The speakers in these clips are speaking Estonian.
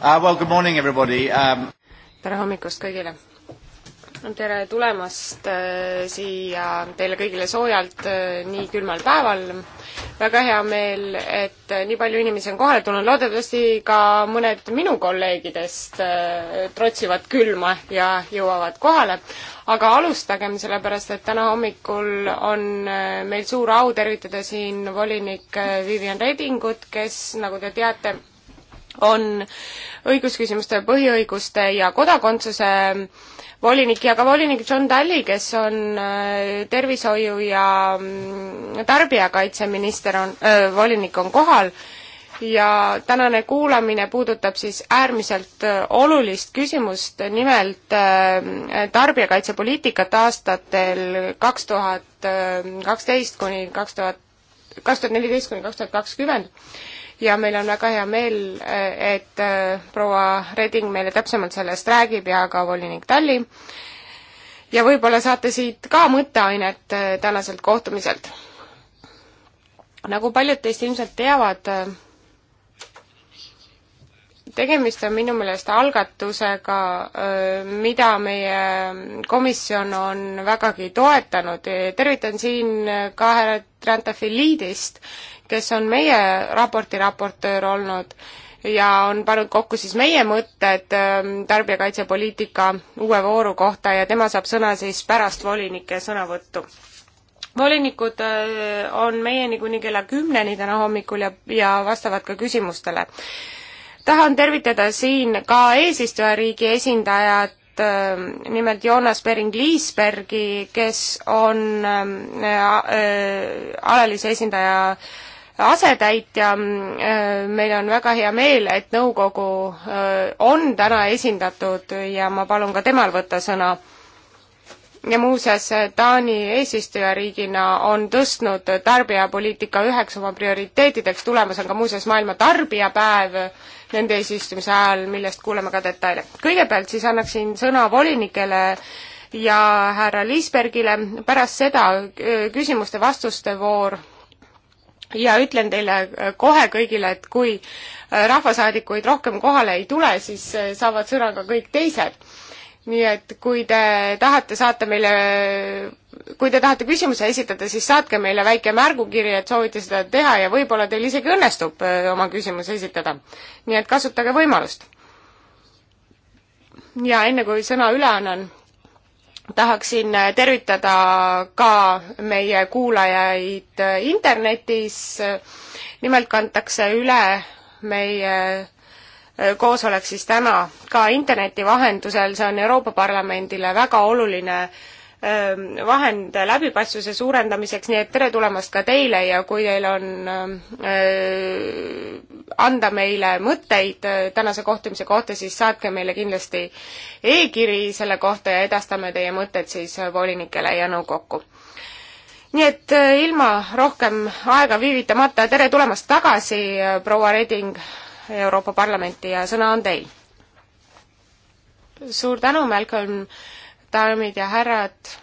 uh,. Well, good morning everybody um.... tere hommikust kõigile. tere tulemast äh, siia teile kõigile soojalt äh, nii külmal päeval. väga hea meel, et äh, nii palju inimesi on kohale tulnud, loodetavasti ka mõned minu kolleegidest äh, trotsivad külma ja jõuavad kohale. aga alustagem, sellepärast et täna hommikul on äh, meil suur au tervitada siin volinik äh, Vivian Redingut, kes, nagu te teate, on õigusküsimuste, põhiõiguste ja kodakondsuse volinik ja ka volinik John Talli, kes on äh, tervishoiu ja mm, tarbijakaitseminister, on äh,, volinik on kohal ja tänane kuulamine puudutab siis äärmiselt äh, olulist küsimust, nimelt äh, tarbijakaitsepoliitikat aastatel kaks tuhat kaksteist kuni kaks tuhat, kaks tuhat neliteist kuni kaks tuhat kakskümmend ja meil on väga hea meel, et äh, proua Reding meile täpsemalt sellest räägib ja ka volinik Talli. ja võib-olla saate siit ka mõtteainet äh, tänaselt kohtumiselt. nagu paljud teist ilmselt teavad, äh, tegemist on minu meelest algatusega, mida meie komisjon on vägagi toetanud. tervitan siin ka härra Trantafilidist, kes on meie raporti raportöör olnud ja on pannud kokku siis meie mõtted ähm, tarbijakaitsepoliitika uue vooru kohta ja tema saab sõna siis pärast volinike sõnavõttu. volinikud äh, on meieni kuni kella kümneni täna hommikul ja, ja vastavad ka küsimustele. tahan tervitada siin ka eesistujariigi esindajat, ähm, nimelt Joonas Pering-Liisbergi, kes on äh, äh, alalise esindaja äh, asetäitja, äh, meil on väga hea meel, et nõukogu äh, on täna esindatud ja ma palun ka temal võtta sõna. ja muuseas, Taani eesistujariigina on tõstnud tarbijapoliitika üheks oma prioriteetideks, tulemas on ka muuseas maailma tarbijapäev nende eesistumise ajal, millest kuuleme ka detaile. kõigepealt siis annaksin sõna volinikele ja härra Liisbergile, pärast seda äh, küsimuste-vastuste voor ja ütlen teile kohe kõigile, et kui äh, rahvasaadikuid rohkem kohale ei tule, siis äh, saavad sõna ka kõik teised. nii et kui te tahate saata meile, kui te tahate küsimuse esitada, siis saatke meile väike märgukiri, et soovite seda teha ja võib-olla teil isegi õnnestub äh, oma küsimus esitada. nii et kasutage võimalust. ja enne, kui sõna üle annan tahaksin tervitada ka meie kuulajaid internetis. nimelt kantakse üle meie koosolek siis täna ka interneti vahendusel, see on Euroopa Parlamendile väga oluline Ähm, vahend läbipaistvuse suurendamiseks, nii et tere tulemast ka teile ja kui teil on ähm, äh, anda meile mõtteid äh, tänase kohtumise kohta, siis saatke meile kindlasti e-kiri selle kohta ja edastame teie mõtted siis äh, volinikele ja nõukokku. nii et ilma rohkem aega viivitamata, tere tulemast tagasi, proua Reding Euroopa Parlamenti ja sõna on teil. suur tänu, Malcolm daamid ja härrad.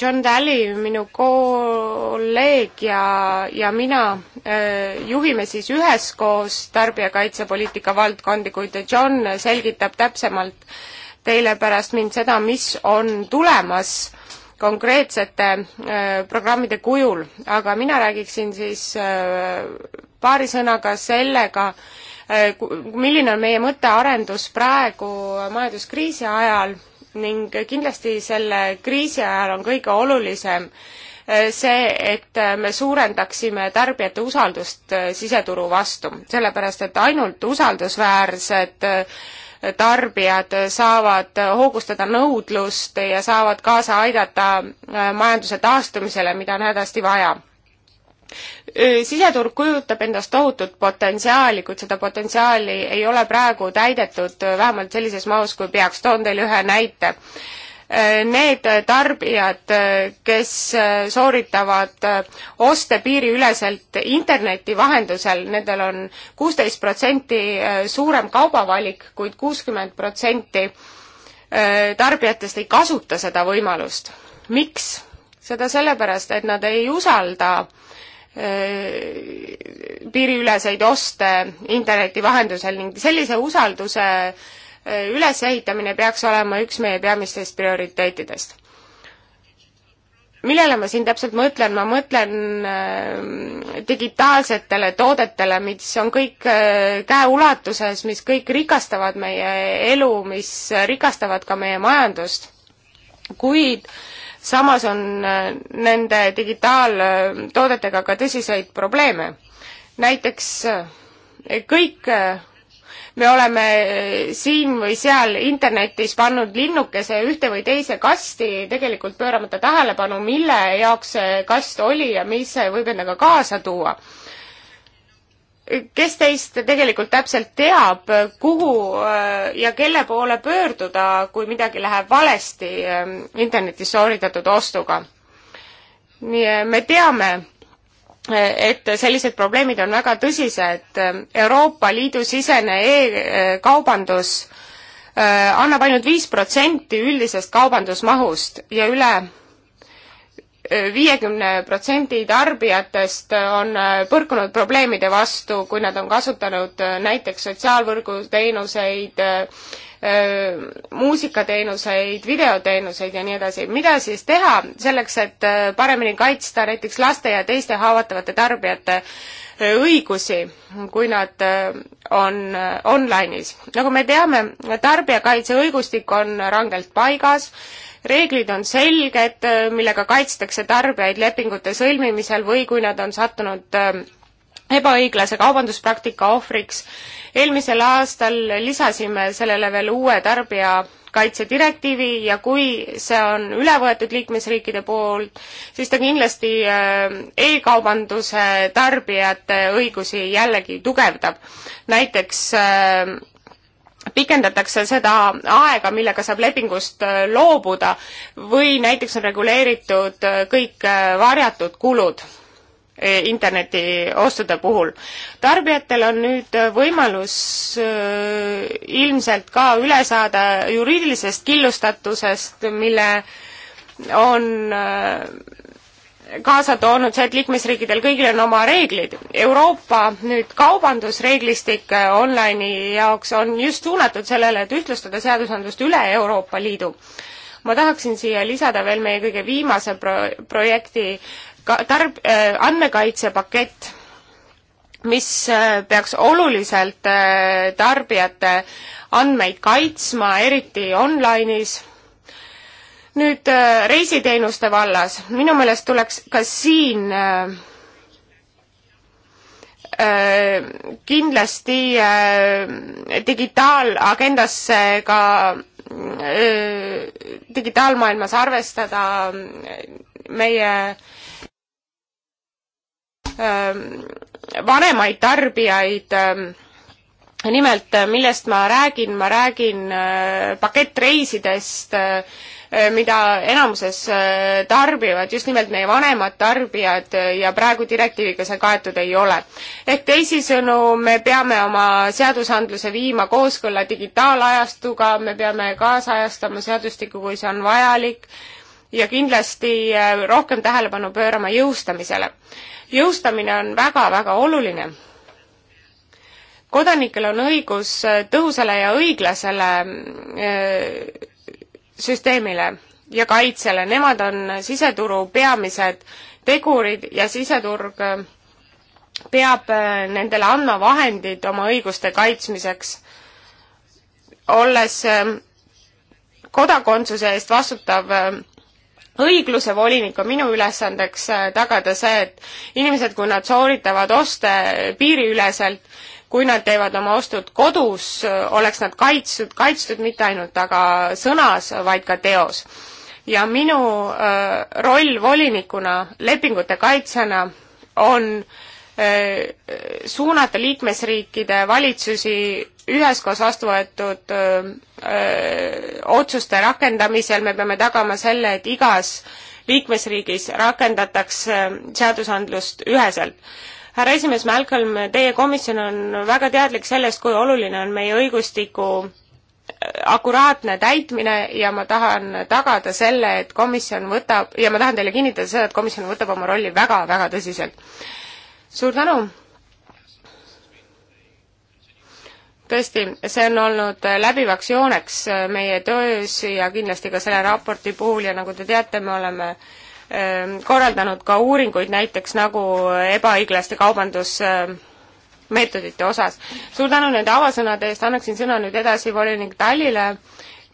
John Daly, minu kolleeg ja, ja mina äh, juhime siis üheskoos tarbijakaitsepoliitika valdkondi, kuid John selgitab täpsemalt teile pärast mind seda, mis on tulemas konkreetsete äh, programmide kujul, aga mina räägiksin siis äh, paari sõnaga sellega, Äh, milline on meie mõttearendus praegu majanduskriisi ajal ning kindlasti selle kriisi ajal on kõige olulisem äh, see, et äh, me suurendaksime tarbijate usaldust siseturu vastu, sellepärast et ainult usaldusväärsed tarbijad saavad hoogustada nõudlust ja saavad kaasa aidata majanduse taastumisele, mida on hädasti vaja siseturg kujutab endast tohutut potentsiaali, kuid seda potentsiaali ei ole praegu täidetud vähemalt sellises mahus, kui peaks. toon teile ühe näite. Need tarbijad, kes sooritavad oste piiriüleselt interneti vahendusel, nendel on kuusteist protsenti suurem kaubavalik kuid, kuid kuuskümmend protsenti tarbijatest ei kasuta seda võimalust. miks? seda sellepärast, et nad ei usalda äh, Äh, piiriüleseid oste interneti vahendusel ning sellise usalduse äh, ülesehitamine peaks olema üks meie peamistest prioriteetidest. millele ma siin täpselt mõtlen, ma mõtlen äh, digitaalsetele toodetele, mis on kõik käeulatuses, mis kõik rikastavad meie elu, mis rikastavad ka meie majandust, kuid äh, samas on äh, nende digitaaltoodetega ka tõsiseid probleeme. näiteks äh, kõik äh, me oleme siin või seal internetis pannud linnukese ühte või teise kasti, tegelikult pööramata tähelepanu, mille jaoks see kast oli ja mis see võib endaga kaasa tuua kes teist tegelikult täpselt teab, kuhu äh, ja kelle poole pöörduda, kui midagi läheb valesti ähm, internetis sooritatud ostuga? nii, äh, me teame, äh, et sellised probleemid on väga tõsised. Euroopa Liidu sisene e-kaubandus annab ainult viis protsenti üldisest kaubandusmahust ja üle viiekümne protsendi tarbijatest on äh, põrkunud probleemide vastu, kui nad on kasutanud äh, näiteks sotsiaalvõrguteenuseid, äh, muusikateenuseid, videoteenuseid ja nii edasi. mida siis teha selleks, et paremini kaitsta näiteks laste ja teiste haavatavate tarbijate õigusi, kui nad äh, on äh, online'is. nagu me teame, tarbijakaitseõigustik on rangelt paigas, reeglid on selged, äh, millega kaitstakse tarbijaid lepingute sõlmimisel või kui nad on sattunud ebaõiglase kaubanduspraktika ohvriks. eelmisel aastal lisasime sellele veel uue tarbijakaitse direktiivi ja kui see on üle võetud liikmesriikide poolt, siis ta kindlasti äh, e-kaubanduse tarbijate õigusi jällegi tugevdab. näiteks äh, pikendatakse seda aega, millega saab lepingust äh, loobuda või näiteks on reguleeritud kõik varjatud kulud E, internetiostude puhul. tarbijatel on nüüd e, võimalus e, ilmselt ka üle saada juriidilisest killustatusest, mille on kaasa toonud see, et liikmesriikidel kõigil on oma reeglid. Euroopa nüüd kaubandusreeglistik online'i jaoks on just suunatud sellele, et ühtlustada seadusandlust üle Euroopa Liidu ma tahaksin siia lisada veel meie kõige viimase pro-, projekti ka tarb- äh,, andmekaitsepakett, mis äh, peaks oluliselt äh, tarbijate andmeid kaitsma, eriti online'is. nüüd äh, reisiteenuste vallas, minu meelest tuleks ka siin äh, äh kindlasti äh, digitaalagendasse ka digitaalmaailmas arvestada meie Ähm, vanemaid tarbijaid. Ähm, nimelt, äh, millest ma räägin, ma räägin äh, pakettreisidest, äh, mida enamuses tarbivad just nimelt meie vanemad tarbijad ja praegu direktiiviga see kaetud ei ole. ehk teisisõnu, me peame oma seadusandluse viima kooskõlla digitaalajastuga, me peame kaasajastama seadustikku, kui see on vajalik ja kindlasti rohkem tähelepanu pöörama jõustamisele jõustamine on väga-väga oluline. kodanikel on õigus tõhusale ja õiglasele äh, süsteemile ja kaitsele, nemad on siseturu peamised tegurid ja siseturg äh, peab äh, nendele andma vahendid oma õiguste kaitsmiseks, olles kodakondsuse eest vastutav õigluse volinik on minu ülesandeks äh, tagada see, et inimesed, kui nad sooritavad oste piiriüleselt, kui nad teevad oma ostud kodus, äh, oleks nad kaitstud, kaitstud mitte ainult aga sõnas, vaid ka teos. ja minu äh, roll volinikuna, lepingute kaitsjana on äh, Äh, suunata liikmesriikide valitsusi üheskoos vastu võetud äh, äh, otsuste rakendamisel, me peame tagama selle, et igas liikmesriigis rakendatakse seadusandlust üheselt. härra esimees Malcolm, teie komisjon on väga teadlik sellest, kui oluline on meie õigustiku akuraatne täitmine ja ma tahan tagada selle, et komisjon võtab, ja ma tahan teile kinnitada seda, et komisjon võtab oma rolli väga-väga tõsiselt suur tänu! tõesti, see on olnud läbivaks jooneks meie töös ja kindlasti ka selle raporti puhul ja nagu te teate, me oleme ähm, korraldanud ka uuringuid näiteks nagu ebaõiglaste kaubandusmeetodite osas. suur tänu nende avasõnade eest, annaksin sõna nüüd edasi volinik Tallile,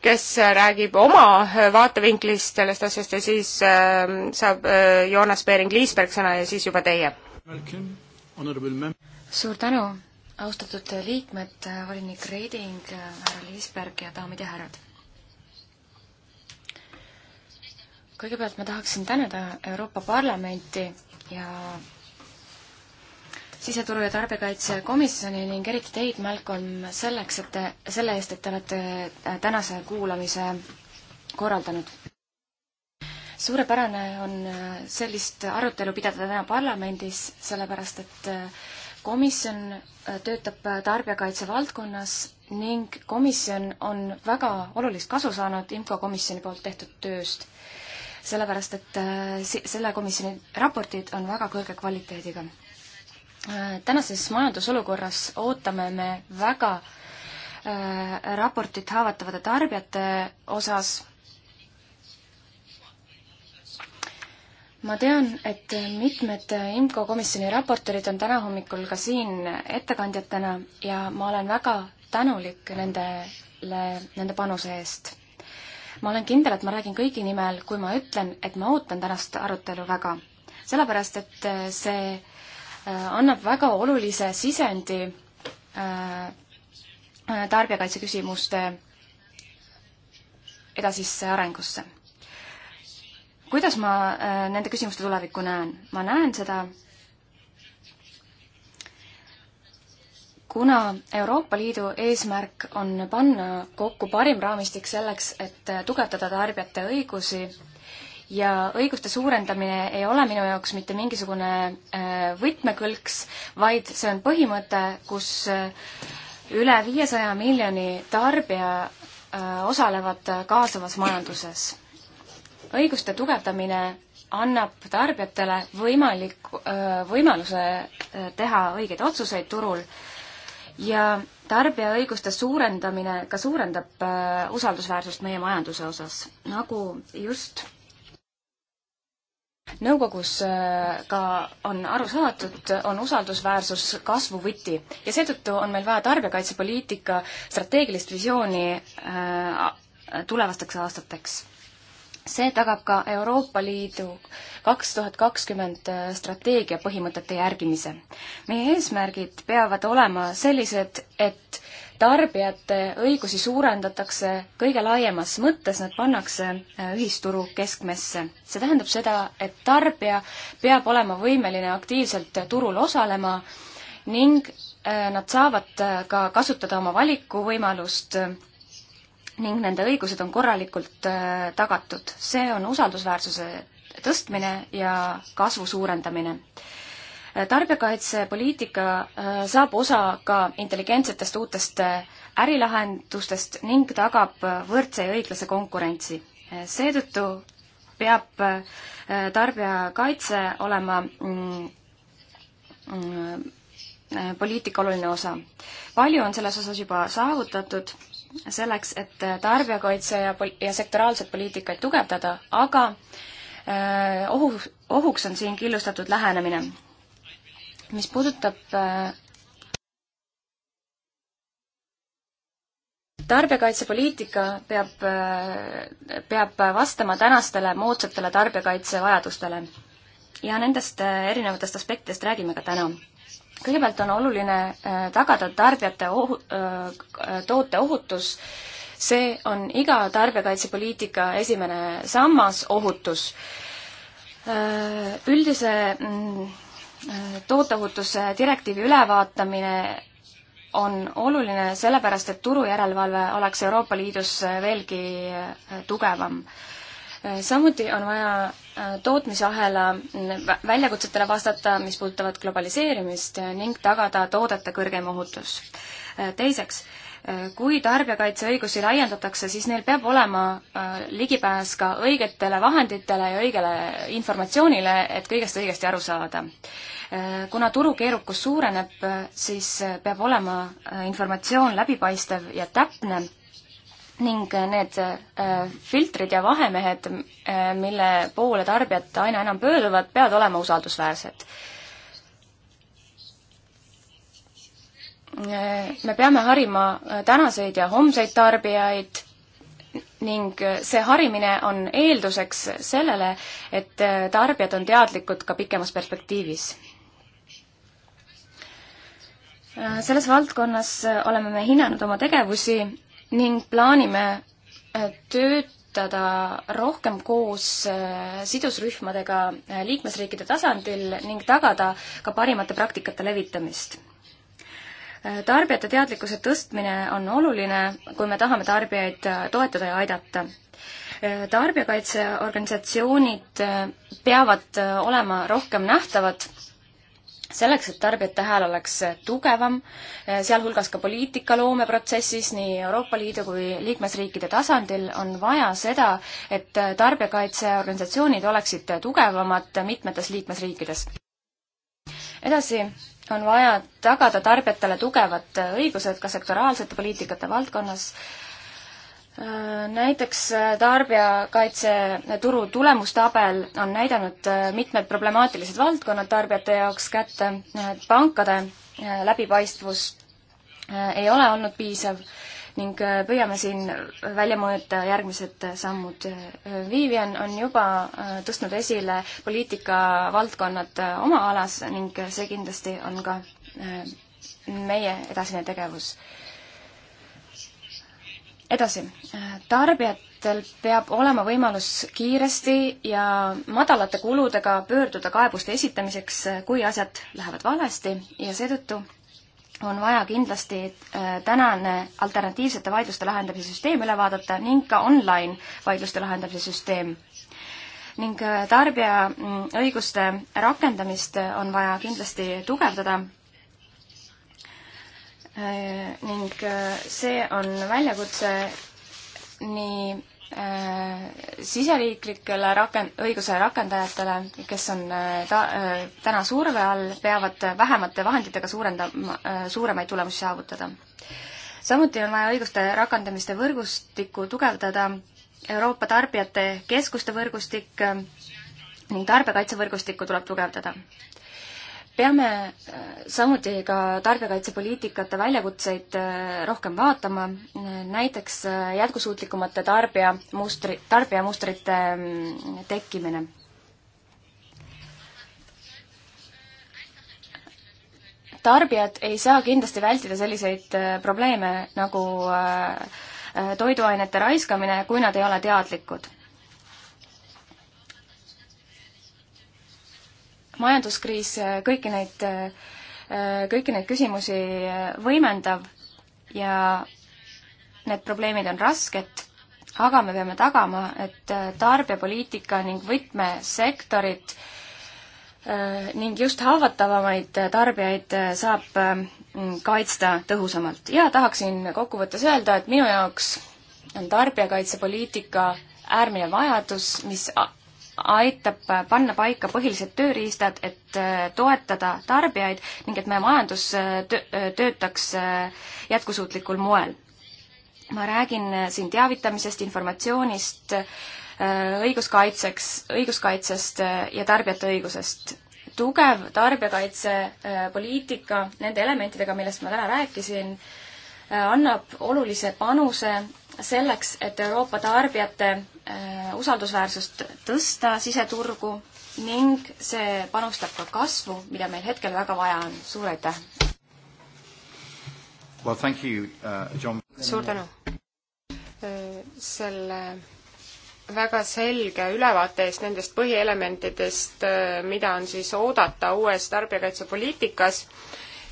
kes räägib oma vaatevinklist sellest asjast ja siis ähm, saab äh, Joonas Peering-Liisberg sõna ja siis juba teie suur tänu, austatud liikmed, volinik Reiding, härra Liisberg ja daamid ja härrad. kõigepealt ma tahaksin tänada Euroopa Parlamenti ja siseturu- ja tarbijakaitsekomisjoni ning eriti teid, Malcolm, selleks, et te, selle eest, et te olete tänase kuulamise korraldanud suurepärane on äh, sellist arutelu pidada täna parlamendis, sellepärast et äh, komisjon äh, töötab tarbijakaitse valdkonnas ning komisjon on väga olulist kasu saanud IMCO komisjoni poolt tehtud tööst. sellepärast, et selle komisjoni raportid on väga kõrge kvaliteediga. tänases majandusolukorras ootame me väga raportit haavatavate tarbijate osas ma tean, et mitmed IMCO komisjoni raportöörid on täna hommikul ka siin ettekandjatena ja ma olen väga tänulik nendele, nende panuse eest. ma olen kindel, et ma räägin kõigi nimel, kui ma ütlen, et ma ootan tänast arutelu väga. sellepärast, et see äh, annab väga olulise sisendi äh, äh, tarbijakaitse küsimuste edasisse arengusse kuidas ma äh, nende küsimuste tulevikku näen? ma näen seda, kuna Euroopa Liidu eesmärk on panna kokku parim raamistik selleks, et äh, tugevdada tarbijate õigusi ja õiguste suurendamine ei ole minu jaoks mitte mingisugune äh, võtmekõlks, vaid see on põhimõte, kus üle viiesaja miljoni tarbija osalevad kaasavas majanduses õiguste tugevdamine annab tarbijatele võimalik, võimaluse teha õigeid otsuseid turul ja tarbija õiguste suurendamine ka suurendab usaldusväärsust meie majanduse osas, nagu just nõukogus ka on aru saadud, on usaldusväärsus kasvuvõti ja seetõttu on meil vaja tarbijakaitsepoliitika strateegilist visiooni tulevasteks aastateks see tagab ka Euroopa Liidu kaks tuhat kakskümmend äh, strateegia põhimõtete järgimise. meie eesmärgid peavad olema sellised, et tarbijate õigusi suurendatakse kõige laiemas mõttes, nad pannakse äh, ühisturu keskmesse. see tähendab seda, et tarbija peab olema võimeline aktiivselt turul osalema ning äh, nad saavad ka kasutada oma valikuvõimalust ning nende õigused on korralikult äh, tagatud. see on usaldusväärsuse tõstmine ja kasvu suurendamine. Äh, tarbijakaitsepoliitika äh, saab osa ka intelligentsetest uutest ärilahendustest ning tagab võrdse ja õiglase konkurentsi. seetõttu peab tarbijakaitse olema mm, mm, poliitika oluline osa. palju on selles osas juba saavutatud selleks, et tarbijakaitse ja pol-, ja sektoraalset poliitikaid tugevdada, aga äh, ohu, ohuks on siin killustatud lähenemine. mis puudutab äh, tarbijakaitsepoliitika peab, äh, peab vastama tänastele moodsatele tarbijakaitsevajadustele. ja nendest äh, erinevatest aspektidest räägime ka täna kõigepealt on oluline äh, tagada tarbijate ohu-, äh, toote ohutus, see on iga tarbijakaitsepoliitika esimene sammas, ohutus. Äh, üldise mm, tooteohutuse direktiivi ülevaatamine on oluline sellepärast, et turujärelevalve oleks Euroopa Liidus veelgi tugevam samuti on vaja äh, tootmisahela väljakutsetele vastata, mis puudutavad globaliseerimist ning tagada toodete kõrgem ohutus. Äh, teiseks, äh, kui tarbijakaitseõigusi laiendatakse, siis neil peab olema ligipääs ka õigetele vahenditele ja õigele informatsioonile, et kõigest õigesti aru saada. kuna turu keerukus suureneb, siis peab olema informatsioon läbipaistev ja täpne ning äh, need äh, filtrid ja vahemehed, äh, mille poole tarbijad aina enam pöörduvad, peavad olema usaldusväärsed. me peame harima tänaseid ja homseid tarbijaid ning see harimine on eelduseks sellele, et tarbijad on teadlikud ka pikemas perspektiivis selles valdkonnas oleme me hinnanud oma tegevusi ning plaanime äh, töötada rohkem koos äh, sidusrühmadega äh, liikmesriikide tasandil ning tagada ka parimate praktikate levitamist. tarbijate teadlikkuse tõstmine on oluline, kui me tahame tarbijaid toetada ja aidata tarbijakaitseorganisatsioonid peavad olema rohkem nähtavad selleks, et tarbijate hääl oleks eh, tugevam, eh, sealhulgas ka poliitika loomeprotsessis nii Euroopa Liidu kui liikmesriikide tasandil, on vaja seda, et eh, tarbijakaitseorganisatsioonid oleksid tugevamad mitmetes liikmesriikides. edasi on vaja tagada tarbijatele tugevad õigused ka sektoraalsete poliitikate valdkonnas äh,, Äh, näiteks äh, tarbijakaitse turu tulemustabel on näidanud äh, mitmed problemaatilised valdkonnad tarbijate jaoks kätte. pankade läbipaistvus ei ole olnud piisav ning püüame siin välja mõõta järgmised sammud. Vivian on juba tõstnud esile poliitikavaldkonnad oma alas ning see kindlasti on ka meie edasine tegevus edasi, tarbijatel peab olema võimalus kiiresti ja madalate kuludega pöörduda kaebuste esitamiseks, kui asjad lähevad valesti ja seetõttu on vaja kindlasti äh, tänane alternatiivsete vaidluste lahendamise süsteem üle vaadata ning ka online vaidluste lahendamise süsteem. ning äh, tarbija mm, õiguste rakendamist äh, on vaja kindlasti tugevdada Äh, ning äh, see on väljakutse nii äh, siseriiklikele raken-, õiguse rakendajatele, kes on ta-, täna surve all, peavad vähemate vahenditega suurendama, suuremaid tulemusi saavutada. samuti on vaja õiguste rakendamiste võrgustikku tugevdada, Euroopa Tarbijate Keskuste võrgustik ning tarbijakaitsevõrgustikku tuleb tugevdada peame äh, samuti ka tarbijakaitsepoliitikate väljakutseid äh, rohkem vaatama, näiteks äh, jätkusuutlikumate tarbijamustri, tarbijamustrite mm, tekkimine. tarbijad ei saa kindlasti vältida selliseid probleeme nagu toiduainete raiskamine, kui nad ei ole teadlikud majanduskriis äh, kõiki neid, äh, kõiki neid küsimusi äh, võimendab ja need probleemid on rasked, aga me peame tagama, et tarbijapoliitika ning võtmesektorid ning just haavatavamaid tarbijaid saab ähm, kaitsta tõhusamalt. ja tahaksin kokkuvõttes öelda, et minu jaoks on tarbijakaitsepoliitika äärmine vajadus, mis aitab panna paika põhilised tööriistad, et äh, toetada tarbijaid ning et meie majandus äh, äh, töötaks jätkusuutlikul moel. ma räägin siin teavitamisest, informatsioonist, õiguskaitseks, õiguskaitsest ja tarbijate õigusest. tugev tarbijakaitsepoliitika nende elementidega, millest ma täna rääkisin, annab olulise panuse selleks, et Euroopa tarbijate Äh, usaldusväärsust tõsta siseturgu ning see panustab ka kasvu, mida meil hetkel väga vaja on. suur aitäh! Well, thank you, uh, John. suur tänu äh, selle väga selge ülevaate eest nendest põhielementidest, äh, mida on siis oodata uues tarbijakaitsepoliitikas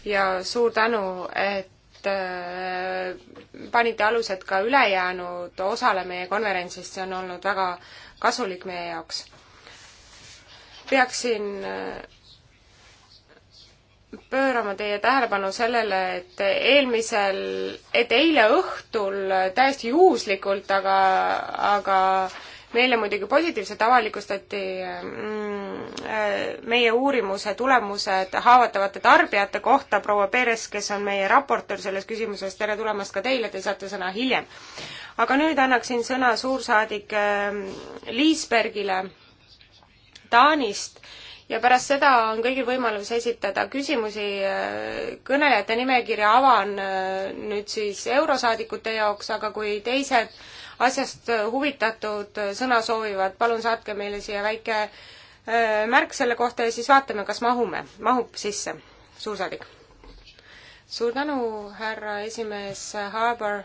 ja suur tänu, et Äh, panite alused ka ülejäänud osale meie konverentsist, see on olnud väga kasulik meie jaoks. peaksin äh, pöörama teie tähelepanu sellele, et eelmisel, et eile õhtul täiesti juhuslikult, aga, aga meile muidugi positiivselt avalikustati mm, meie uurimuse tulemused haavatavate tarbijate kohta, proua Peres, kes on meie raportöör selles küsimuses, tere tulemast ka teile, te saate sõna hiljem. aga nüüd annaksin sõna suursaadik ähm, Liisbergile Taanist ja pärast seda on kõigil võimalus esitada küsimusi. Äh, kõnelejate nimekirja avan äh, nüüd siis eurosaadikute jaoks, aga kui teised asjast huvitatud äh, sõna soovivad, palun saatke meile siia väike Äh, märk selle kohta ja siis vaatame, kas mahume, mahub sisse, suursaadik. suur tänu, härra esimees Harbour.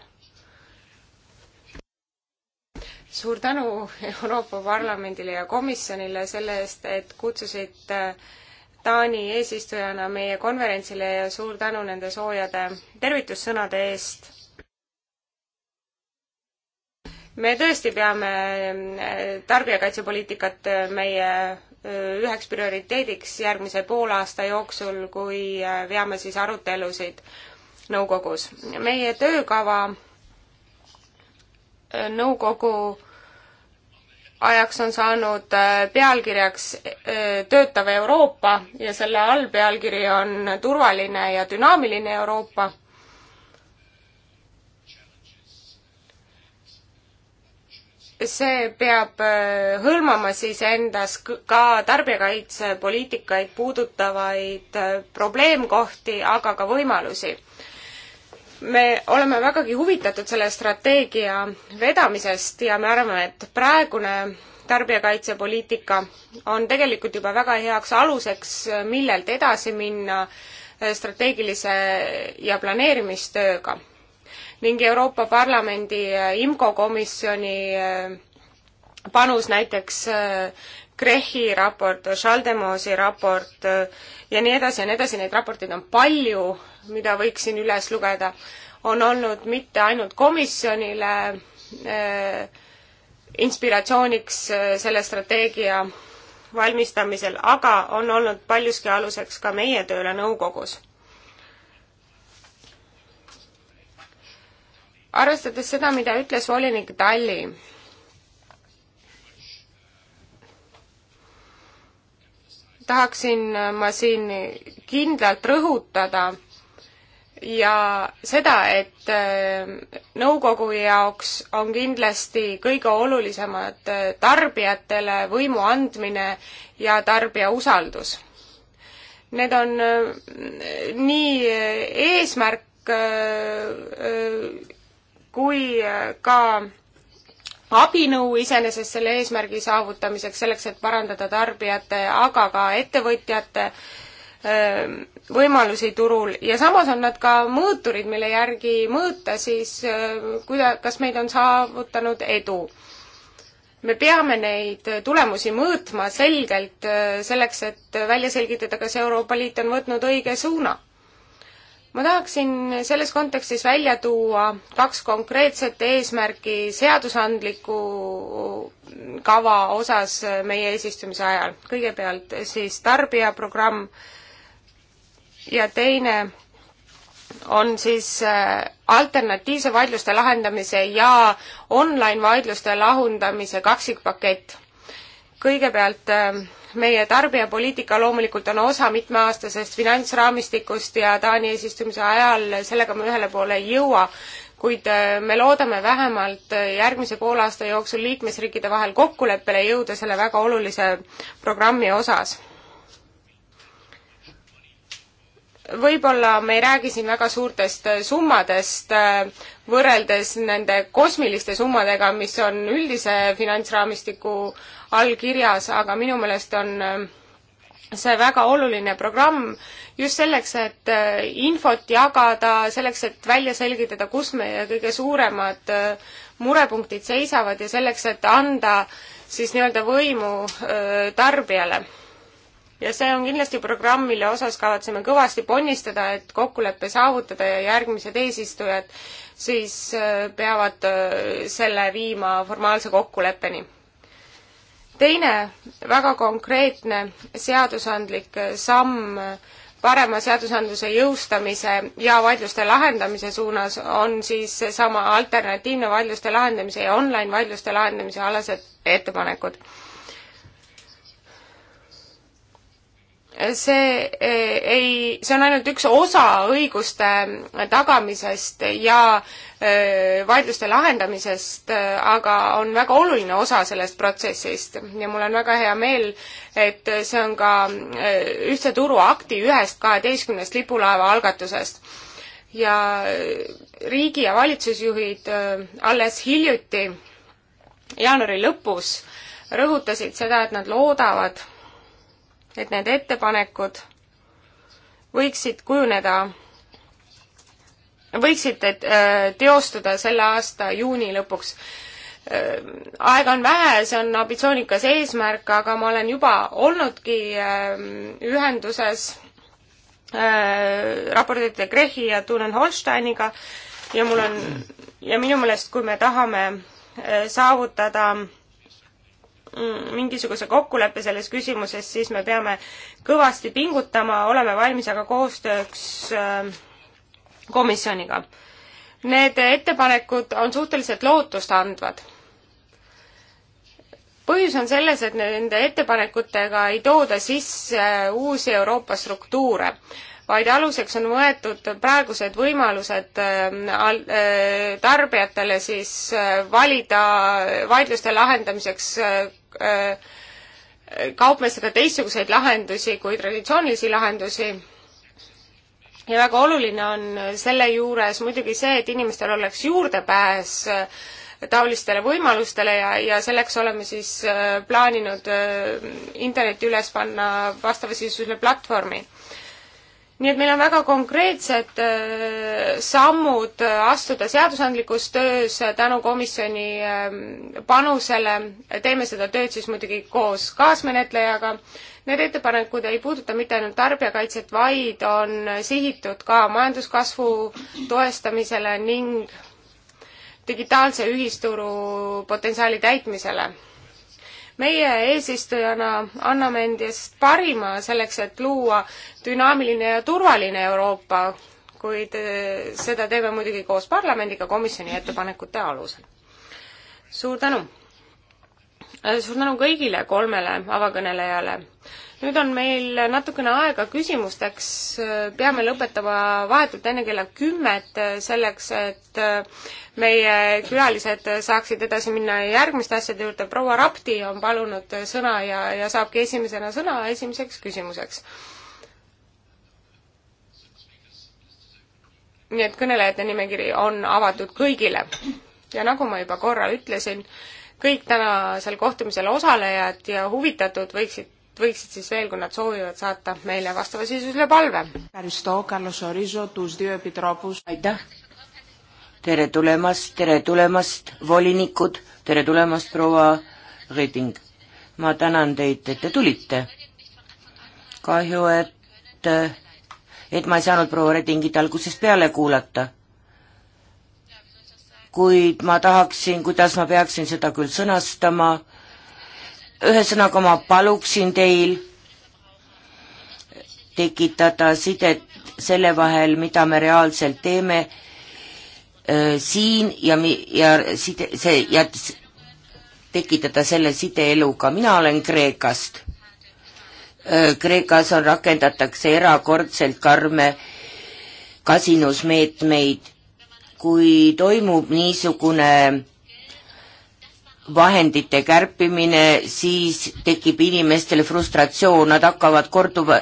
suur tänu Euroopa Parlamendile ja komisjonile selle eest, et kutsusite Taani eesistujana meie konverentsile ja suur tänu nende soojade tervitussõnade eest me tõesti peame äh, tarbijakaitsepoliitikat meie Äh, üheks prioriteediks järgmise poolaasta jooksul, kui äh, veame siis arutelusid nõukogus. meie töökava äh, nõukogu ajaks on saanud pealkirjaks Töötav Euroopa ja selle allpealkiri on Turvaline ja dünaamiline Euroopa see peab äh, hõlmama siis endas ka tarbijakaitsepoliitikaid puudutavaid äh, probleemkohti, aga ka võimalusi. me oleme vägagi huvitatud selle strateegia vedamisest ja me arvame, et praegune tarbijakaitsepoliitika on tegelikult juba väga heaks aluseks, millelt edasi minna äh, strateegilise ja planeerimistööga ning Euroopa Parlamendi äh, IMCO komisjoni äh, panus näiteks Krehi äh, raport, Schaldemosi raport ja nii edasi ja nii edasi, neid raporteid on palju, mida võiks siin üles lugeda, on olnud mitte ainult komisjonile äh, inspiratsiooniks selle strateegia valmistamisel, aga on olnud paljuski aluseks ka meie tööle nõukogus arvestades seda, mida ütles volinik Talli, tahaksin ma siin kindlalt rõhutada ja seda, et äh, nõukogu jaoks on kindlasti kõige olulisemad äh, tarbijatele võimu andmine ja tarbija usaldus. Need on äh, nii eesmärk kui äh, ka abinõu iseenesest selle eesmärgi saavutamiseks, selleks et parandada tarbijate, aga ka ettevõtjate äh, võimalusi turul ja samas on nad ka mõõturid, mille järgi mõõta siis, äh, kuida-, kas meid on saavutanud edu. me peame neid tulemusi mõõtma selgelt selleks, et välja selgitada, kas Euroopa Liit on võtnud õige suuna ma tahaksin selles kontekstis välja tuua kaks konkreetset eesmärki seadusandliku kava osas meie eesistumise ajal. kõigepealt siis tarbijaprogramm ja teine on siis äh, alternatiivse vaidluste lahendamise ja online vaidluste lahendamise kaksikpakett kõigepealt ähm, meie tarbijapoliitika loomulikult on osa mitmeaastasest finantsraamistikust ja Taani eesistumise ajal sellega me ühele poole ei jõua, kuid äh, me loodame vähemalt äh, järgmise poolaasta jooksul liikmesriikide vahel kokkuleppele jõuda selle väga olulise programmi osas. võib-olla me ei räägi siin väga suurtest äh, summadest võrreldes nende kosmiliste summadega, mis on üldise finantsraamistiku allkirjas, aga minu meelest on äh, see väga oluline programm just selleks, et äh, infot jagada, selleks, et välja selgitada, kus meie kõige suuremad äh, murepunktid seisavad ja selleks, et anda siis nii-öelda võimu tarbijale. ja see on kindlasti programm, mille osas kavatseme kõvasti ponnistada, et kokkulepe saavutada ja järgmised eesistujad siis peavad selle viima formaalse kokkuleppeni teine väga konkreetne seadusandlik samm parema seadusandluse jõustamise ja vaidluste lahendamise suunas on siis seesama alternatiivne vaidluste lahendamise ja online vaidluste lahendamise alased ettepanekud. see eh, ei, see on ainult üks osa õiguste tagamisest ja Äh, vaidluste lahendamisest, äh, aga on väga oluline osa sellest protsessist ja mul on väga hea meel, et see on ka äh, ühtse turu akti ühest kaheteistkümnest lipulaeva algatusest. ja riigi- ja valitsusjuhid alles hiljuti, jaanuari lõpus, rõhutasid seda, et nad loodavad, et need ettepanekud võiksid kujuneda võiksid äh, teostuda selle aasta juuni lõpuks. Äh, aega on vähe, see on ambitsioonikas eesmärk, aga ma olen juba olnudki äh, ühenduses raportite Krehi ja Tunen Holsteiniga ja mul on ja minu meelest, kui me tahame saavutada mm, mingisuguse kokkuleppe selles küsimuses, siis me peame kõvasti pingutama, oleme valmis aga koostööks äh, komisjoniga. Need ettepanekud on suhteliselt lootustandvad. põhjus on selles, et nende ettepanekutega ei tooda sisse äh, uusi Euroopa struktuure, vaid aluseks on võetud praegused võimalused äh, äh, tarbijatele siis valida vaidluste lahendamiseks kaupmeestega teistsuguseid lahendusi kui traditsioonilisi lahendusi ja väga oluline on selle juures muidugi see, et inimestel oleks juurdepääs äh, taolistele võimalustele ja, ja selleks oleme siis äh, plaaninud äh, interneti üles panna vastavasisusele platvormi nii et meil on väga konkreetsed äh, sammud äh, astuda seadusandlikus töös äh, tänu komisjoni ähm, panusele, teeme seda tööd siis muidugi koos kaasmenetlejaga. Need ettepanekud ei puuduta mitte ainult tarbijakaitset, vaid on sihitud ka majanduskasvu toestamisele ning digitaalse ühisturu potentsiaali täitmisele meie eesistujana anname endast parima selleks, et luua dünaamiline ja turvaline Euroopa, kuid eh, seda teeme muidugi koos parlamendiga komisjoni ettepanekute alusel. suur tänu! suur tänu kõigile kolmele avakõnelejale nüüd on meil natukene aega küsimusteks, peame lõpetama vahetult enne kella kümmet, selleks et äh, meie külalised saaksid edasi minna järgmiste asjade juurde. proua Rapti on palunud sõna ja, ja saabki esimesena sõna esimeseks küsimuseks. nii et kõnelejate nimekiri on avatud kõigile. ja nagu ma juba korra ütlesin, kõik tänasel kohtumisel osalejad ja huvitatud võiksid võiksid siis veel, kui nad soovivad, saata meile vastavasisulise palve. aitäh! tere tulemast, tere tulemast, volinikud, tere tulemast, proua Reding! ma tänan teid, et te tulite. kahju, et, et ma ei saanud proua Redingit algusest peale kuulata. kuid ma tahaksin, kuidas ma peaksin seda küll sõnastama ühesõnaga ma paluksin teil tekitada sidet selle vahel, mida me reaalselt teeme äh, siin ja, ja side, see ja tekitada selle side eluga. mina olen Kreekast äh,. Kreekas on, rakendatakse erakordselt karme kasinusmeetmeid. kui toimub niisugune vahendite kärpimine, siis tekib inimestel frustratsioon, nad hakkavad korduva,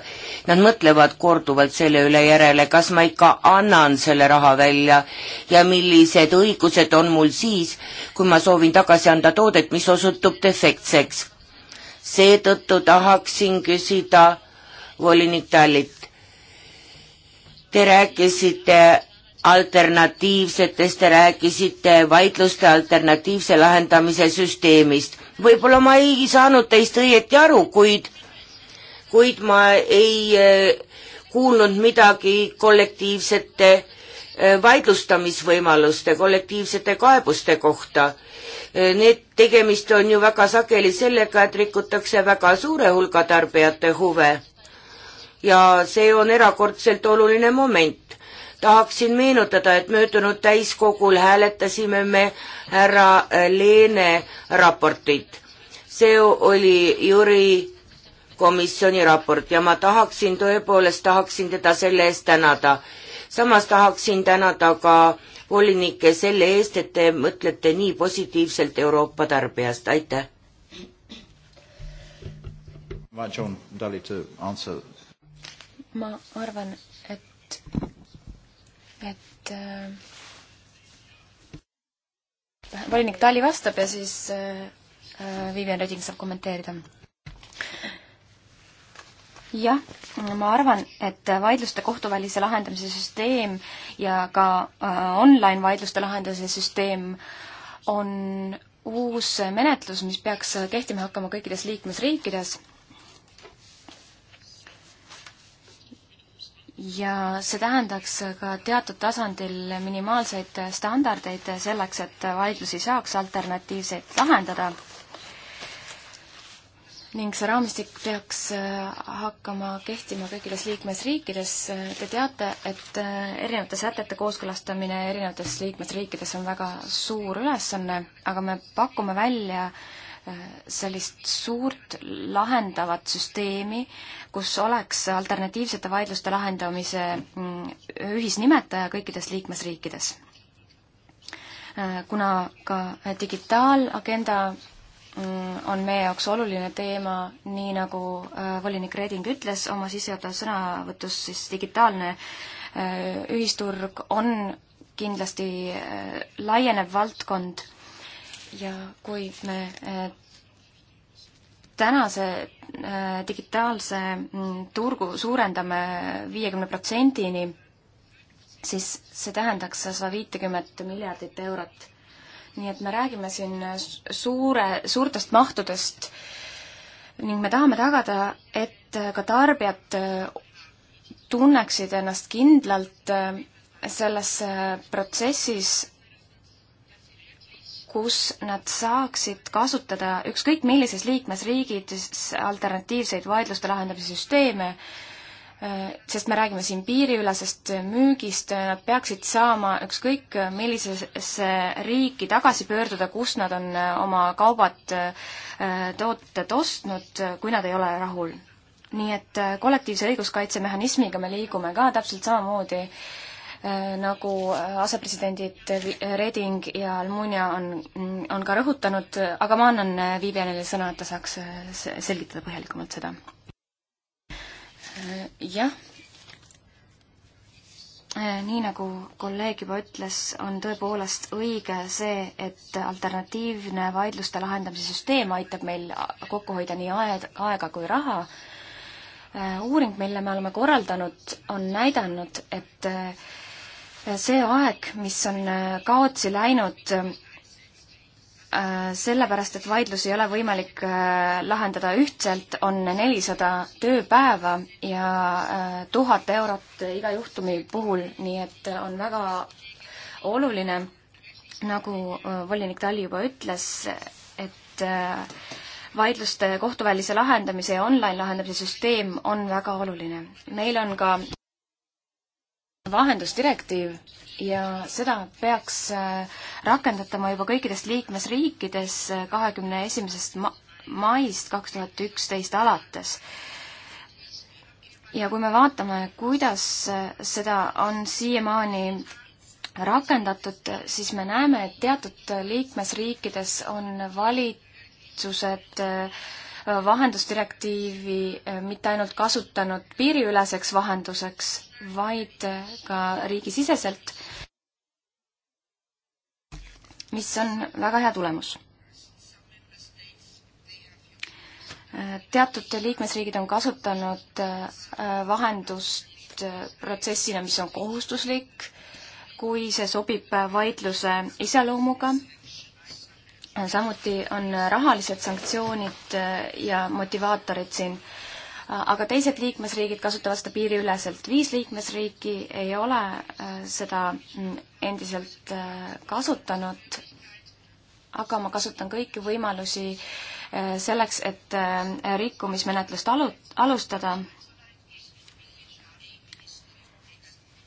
nad mõtlevad korduvalt selle üle järele, kas ma ikka annan selle raha välja ja millised õigused on mul siis, kui ma soovin tagasi anda toodet, mis osutub defektseks. seetõttu tahaksin küsida volinik Tallit. Te rääkisite alternatiivsetest, te rääkisite vaidluste alternatiivse lahendamise süsteemist. võib-olla ma ei saanud teist õieti aru, kuid, kuid ma ei eh, kuulnud midagi kollektiivsete eh, vaidlustamisvõimaluste, kollektiivsete kaebuste kohta. Eh, need, tegemist on ju väga sageli sellega, et rikutakse väga suure hulga tarbijate huve. ja see on erakordselt oluline moment tahaksin meenutada, et möödunud täiskogul hääletasime me härra Leene raportit. see oli Jüri komisjoni raport ja ma tahaksin, tõepoolest tahaksin teda selle eest tänada. samas tahaksin tänada ka volinikke selle eest, et te mõtlete nii positiivselt Euroopa tarbijast, aitäh. ma arvan, et et äh, volinik Tali vastab ja siis äh, äh, Vivian Reding saab kommenteerida. jah, ma arvan, et vaidluste kohtuvälise lahendamise süsteem ja ka online vaidluste lahendamise süsteem on uus menetlus, mis peaks kehtima hakkama kõikides liikmesriikides ja see tähendaks ka teatud tasandil minimaalseid standardeid selleks, et vaidlusi saaks alternatiivseid lahendada. ning see raamistik peaks hakkama kehtima kõikides liikmesriikides. Te teate, et erinevate sätete kooskõlastamine erinevates liikmesriikides on väga suur ülesanne, aga me pakume välja äh, sellist suurt lahendavat süsteemi, kus oleks alternatiivsete vaidluste lahendamise mm, ühisnimetaja kõikides liikmesriikides. kuna ka digitaalagenda mm, on meie jaoks oluline teema, nii nagu äh, volinik Reding ütles oma sissejuhatavas sõnavõtus, siis digitaalne äh, ühisturg on kindlasti äh, laienev valdkond ja kui me äh, tänase äh, digitaalse mm, turgu suurendame viiekümne protsendini, siis see tähendaks sada viitekümmet miljardit eurot. nii et me räägime siin suure, suurtest mahtudest ning me tahame tagada, et ka tarbijad äh, tunneksid ennast kindlalt selles protsessis kus nad saaksid kasutada ükskõik millises liikmesriigis alternatiivseid vaidluste lahendamise süsteeme, äh, sest me räägime siin piiriülesest müügist, äh, nad peaksid saama ükskõik millisesse riiki tagasi pöörduda, kus nad on äh, oma kaubad, tooted ostnud, kui nad ei ole rahul. nii et kollektiivse õiguskaitsemehhanismiga me liigume ka täpselt samamoodi äh, Äh, nagu äh, asepresidendid Reding ja Almunia on, on ka rõhutanud, aga ma annan äh, Vivianile sõna, et ta saaks selgitada põhjalikumalt seda. jah nii nagu kolleeg juba ütles, on tõepoolest õige see, et alternatiivne vaidluste lahendamise süsteem aitab meil kokku hoida nii aed, aega kui raha. uuring, mille me oleme korraldanud, on näidanud, et see aeg, mis on äh, kaotsi läinud äh, sellepärast, et vaidlusi ei ole võimalik äh, lahendada ühtselt, on nelisada tööpäeva ja tuhat eurot iga juhtumi puhul, nii et on väga oluline, nagu volinik Tali juba ütles, et vaidluste kohtuväelise lahendamise ja online lahendamise süsteem on väga oluline. meil on ka vahendusdirektiiv ja seda peaks äh, rakendatama juba kõikides liikmesriikides äh, kahekümne esimesest maist kaks tuhat üksteist alates. ja kui me vaatame, kuidas äh, seda on siiamaani rakendatud, siis me näeme, et teatud liikmesriikides on valitsused vahendusdirektiivi mitte ainult kasutanud piiriüleseks vahenduseks, vaid ka riigisiseselt, mis on väga hea tulemus. teatud liikmesriigid on kasutanud äh, vahendust äh, protsessina, mis on kohustuslik, kui see sobib vaidluse iseloomuga samuti on rahalised sanktsioonid äh, ja motivaatorid siin aga teised liikmesriigid kasutavad seda piiriüleselt. viis liikmesriiki ei ole äh, seda mm, endiselt äh, kasutanud, aga ma kasutan kõiki võimalusi äh, selleks, et rikkumismenetlust alu-, alustada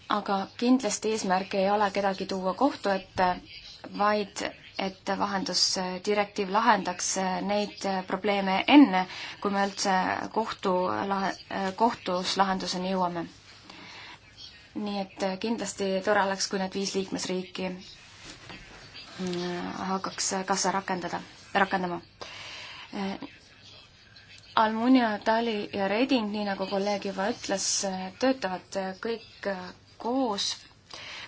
aga kindlasti eesmärk ei ole kedagi tuua kohtu ette, vaid et vahendusdirektiiv lahendaks neid probleeme enne, kui me üldse kohtu, kohtus lahenduseni jõuame. nii et kindlasti tore oleks, kui need viis liikmesriiki äh, hakkaks kassa rakendada, rakendama. Äh, Almunia, Tali ja Reding, nii nagu kolleeg juba ütles, äh, töötavad kõik koos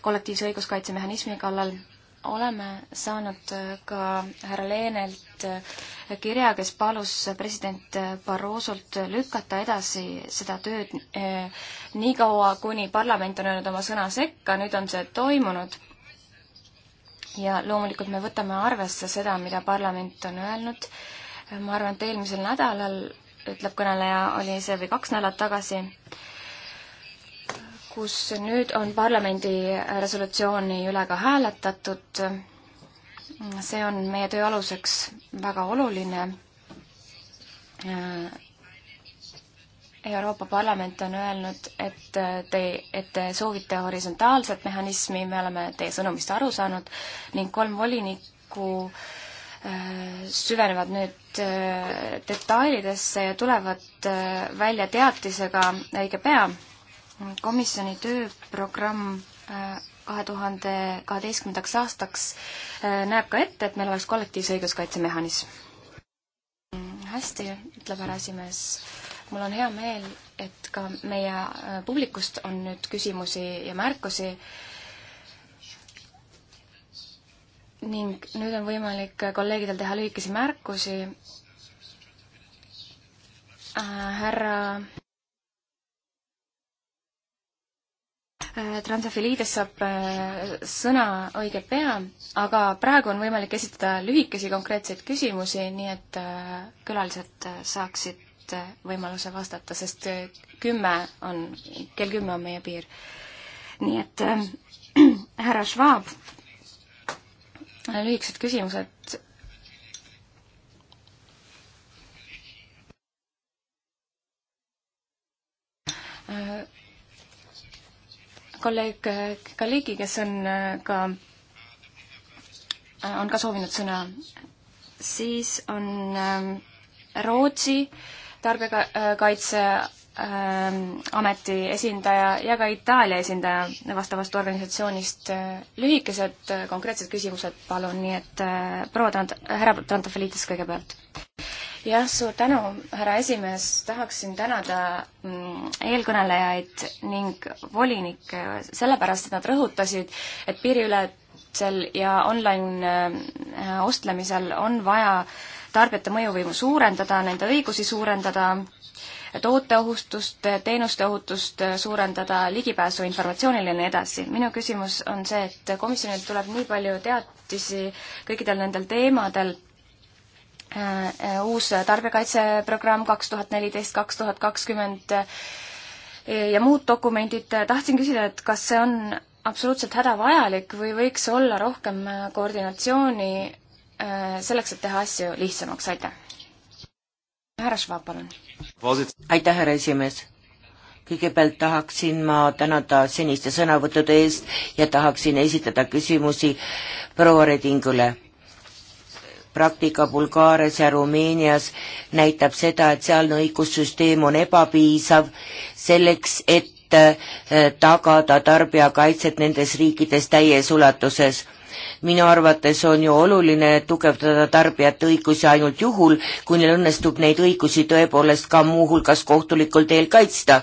kollektiivse õiguskaitsemehhanismi kallal oleme saanud ka härra Leenelt kirja, kes palus president Barrosolt lükata edasi seda tööd eh, niikaua, kuni parlament on öelnud oma sõna sekka, nüüd on see toimunud. ja loomulikult me võtame arvesse seda, mida parlament on öelnud. ma arvan, et eelmisel nädalal, ütleb kõneleja, oli see või kaks nädalat tagasi, kus nüüd on parlamendi resolutsiooni üle ka hääletatud. see on meie töö aluseks väga oluline. Euroopa Parlament on öelnud, et te, et te soovite horisontaalset mehhanismi, me oleme teie sõnumist aru saanud ning kolm volinikku äh, süvenevad nüüd äh, detailidesse ja tulevad äh, välja teatisega õige pea komisjoni tööprogramm äh, kahe tuhande kaheteistkümnendaks aastaks äh, näeb ka ette, et meil oleks kollektiivse õiguskaitse mehhanism. hästi, ütleb härra esimees. mul on hea meel, et ka meie äh, publikust on nüüd küsimusi ja märkusi. ning nüüd on võimalik kolleegidel teha lühikesi märkusi. härra Äh, Transafiliides saab äh, sõna õige pea, aga praegu on võimalik esitada lühikesi konkreetseid küsimusi, nii et äh, külalised saaksid võimaluse vastata, sest kümme on, kell kümme on meie piir. nii et äh, härra Schwab, lühikesed küsimused äh, kolleeg Kaligi, kes on äh, ka, äh, on ka soovinud sõna. siis on äh, Rootsi tarbijakaitseameti ähm, esindaja ja ka Itaalia esindaja vastavast organisatsioonist. lühikesed konkreetsed küsimused palun, nii et proua Tant-, härra Tantafelitis kõigepealt jah, suur tänu, härra esimees, tahaksin tänada mm, eelkõnelejaid ning volinikke sellepärast, et nad rõhutasid, et piiriületusel ja online äh, ostlemisel on vaja tarbijate mõjuvõimu suurendada, nende õigusi suurendada, tooteohutust, teenuste ohutust suurendada, ligipääsu informatsioonile ja nii edasi. minu küsimus on see, et komisjonilt tuleb nii palju teatisi kõikidel nendel teemadel, Äh, uus tarbijakaitseprogramm kaks tuhat neliteist, kaks tuhat kakskümmend äh, ja muud dokumendid, tahtsin küsida, et kas see on absoluutselt hädavajalik või võiks olla rohkem äh, koordinatsiooni selleks, et teha asju lihtsamaks, aitäh! härra Švab, palun! aitäh, härra esimees! kõigepealt tahaksin ma tänada seniste sõnavõttude eest ja tahaksin esitada küsimusi proua Redingule praktika Bulgaarias ja Rumeenias näitab seda, et sealne õigussüsteem on ebapiisav selleks, et äh, tagada tarbijakaitset nendes riikides täies ulatuses. minu arvates on ju oluline tugevdada tarbijate õigusi ainult juhul, kui neil õnnestub neid õigusi tõepoolest ka muuhulgas kohtulikul teel kaitsta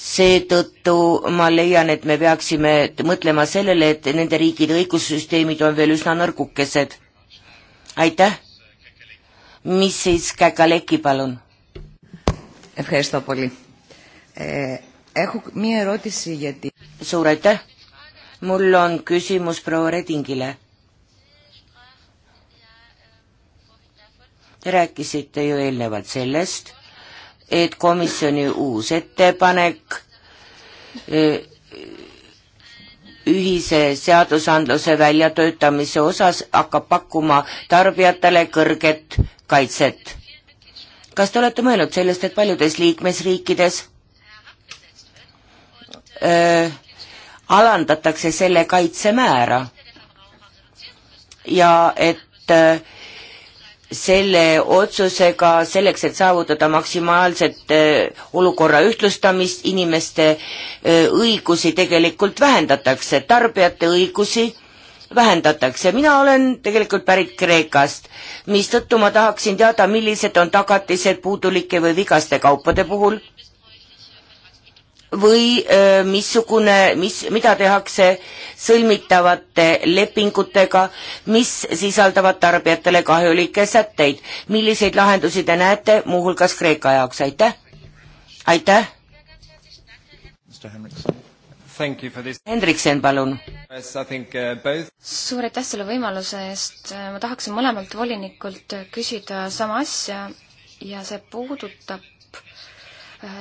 seetõttu ma leian, et me peaksime mõtlema sellele, et nende riikide õigussüsteemid on veel üsna nõrgukesed Aitäh. mis siis, Käkaleki, palun? suur aitäh. mul on küsimus proua Redingile. Te rääkisite ju eelnevalt sellest, et komisjoni uus ettepanek eh, ühise seadusandluse väljatöötamise osas hakkab pakkuma tarbijatele kõrget kaitset. kas te olete mõelnud sellest, et paljudes liikmesriikides öö, alandatakse selle kaitsemäära ja et öö, selle otsusega selleks, et saavutada maksimaalset äh, olukorra ühtlustamist, inimeste äh, õigusi tegelikult vähendatakse, tarbijate õigusi vähendatakse. mina olen tegelikult pärit Kreekast, mistõttu ma tahaksin teada, millised on tagatised puudulike või vigaste kaupade puhul või missugune, mis, mida tehakse sõlmitavate lepingutega, mis sisaldavad tarbijatele kahjulikke sätteid. milliseid lahendusi te näete muuhulgas Kreeka jaoks, aitäh! aitäh! Hendriksen, palun! Uh, suur aitäh selle võimaluse eest, ma tahaksin mõlemalt volinikult küsida sama asja ja see puudutab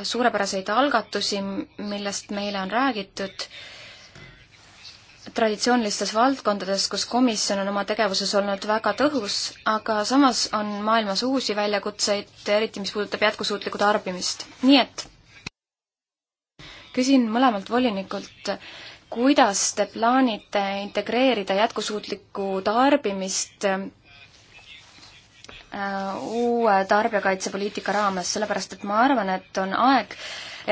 suurepäraseid algatusi, millest meile on räägitud traditsioonilistes valdkondades, kus komisjon on oma tegevuses olnud väga tõhus, aga samas on maailmas uusi väljakutseid, eriti mis puudutab jätkusuutlikku tarbimist. nii et küsin mõlemalt volinikult, kuidas te plaanite integreerida jätkusuutlikku tarbimist Äh, uue tarbijakaitsepoliitika raames, sellepärast et ma arvan, et on aeg,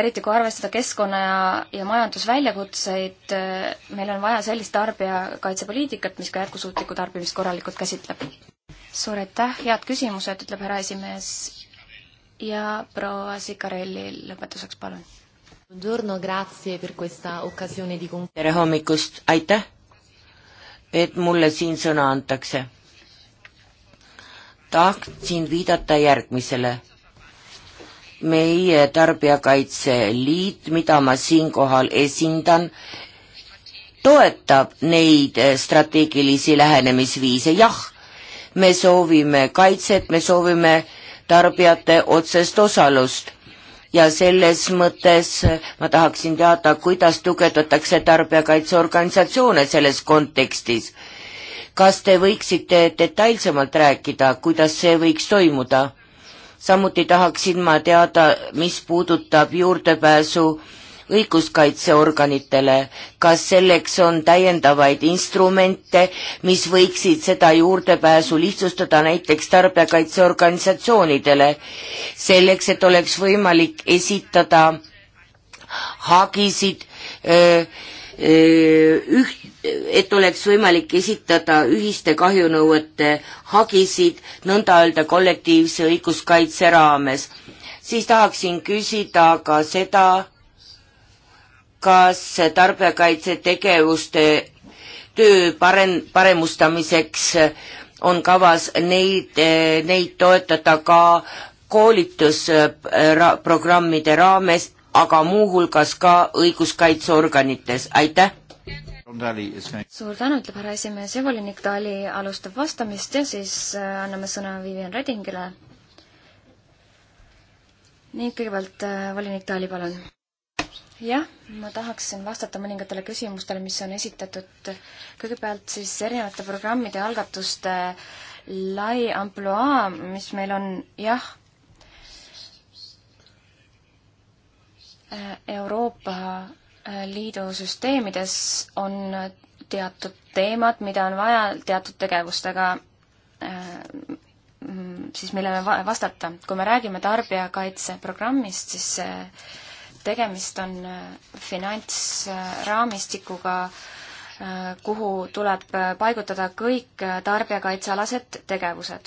eriti kui arvestada keskkonna ja, ja majandusväljakutseid, äh, meil on vaja sellist tarbijakaitsepoliitikat, mis ka jätkusuutlikku tarbimist korralikult käsitleb. suur aitäh, head küsimused, ütleb härra esimees ja proua Sikarelli lõpetuseks, palun. tere hommikust, aitäh, et mulle siin sõna antakse tahtsin viidata järgmisele. meie Tarbijakaitse Liit, mida ma siinkohal esindan, toetab neid eh, strateegilisi lähenemisviise, jah, me soovime kaitset, me soovime tarbijate otsest osalust ja selles mõttes ma tahaksin teada, kuidas tugevdatakse tarbijakaitseorganisatsioone selles kontekstis kas te võiksite detailsemalt rääkida, kuidas see võiks toimuda? samuti tahaksin ma teada, mis puudutab juurdepääsu õiguskaitseorganitele, kas selleks on täiendavaid instrumente, mis võiksid seda juurdepääsu lihtsustada näiteks tarbijakaitseorganisatsioonidele, selleks, et oleks võimalik esitada hagisid öö, üht, et oleks võimalik esitada ühiste kahjunõuete hagisid nõnda öelda kollektiivse õiguskaitse raames, siis tahaksin küsida ka seda, kas tarbijakaitse tegevuste töö parem, paremustamiseks on kavas neid, neid toetada ka koolitusprogrammide raames aga muuhulgas ka õiguskaitseorganites, aitäh! suur tänu, ütleb härra esimees ja volinik Dali alustab vastamist ja siis äh, anname sõna Vivian Redingile. nii, kõigepealt äh, volinik Dali, palun. jah, ma tahaksin vastata mõningatele küsimustele, mis on esitatud. kõigepealt siis erinevate programmide algatuste lai ampluaa, mis meil on, jah Euroopa Liidu süsteemides on teatud teemad, mida on vaja teatud tegevustega äh, mm, siis millele vastata. kui me räägime tarbijakaitseprogrammist, siis tegemist on äh, finantsraamistikuga, äh, kuhu tuleb paigutada kõik tarbijakaitsealased tegevused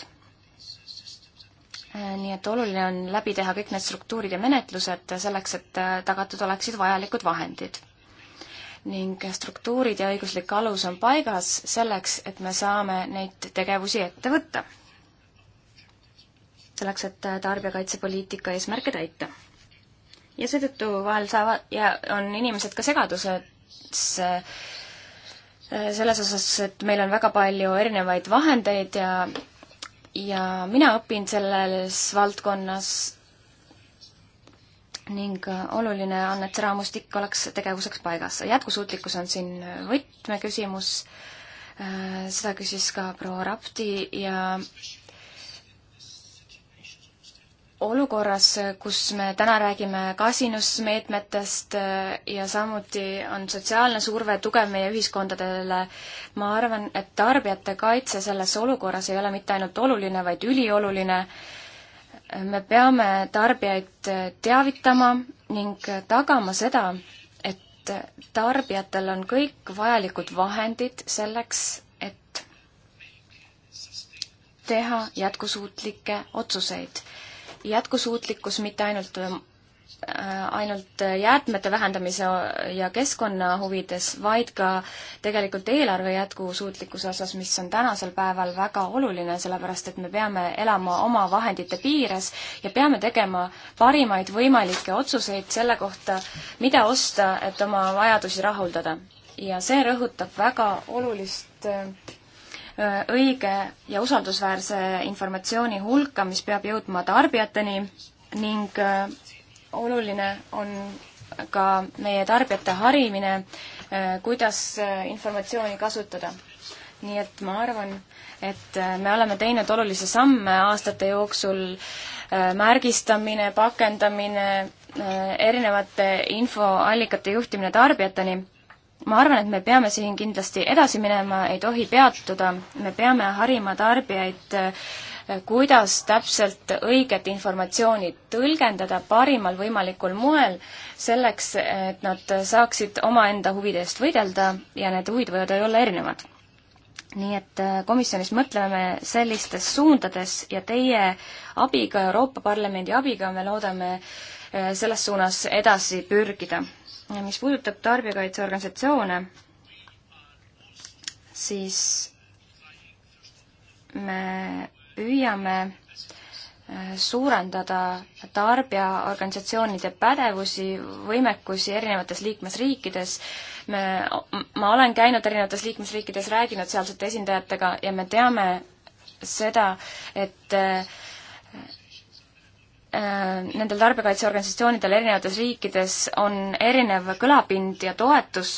Äh, nii et oluline on läbi teha kõik need struktuurid ja menetlused selleks, et äh, tagatud oleksid vajalikud vahendid. ning struktuurid ja õiguslik alus on paigas selleks, et me saame neid tegevusi ette võtta. selleks, et äh, tarbijakaitsepoliitika eesmärke täita. ja seetõttu vahel saavad ja on inimesed ka segaduses selles osas, et meil on väga palju erinevaid vahendeid ja ja mina õpin selles valdkonnas ning oluline on, et see raamistik oleks tegevuseks paigas. jätkusuutlikkus on siin võtmeküsimus, äh, seda küsis ka proua Rapti ja olukorras, kus me täna räägime kasinusmeetmetest äh, ja samuti on sotsiaalne surve tugev meie ühiskondadele, ma arvan, et tarbijate kaitse selles olukorras ei ole mitte ainult oluline, vaid ülioluline. me peame tarbijaid äh, teavitama ning tagama seda, et tarbijatel on kõik vajalikud vahendid selleks, et teha jätkusuutlikke otsuseid jätkusuutlikkus mitte ainult äh, ainult jäätmete vähendamise ja keskkonna huvides, vaid ka tegelikult eelarve jätkusuutlikkuse osas, mis on tänasel päeval väga oluline, sellepärast et me peame elama oma vahendite piires ja peame tegema parimaid võimalikke otsuseid selle kohta, mida osta, et oma vajadusi rahuldada. ja see rõhutab väga olulist äh, õige ja usaldusväärse informatsiooni hulka, mis peab jõudma tarbijateni ning äh, oluline on ka meie tarbijate harimine, äh, kuidas äh, informatsiooni kasutada. nii et ma arvan, et me oleme teinud olulisi samme aastate jooksul, märgistamine, pakendamine, erinevate infoallikate juhtimine tarbijateni ma arvan, et me peame siin kindlasti edasi minema, ei tohi peatuda, me peame harima tarbijaid, eh, kuidas täpselt õiget informatsiooni tõlgendada parimal võimalikul moel, selleks et nad saaksid omaenda huvide eest võidelda ja need huvid võivad ju olla erinevad. nii et eh, komisjonis mõtleme sellistes suundades ja teie abiga, Euroopa Parlamendi abiga me loodame eh, selles suunas edasi pürgida mis puudutab tarbijakaitseorganisatsioone, siis me püüame äh, suurendada tarbijaorganisatsioonide pädevusi, võimekusi erinevates liikmesriikides. me, ma olen käinud erinevates liikmesriikides, rääginud sealsete esindajatega ja me teame seda, et äh, Äh, nendel tarbijakaitseorganisatsioonidel erinevates riikides on erinev kõlapind ja toetus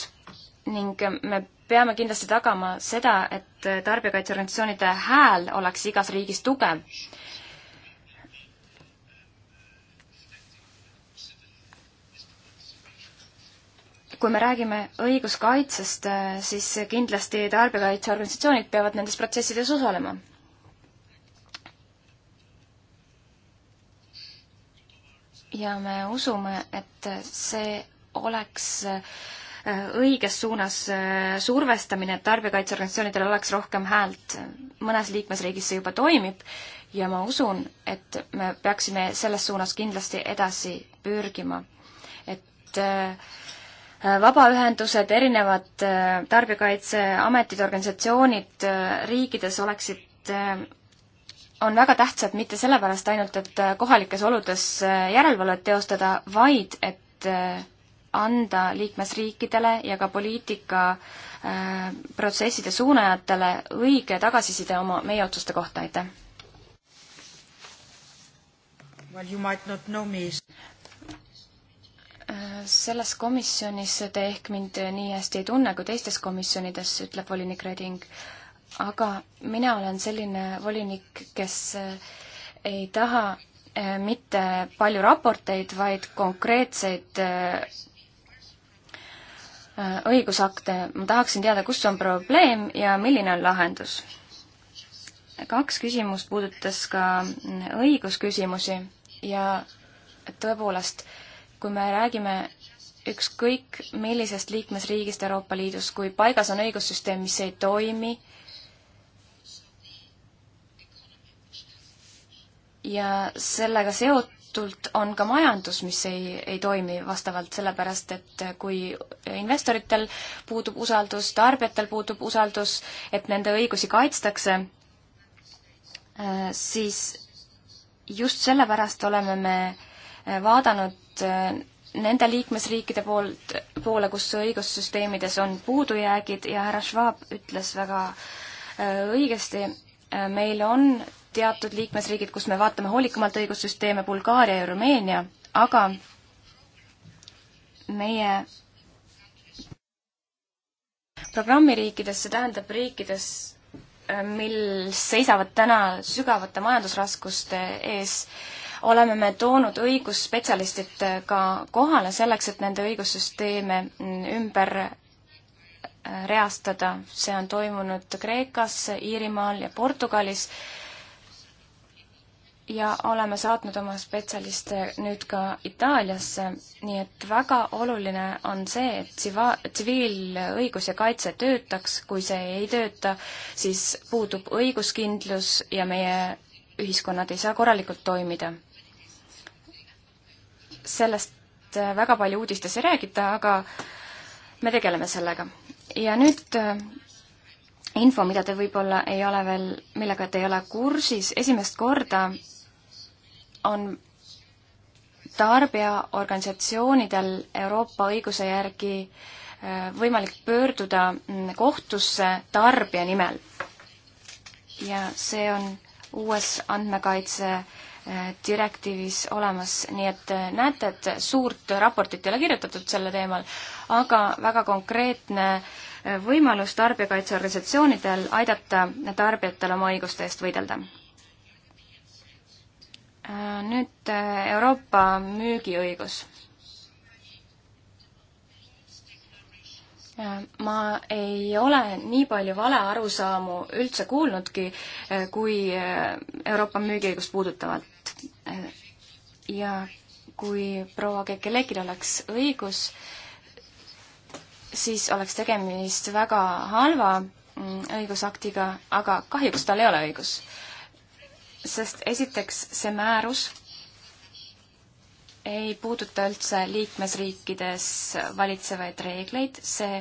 ning me peame kindlasti tagama seda, et tarbijakaitseorganisatsioonide hääl oleks igas riigis tugev. kui me räägime õiguskaitsest, äh, siis kindlasti tarbijakaitseorganisatsioonid peavad nendes protsessides osalema ja me usume, et see oleks äh, õiges suunas äh, survestamine, et tarbijakaitseorganisatsioonidel oleks rohkem häält. mõnes liikmesriigis see juba toimib ja ma usun, et me peaksime selles suunas kindlasti edasi pürgima. et äh, vabaühendused, erinevad tarbijakaitseametid, organisatsioonid riikides oleksid on väga tähtsad mitte sellepärast ainult, et äh, kohalikes oludes äh, järelevalvet teostada, vaid et äh, anda liikmesriikidele ja ka poliitika äh, protsesside suunajatele õige tagasiside oma, meie otsuste kohta, aitäh! Well, you might not know me selles komisjonis te ehk mind nii hästi ei tunne kui teistes komisjonides, ütleb volinik Reding aga mina olen selline volinik, kes eh, ei taha eh, mitte palju raporteid, vaid konkreetseid eh, õigusakte. ma tahaksin teada, kus on probleem ja milline on lahendus. kaks küsimust puudutas ka mm, õigusküsimusi ja tõepoolest, kui me räägime ükskõik millisest liikmesriigist Euroopa Liidus, kui paigas on õigussüsteem, mis ei toimi, ja sellega seotult on ka majandus, mis ei, ei toimi vastavalt, sellepärast et kui investoritel puudub usaldus, tarbijatel puudub usaldus, et nende õigusi kaitstakse, siis just sellepärast oleme me vaadanud nende liikmesriikide poolt, poole, kus õigussüsteemides on puudujäägid ja härra Schwab ütles väga äh, õigesti, äh, meil on teatud liikmesriigid, kus me vaatame hoolikamalt õigussüsteeme, Bulgaaria ja Rumeenia, aga meie programmiriikides, see tähendab riikides, äh, mil seisavad täna sügavate majandusraskuste ees, oleme me toonud õigusspetsialistid äh, ka kohale selleks, et nende õigussüsteeme mm, ümber äh, reastada. see on toimunud Kreekas, Iirimaal ja Portugalis ja oleme saatnud oma spetsialiste nüüd ka Itaaliasse, nii et väga oluline on see, et tsiva-, tsiviilõiguse kaitse töötaks, kui see ei tööta, siis puudub õiguskindlus ja meie ühiskonnad ei saa korralikult toimida. sellest äh, väga palju uudistes ei räägita, aga me tegeleme sellega. ja nüüd äh, info, mida te võib-olla ei ole veel, millega te ei ole kursis, esimest korda on tarbijaorganisatsioonidel Euroopa õiguse järgi äh, võimalik pöörduda mm, kohtusse tarbija nimel. ja see on uues andmekaitse äh, direktiivis olemas, nii et äh, näete, et suurt raportit ei ole kirjutatud selle teemal, aga väga konkreetne võimalus tarbijakaitseorganisatsioonidel aidata tarbijatel oma õiguste eest võidelda Äh, nüüd äh, Euroopa müügiõigus. Äh, ma ei ole nii palju valearusaamu üldse kuulnudki, kui Euroopa müügiõigust puudutavalt. ja kui proua Kekelekil oleks õigus, siis oleks tegemist väga halva mm, õigusaktiga, aga kahjuks tal ei ole õigus sest esiteks see määrus ei puuduta üldse liikmesriikides valitsevaid reegleid, see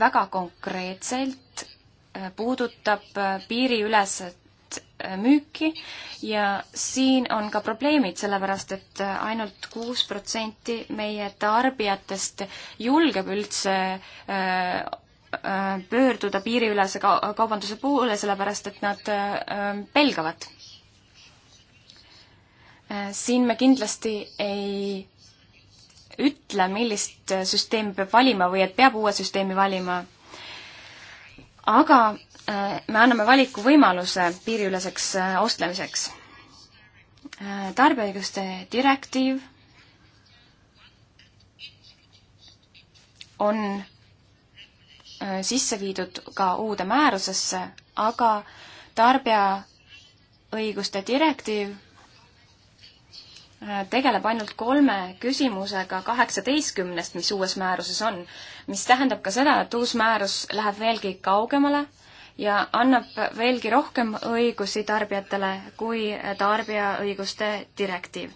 väga konkreetselt äh, puudutab äh, piiriüleset äh, müüki ja siin on ka probleemid, sellepärast et ainult kuus protsenti meie tarbijatest julgeb üldse pöörduda piiriülese kaubanduse poole, sellepärast et nad pelgavad Äh, siin me kindlasti ei ütle, millist süsteemi peab valima või et peab uue süsteemi valima. aga äh, me anname valikuvõimaluse piiriüleseks äh, ostlemiseks. tarbijaõiguste direktiiv on sisse viidud ka uude määrusesse, aga tarbijaõiguste direktiiv tegeleb ainult kolme küsimusega kaheksateistkümnest, mis uues määruses on. mis tähendab ka seda, et uus määrus läheb veelgi kaugemale ja annab veelgi rohkem õigusi tarbijatele kui tarbijaõiguste direktiiv.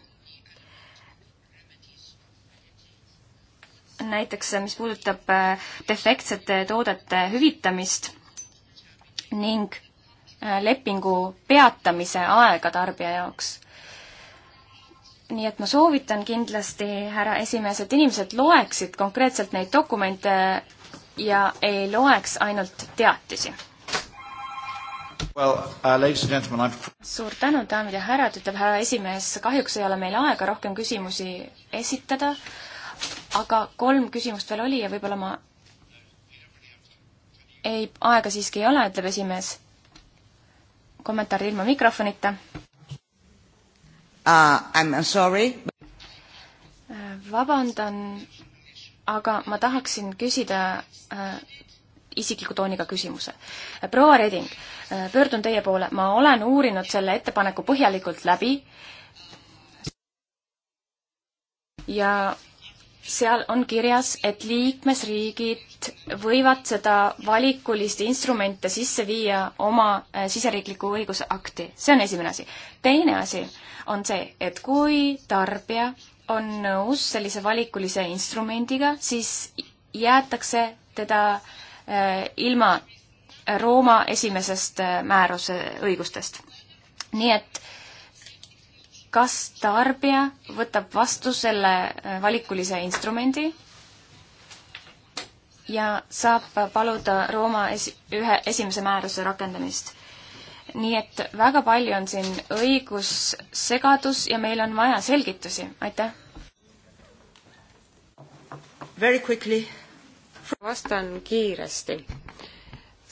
näiteks mis puudutab äh, defektsete toodete hüvitamist ning äh, lepingu peatamise aega tarbija jaoks nii et ma soovitan kindlasti, härra esimees, et inimesed loeksid konkreetselt neid dokumente ja ei loeks ainult teatisi. Well, uh, suur tänu, daamid ja härrad, ütleb härra esimees, kahjuks ei ole meil aega rohkem küsimusi esitada, aga kolm küsimust veel oli ja võib-olla ma ei, aega siiski ei ole, ütleb esimees. kommentaar ilma mikrofonita uh,. I am sorry. vabandan, aga ma tahaksin küsida äh, isikliku tooniga küsimuse. Uh, proua Reding äh,, pöördun teie poole, ma olen uurinud selle ettepaneku põhjalikult läbi ja seal on kirjas, et liikmesriigid võivad seda valikulist instrumente sisse viia oma äh, siseriikliku õigusakti. see on esimene asi. teine asi on see, et kui tarbija on nõus sellise valikulise instrumendiga, siis jäetakse teda äh, ilma Rooma esimesest äh, määruse õigustest. nii et äh, kas tarbija võtab vastu selle äh, valikulise instrumendi ja saab paluda Rooma es-, ühe, esimese määruse rakendamist. nii et väga palju on siin õigussegadus ja meil on vaja selgitusi, aitäh! vastan kiiresti.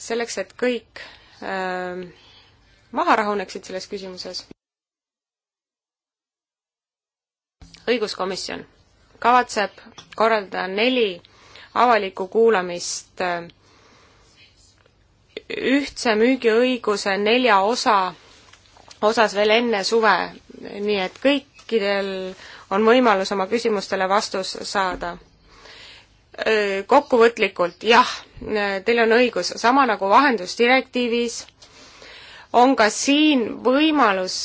selleks, et kõik äh, maha rahuneksid selles küsimuses. õiguskomisjon kavatseb korraldada neli avalikku kuulamist ühtse müügiõiguse nelja osa osas veel enne suve, nii et kõikidel on võimalus oma küsimustele vastus saada. Kokkuvõtlikult, jah, teil on õigus, sama nagu vahendusdirektiivis, on ka siin võimalus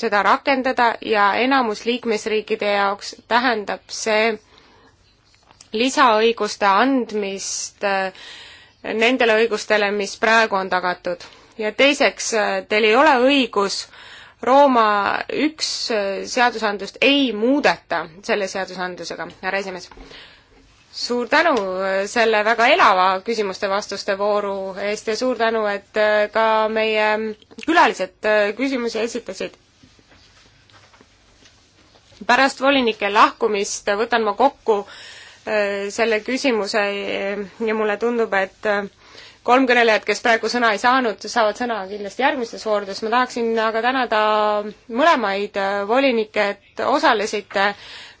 seda rakendada ja enamus liikmesriikide jaoks tähendab see lisaõiguste andmist äh, nendele õigustele, mis praegu on tagatud. ja teiseks, äh, teil ei ole õigus Rooma üks äh, seadusandlust ei muudeta selle seadusandlusega, härra esimees. suur tänu selle väga elava küsimuste-vastuste vooru eest ja suur tänu, et ka meie külalised küsimusi esitasid pärast volinike lahkumist võtan ma kokku äh, selle küsimuse ja mulle tundub, et äh, kolm kõnelejat, kes praegu sõna ei saanud, saavad sõna kindlasti järgmistes voorudes, ma tahaksin aga tänada mõlemaid äh, volinikke, et osalesite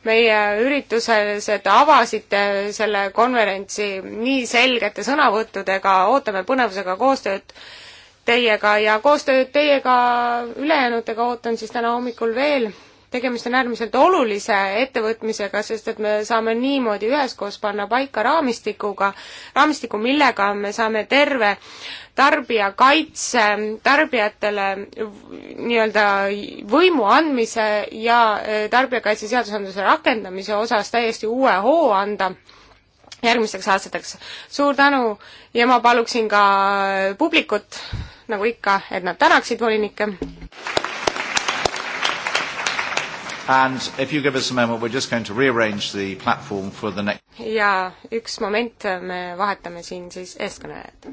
meie ürituses, et avasite selle konverentsi nii selgete sõnavõttudega, ootame põnevusega koostööd teiega ja koostööd teiega ülejäänutega ootan siis täna hommikul veel tegemist on äärmiselt olulise ettevõtmisega, sest et me saame niimoodi üheskoos panna paika raamistikuga, raamistiku, millega me saame terve tarbijakaitse tarbijatele nii-öelda võimu andmise ja eh, tarbijakaitse seadusandluse rakendamise osas täiesti uue hoo anda järgmisteks aastateks. suur tänu ja ma paluksin ka publikut, nagu ikka, et nad tänaksid volinikke. And if you give us a moment, we're just going to rearrange the platform for the next. ja üks moment, me vahetame siin siis eeskõnelejat.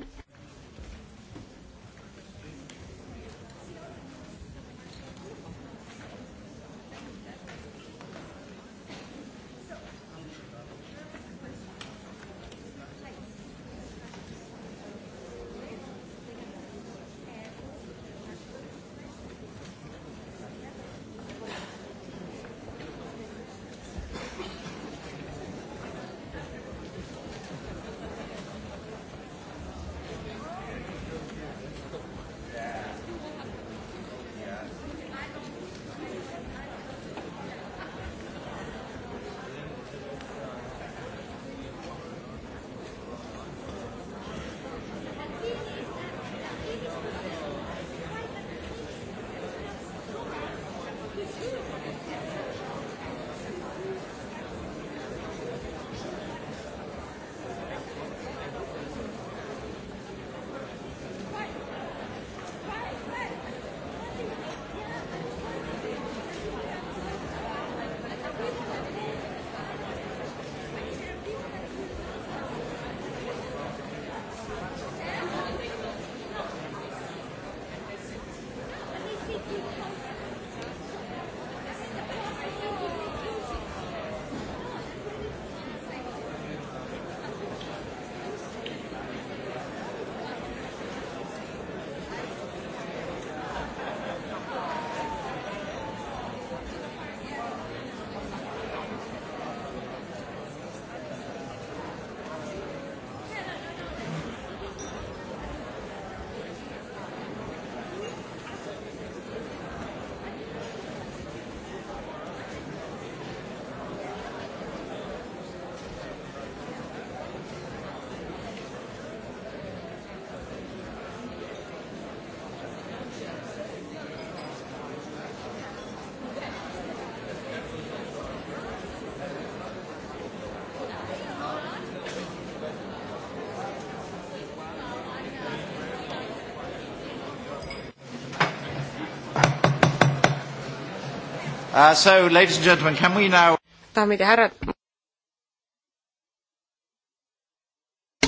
Uh, so, ladies and gentlemen, can we now... daamid ja härrad,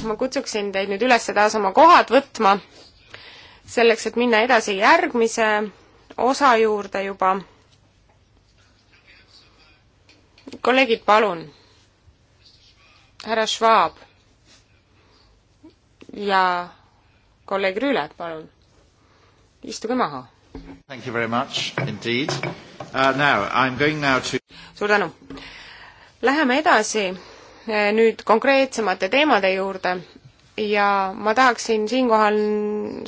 ma kutsuksin teid nüüd üles taas oma kohad võtma, selleks et minna edasi järgmise osa juurde juba. kolleegid, palun. härra Schwab ja kolleeg Rüüle, palun. istuge maha. Thank you very much indeed. Uh, to... suur tänu. Läheme edasi eh, nüüd konkreetsemate teemade juurde ja ma tahaksin siinkohal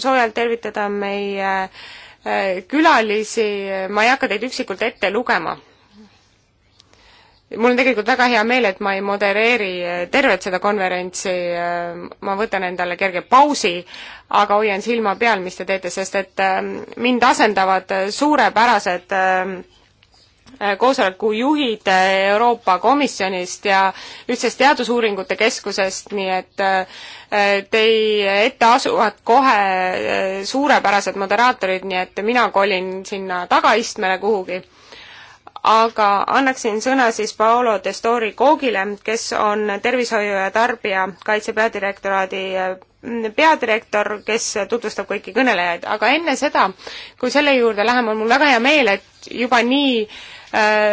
soojalt tervitada meie eh, külalisi, ma ei hakka teid üksikult ette lugema mul on tegelikult väga hea meel, et ma ei modereeri eh, tervet seda konverentsi, eh, ma võtan endale kerge pausi, aga hoian silma peal, mis te teete, sest et eh, mind asendavad suurepärased koosoleku juhid Euroopa Komisjonist ja Ühtsest Teadusuuringute Keskusest, nii et teie ette asuvad kohe suurepärased moderaatorid, nii et mina kolin sinna tagaistmele kuhugi aga annaksin sõna siis Paolo Testori Koogile, kes on tervishoiu ja tarbijakaitse peadirektoraadi mm, peadirektor, kes tutvustab kõiki kõnelejaid, aga enne seda, kui selle juurde läheme, on mul väga hea meel, et juba nii äh,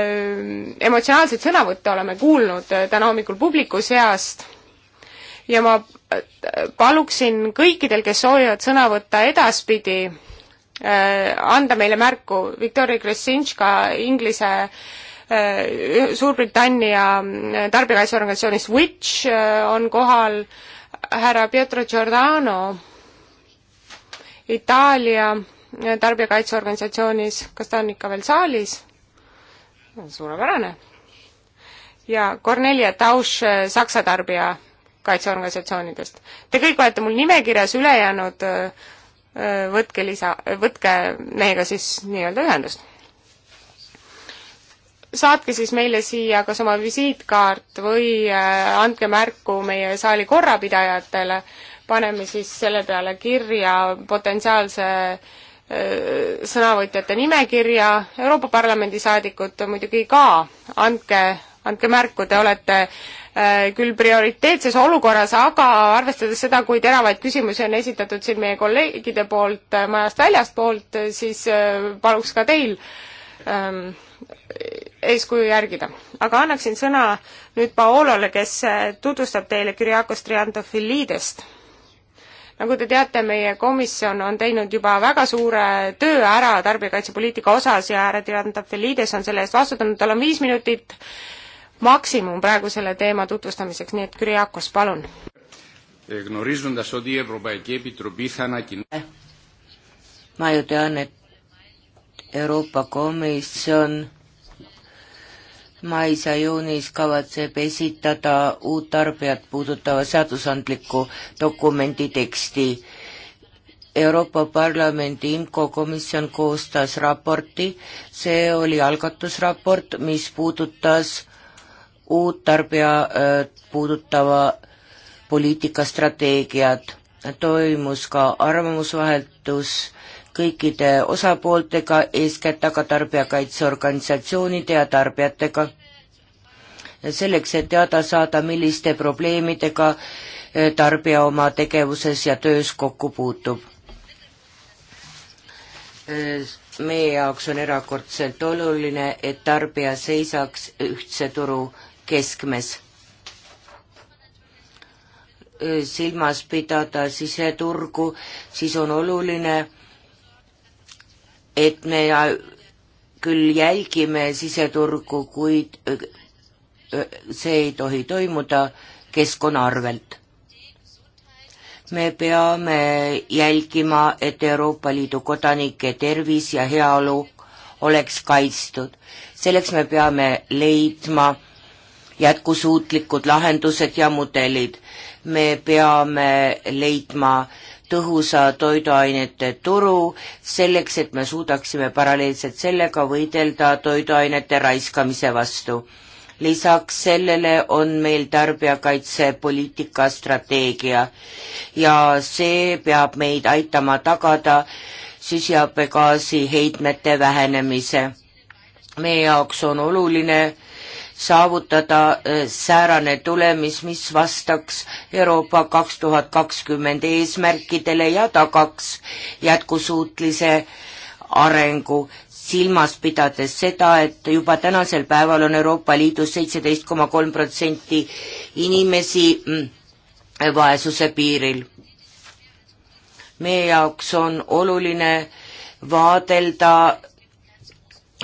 emotsionaalseid sõnavõtte oleme kuulnud äh, täna hommikul publiku seast ja ma äh, paluksin kõikidel, kes soovivad sõna võtta edaspidi, Äh, anda meile märku. Viktoria Kresinška, Inglise äh, Suurbritannia äh, tarbijakaitseorganisatsioonist Which on kohal, härra Pietro Giordano Itaalia tarbijakaitseorganisatsioonis, kas ta on ikka veel saalis? suurepärane. ja Cornelia Tausch Saksa tarbijakaitseorganisatsioonidest. Te kõik olete mul nimekirjas, ülejäänud äh, võtke lisa, võtke meiega siis nii-öelda ühendust. saatke siis meile siia kas oma visiitkaart või äh, andke märku meie saali korrapidajatele, paneme siis selle peale kirja potentsiaalse äh, sõnavõtjate nimekirja, Euroopa Parlamendi saadikud muidugi ka, andke, andke märku, te olete Äh, küll prioriteetses olukorras, aga arvestades seda, kui teravaid küsimusi on esitatud siin meie kolleegide poolt äh, majast väljastpoolt, äh, siis paluks ka teil ähm, eeskuju järgida. aga annaksin sõna nüüd Paolole, kes tutvustab teile Kyriakos Triantafilidest. nagu te teate, meie komisjon on teinud juba väga suure töö ära tarbijakaitsepoliitika osas ja härra Triantafilides on selle eest vastutanud, tal on viis minutit äh, maksimum praegu selle teema tutvustamiseks, nii et Küriakos, palun. ma ju tean, et Euroopa Komisjon mais ja juunis kavatseb esitada uut tarbijat puudutava seadusandliku dokumendi teksti. Euroopa Parlamendi IMCO komisjon koostas raporti, see oli algatusraport, mis puudutas uut tarbija puudutava poliitikastrateegiat. toimus ka arvamusvahetus kõikide osapooltega, eeskätt aga tarbijakaitseorganisatsioonide ja tarbijatega, selleks, et teada saada, milliste probleemidega tarbija oma tegevuses ja töös kokku puutub. meie jaoks on erakordselt oluline, et tarbija seisaks ühtse turu keskmes. silmas pidada siseturgu, siis on oluline, et me küll jälgime siseturgu, kuid äh, see ei tohi toimuda keskkonna arvelt me peame jälgima, et Euroopa Liidu kodanike tervis ja heaolu oleks kaitstud. selleks me peame leidma jätkusuutlikud lahendused ja mudelid. me peame leidma tõhusa toiduainete turu selleks, et me suudaksime paralleelselt sellega võidelda toiduainete raiskamise vastu. lisaks sellele on meil tarbijakaitsepoliitika strateegia ja see peab meid aitama tagada süsihappegaasi heitmete vähenemise. meie jaoks on oluline saavutada äh, säärane tulemis, mis vastaks Euroopa kaks tuhat kakskümmend eesmärkidele ja tagaks jätkusuutlise arengu, silmas pidades seda, et juba tänasel päeval on Euroopa Liidus seitseteist koma kolm protsenti inimesi mm, vaesuse piiril. meie jaoks on oluline vaadelda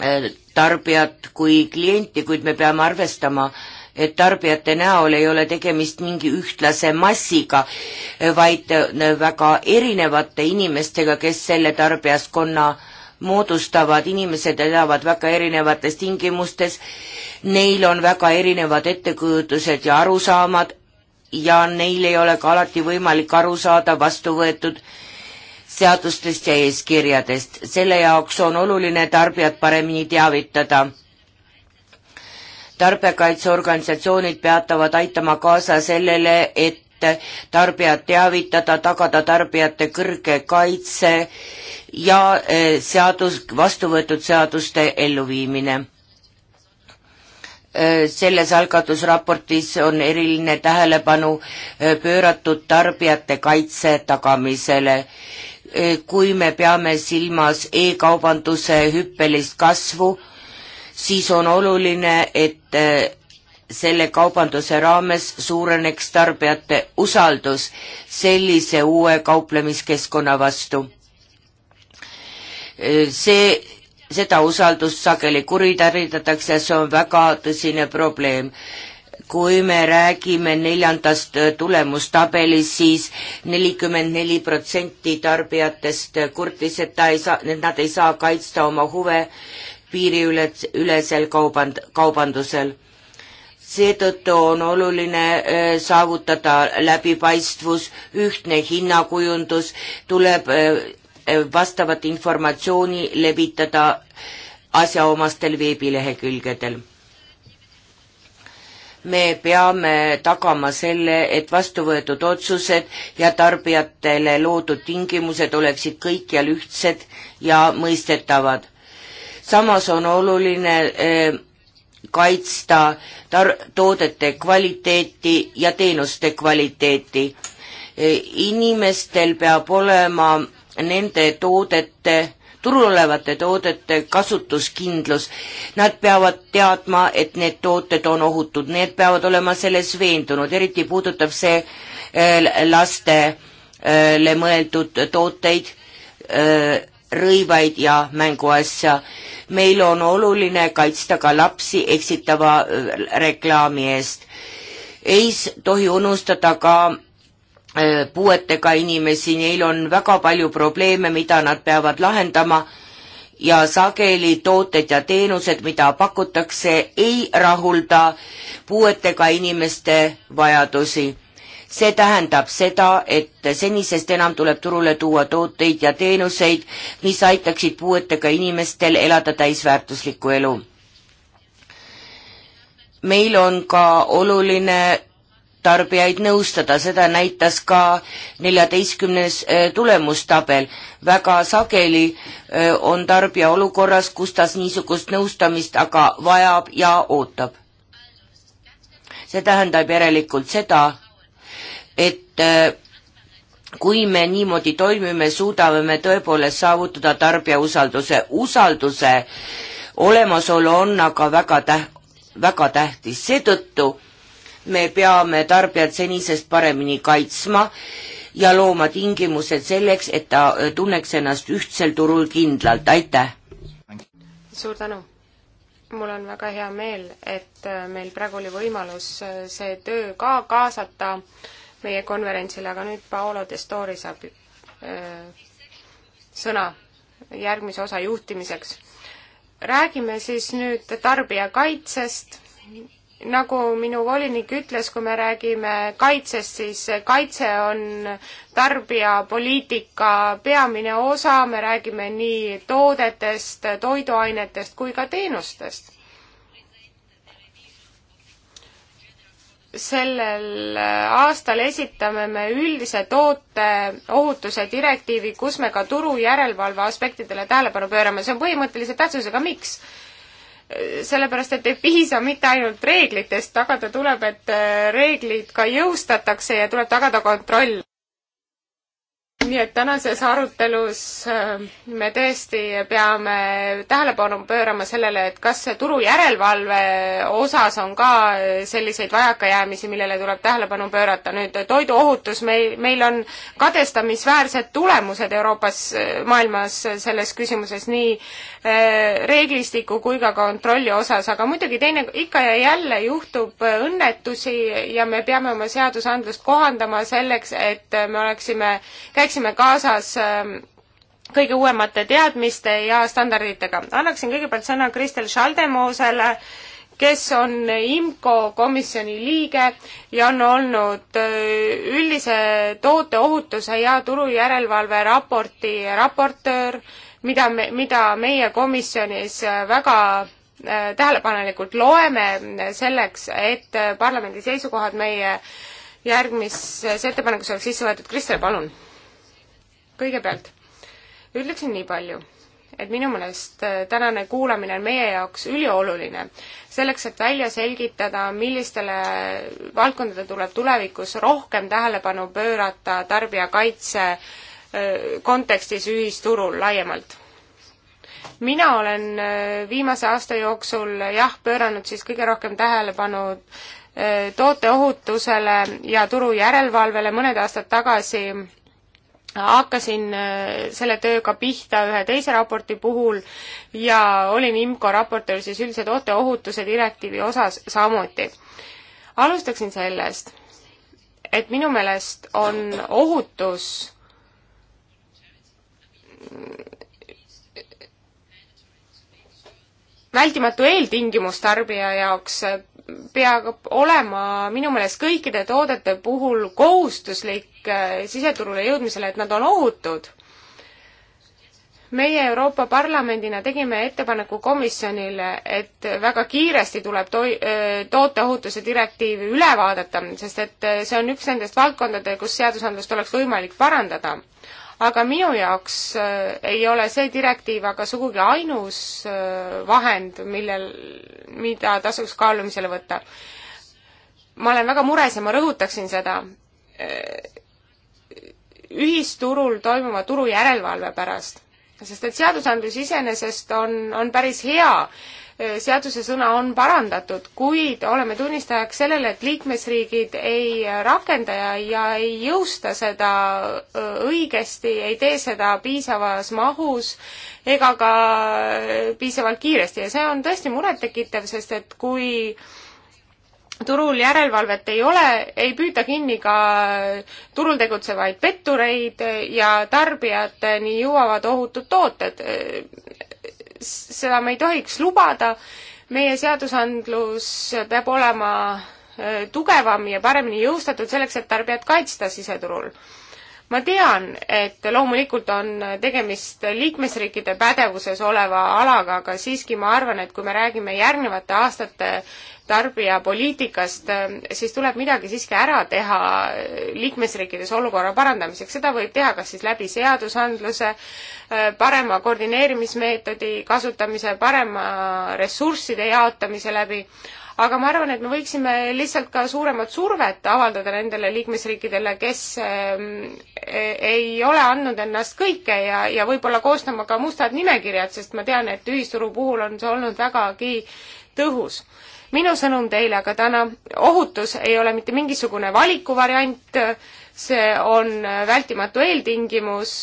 äh, tarbijat kui klienti, kuid me peame arvestama, et tarbijate näol ei ole tegemist mingi ühtlase massiga, vaid äh, väga erinevate inimestega, kes selle tarbijaskonna moodustavad, inimesed elavad väga erinevates tingimustes, neil on väga erinevad ettekujutused ja arusaamad ja neil ei ole ka alati võimalik aru saada vastuvõetud seadustest ja eeskirjadest. selle jaoks on oluline tarbijad paremini teavitada. tarbijakaitseorganisatsioonid peatavad aitama kaasa sellele, et tarbijad teavitada, tagada tarbijate kõrge kaitse ja eh, seadus, vastu võetud seaduste elluviimine eh, selles algatusraportis on eriline tähelepanu eh, pööratud tarbijate kaitse tagamisele Eh, kui me peame silmas e-kaubanduse hüppelist kasvu, siis on oluline, et eh, selle kaubanduse raames suureneks tarbijate usaldus sellise uue kauplemiskeskkonna vastu. Eh, see, seda usaldust sageli kuritarvitatakse, see on väga tõsine probleem kui me räägime neljandast äh, tulemustabelist, siis nelikümmend neli protsenti tarbijatest kurtis, et ta ei saa, et nad ei saa kaitsta oma huve piiriülesel kauband-, kaubandusel. seetõttu on oluline äh, saavutada läbipaistvus, ühtne hinnakujundus, tuleb äh, vastavat informatsiooni levitada asjaomastel veebilehekülgedel me peame tagama selle, et vastu võetud otsused ja tarbijatele loodud tingimused oleksid kõikjal ühtsed ja mõistetavad. samas on oluline eh, kaitsta tar-, toodete kvaliteeti ja teenuste kvaliteeti. Eh, inimestel peab olema nende toodete turul olevate toodete kasutuskindlus. Nad peavad teadma, et need tooted on ohutud, need peavad olema selles veendunud, eriti puudutab see äh, lastele äh, mõeldud tooteid, äh, rõivaid ja mänguasja. meil on oluline kaitsta ka lapsi eksitava reklaami eest. ei tohi unustada ka Äh, puuetega inimesi, neil on väga palju probleeme, mida nad peavad lahendama ja sageli tooted ja teenused, mida pakutakse, ei rahulda puuetega inimeste vajadusi. see tähendab seda, et senisest enam tuleb turule tuua tooteid ja teenuseid, mis aitaksid puuetega inimestel elada täisväärtuslikku elu. meil on ka oluline tarbijaid nõustada, seda näitas ka neljateistkümnes äh, tulemustabel. väga sageli äh, on tarbija olukorras, kus ta niisugust nõustamist aga vajab ja ootab. see tähendab järelikult seda, et äh, kui me niimoodi toimime, suudame me tõepoolest saavutada tarbija usalduse. usalduse olemasolu on aga väga täht-, väga tähtis, seetõttu me peame tarbijat senisest paremini kaitsma ja looma tingimused selleks, et ta äh, tunneks ennast ühtsel turul kindlalt, aitäh! suur tänu! mul on väga hea meel, et äh, meil praegu oli võimalus äh, see töö ka kaasata meie konverentsile, aga nüüd Paolo Testori saab öö, sõna järgmise osa juhtimiseks. räägime siis nüüd tarbijakaitsest nagu minu volinik ütles, kui me räägime kaitsest, siis kaitse on tarbijapoliitika peamine osa, me räägime nii toodetest, toiduainetest kui ka teenustest. sellel aastal esitame me üldise tooteohutuse direktiivi, kus me ka turu järelevalve aspektidele tähelepanu pöörame, see on põhimõttelise tähtsusega, miks? sellepärast, et ei piisa mitte ainult reeglitest, tagada tuleb, et äh, reeglid ka jõustatakse ja tuleb tagada kontroll nii et tänases arutelus äh, me tõesti peame tähelepanu pöörama sellele, et kas turu järelevalve osas on ka selliseid vajakajäämisi, millele tuleb tähelepanu pöörata. nüüd toiduohutus, meil, meil on kadestamisväärsed tulemused Euroopas, äh, maailmas selles küsimuses nii äh, reeglistiku kui ka kontrolli osas, aga muidugi teine, ikka ja jälle juhtub õnnetusi ja me peame oma seadusandlust kohandama selleks, et me oleksime, käiksime läheksime kaasas ähm, kõige uuemate teadmiste ja standarditega. annaksin kõigepealt sõna Kristel Schaldemoosele, kes on IMCO komisjoni liige ja on olnud äh, üldise tooteohutuse ja turujärelevalve raporti raportöör, mida me, mida meie komisjonis äh, väga äh, tähelepanelikult loeme selleks, et parlamendi seisukohad meie järgmises ettepanekus oleks sisse võetud. Kristel, palun kõigepealt ütleksin nii palju, et minu meelest äh, tänane kuulamine on meie jaoks ülioluline, selleks et välja selgitada, millistele valdkondadele tuleb tulevikus rohkem tähelepanu pöörata tarbijakaitse äh, kontekstis ühisturul laiemalt mina olen äh, viimase aasta jooksul jah, pööranud siis kõige rohkem tähelepanu tooteohutusele ja turu järelevalvele, mõned aastad tagasi hakkasin äh, selle tööga pihta ühe teise raporti puhul ja olin IMCO raportöör siis üldse tooteohutuse direktiivi osas samuti. alustaksin sellest, et minu meelest on ohutus vältimatu eeltingimus tarbija jaoks peab olema minu meelest kõikide toodete puhul kohustuslik äh, siseturule jõudmisele, et nad on ohutud. meie Euroopa Parlamendina tegime ettepaneku komisjonile, et väga kiiresti tuleb toi-, äh, tooteohutuse direktiiv üle vaadata, sest et äh, see on üks nendest valdkondade, kus seadusandlust oleks võimalik parandada aga minu jaoks äh, ei ole see direktiiv aga sugugi ainus äh, vahend, millel, mida tasuks kaalumisele võtta. ma olen väga mures ja ma rõhutaksin seda, äh, ühisturul toimuva turu järelevalve pärast, sest et seadusandlus iseenesest on, on päris hea seaduse sõna on parandatud, kuid oleme tunnistajaks sellele, et liikmesriigid ei rakenda ja, ja ei jõusta seda õigesti, ei tee seda piisavas mahus ega ka piisavalt kiiresti ja see on tõesti murettekitav, sest et kui turul järelevalvet ei ole, ei püüta kinni ka turul tegutsevaid pettureid ja tarbijateni jõuavad ohutud tooted seda me ei tohiks lubada, meie seadusandlus peab olema äh, tugevam ja paremini jõustatud selleks, et tarbijat kaitsta siseturul ma tean, et loomulikult on tegemist liikmesriikide pädevuses oleva alaga, aga siiski ma arvan, et kui me räägime järgnevate aastate tarbijapoliitikast, siis tuleb midagi siiski ära teha liikmesriikides olukorra parandamiseks, seda võib teha kas siis läbi seadusandluse, parema koordineerimismeetodi kasutamise, parema ressursside jaotamise läbi, aga ma arvan, et me võiksime lihtsalt ka suuremat survet avaldada nendele liikmesriikidele, kes ähm, e, ei ole andnud ennast kõike ja, ja võib-olla koostama ka mustad nimekirjad, sest ma tean, et ühisturu puhul on see olnud vägagi tõhus minu sõnum teile aga täna, ohutus ei ole mitte mingisugune valikuvariant, see on vältimatu eeltingimus,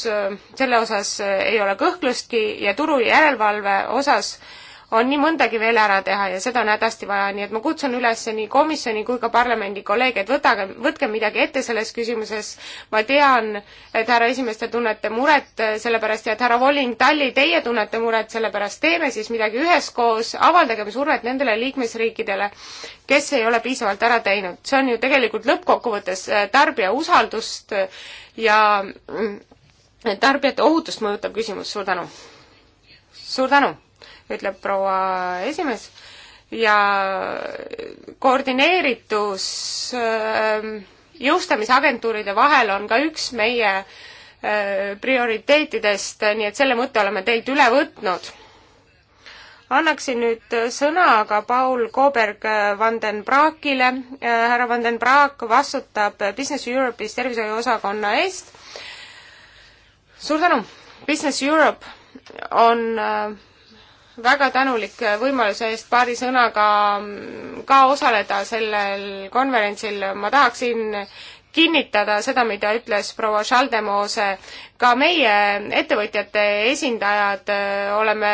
selle osas ei ole kõhklustki ja turu järelevalve osas äh, on nii mõndagi veel ära teha ja seda on hädasti vaja, nii et ma kutsun üles nii komisjoni kui ka parlamendi kolleege, et võtage, võtke midagi ette selles küsimuses. ma tean, et härra esimees, te tunnete muret selle pärast ja et härra Volling, Talli, teie tunnete muret selle pärast, teeme siis midagi üheskoos, avaldagem survet nendele liikmesriikidele, kes ei ole piisavalt ära teinud. see on ju tegelikult lõppkokkuvõttes äh, tarbija usaldust ja mm, tarbijate ohutust mõjutav küsimus, suur tänu! suur tänu! ütleb proua esimees, ja koordineeritus ähm, jõustamisagentuuride vahel on ka üks meie äh, prioriteetidest, nii et selle mõtte oleme teilt üle võtnud. annaksin nüüd sõna ka Paul Kooberg äh, Vanden Braakile. Äh, härra Vanden Braak vastutab Business Europe'is tervishoiuosakonna eest. suur tänu! Business Europe on väga tänulik võimaluse eest paari sõnaga ka osaleda sellel konverentsil. ma tahaksin kinnitada seda, mida ütles proua Schaldemose. ka meie ettevõtjate esindajad äh, oleme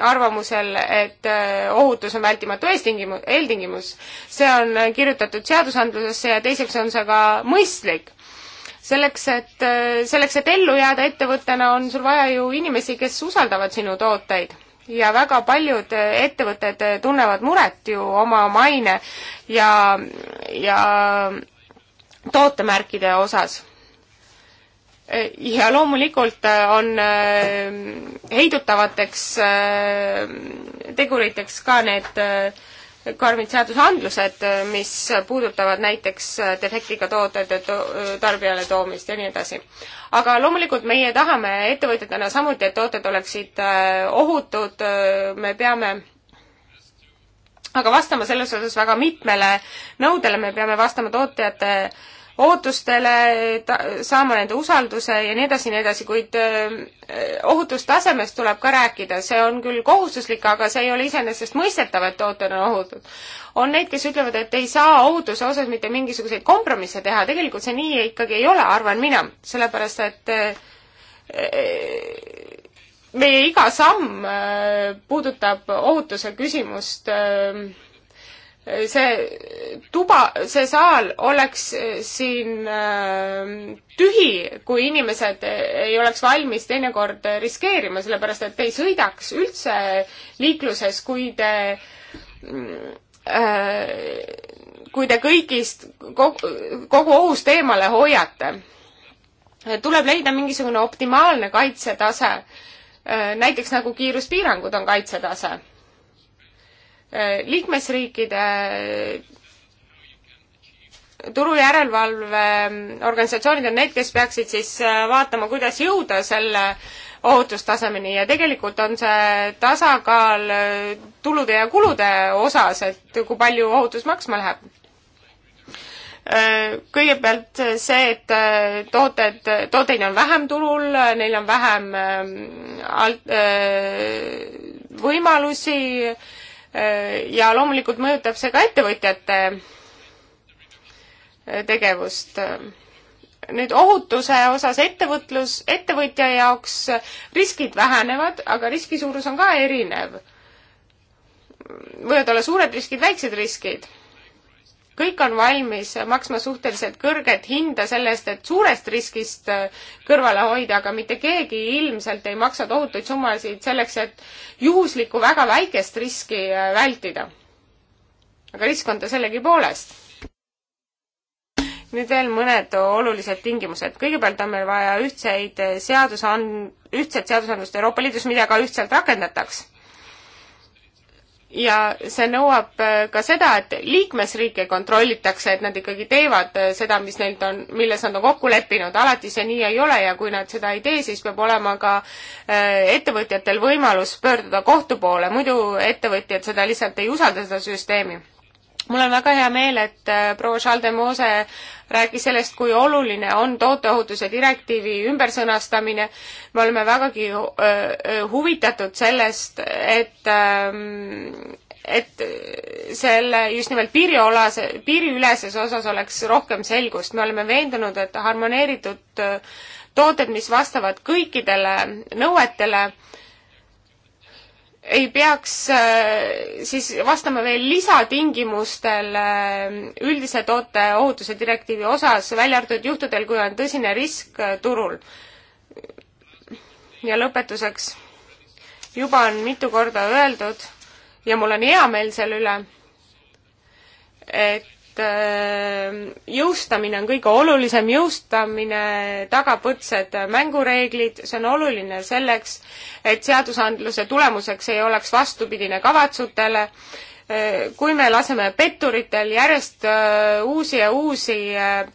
arvamusel, et äh, ohutus on vältimatu eestingimus, eeltingimus. see on kirjutatud seadusandlusesse ja teiseks on see ka mõistlik selleks, et, äh, selleks, et ellu jääda ettevõttena, on sul vaja ju inimesi, kes usaldavad sinu tooteid ja väga paljud ettevõtted tunnevad muret ju oma maine ja, ja tootemärkide osas ja loomulikult on äh, heidutavateks äh, teguriteks ka need äh, karmid seadusandlused, mis puudutavad näiteks defektiga toodete tarbijale toomist ja nii edasi. aga loomulikult meie tahame ettevõtjatena samuti, et tooted oleksid äh, ohutud, äh, me peame aga vastama selles osas väga mitmele nõudele, me peame vastama tootjate äh, ootustele, saama nende usalduse ja nii edasi ja nii edasi, kuid äh, ohutustasemest tuleb ka rääkida, see on küll kohustuslik, aga see ei ole iseenesestmõistetav, et tooted on ohutud. on neid, kes ütlevad, et ei saa ohutuse osas mitte mingisuguseid kompromisse teha, tegelikult see nii ikkagi ei ole, arvan mina, sellepärast et äh, äh, meie iga samm puudutab ohutuse küsimust see tuba, see saal oleks eh, siin eh, tühi, kui inimesed eh, ei oleks valmis teinekord riskeerima, sellepärast et te ei sõidaks üldse liikluses, kui te mm, kui te kõigist, kogu ohust eemale hoiate. tuleb leida mingisugune optimaalne kaitsetase, näiteks nagu kiiruspiirangud on kaitsetase Äh, liikmesriikide äh, turujärelevalve ähm, organisatsioonid on need, kes peaksid siis äh, vaatama, kuidas jõuda selle ohutustasemeni ja tegelikult on see tasakaal tulude ja kulude osas, et kui palju ohutus maksma läheb. Kõigepealt see, et tooted, tooteid on vähem turul, neil on vähem ähm, alt, võimalusi äh, Äh, ja loomulikult mõjutab see ka ettevõtjate äh, tegevust. nüüd ohutuse osas ettevõtlus, ettevõtja jaoks riskid vähenevad, aga riski suurus on ka erinev. võivad olla suured riskid, väiksed riskid kõik on valmis maksma suhteliselt kõrget hinda selle eest, et suurest riskist äh, kõrvale hoida, aga mitte keegi ilmselt ei maksa tohutuid summasid selleks, et juhuslikku väga väikest riski äh, vältida. aga risk on ta sellegipoolest. nüüd veel mõned olulised tingimused. kõigepealt on meil vaja ühtseid äh, seadusand-, ühtset seadusandlust Euroopa Liidus, mida ka ühtselt rakendataks ja see nõuab äh, ka seda, et liikmesriike kontrollitakse, et nad ikkagi teevad äh, seda, mis neilt on, milles nad on kokku leppinud, alati see nii ei ole ja kui nad seda ei tee, siis peab olema ka äh, ettevõtjatel võimalus pöörduda kohtu poole, muidu ettevõtjad seda lihtsalt ei usalda, seda süsteemi mul on väga hea meel, et äh, proua Schaldemose rääkis sellest, kui oluline on tooteohutuse direktiivi ümbersõnastamine. me oleme vägagi äh, äh, huvitatud sellest, et ähm, et selle just nimelt piiriolase, piiriüleses osas oleks rohkem selgust. me oleme veendunud, et harmoneeritud tooted, mis vastavad kõikidele nõuetele, ei peaks äh, siis vastama veel lisatingimustel äh, üldise toote ohutuse direktiivi osas, välja arvatud juhtudel, kui on tõsine risk äh, turul. ja lõpetuseks, juba on mitu korda öeldud ja mul on hea meel selle üle, et Äh, jõustamine on kõige olulisem, jõustamine tagab võrdsed mängureeglid, see on oluline selleks, et seadusandluse tulemuseks ei oleks vastupidine kavatsutele, äh, kui me laseme petturitel järjest äh, uusi ja uusi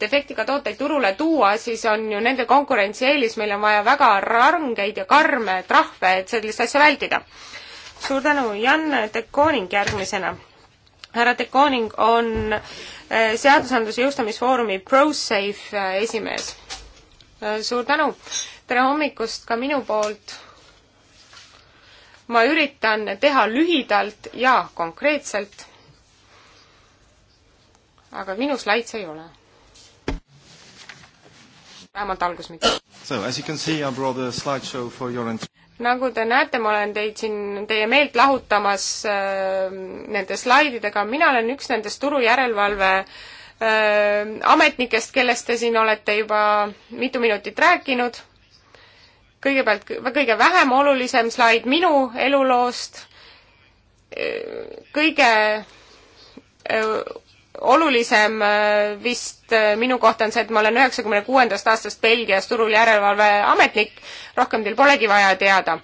defektiga tooteid turule tuua, siis on ju nende konkurentsieelis, meil on vaja väga rangeid ja karme trahve, et sellist asja vältida. suur tänu, Jan Tekoning järgmisena härra De Koning on eh, seadusandluse jõustamisfoorumi ProSafe eh, esimees. Eh, suur tänu, tere hommikust ka minu poolt. ma üritan teha lühidalt ja konkreetselt. aga minu slaidse ei ole. vähemalt algus mitte. So as you can see, I brought a slideshow for your ent- nagu te näete, ma olen teid siin, teie meelt lahutamas äh, nende slaididega, mina olen üks nendest turujärelevalve äh, ametnikest, kellest te siin olete juba mitu minutit rääkinud. kõigepealt kõige vähem olulisem slaid minu eluloost, äh, kõige äh, olulisem äh, vist äh, minu kohta on see, et ma olen üheksakümne kuuendast aastast Belgias turul järelevalveametnik, rohkem teil polegi vaja teada.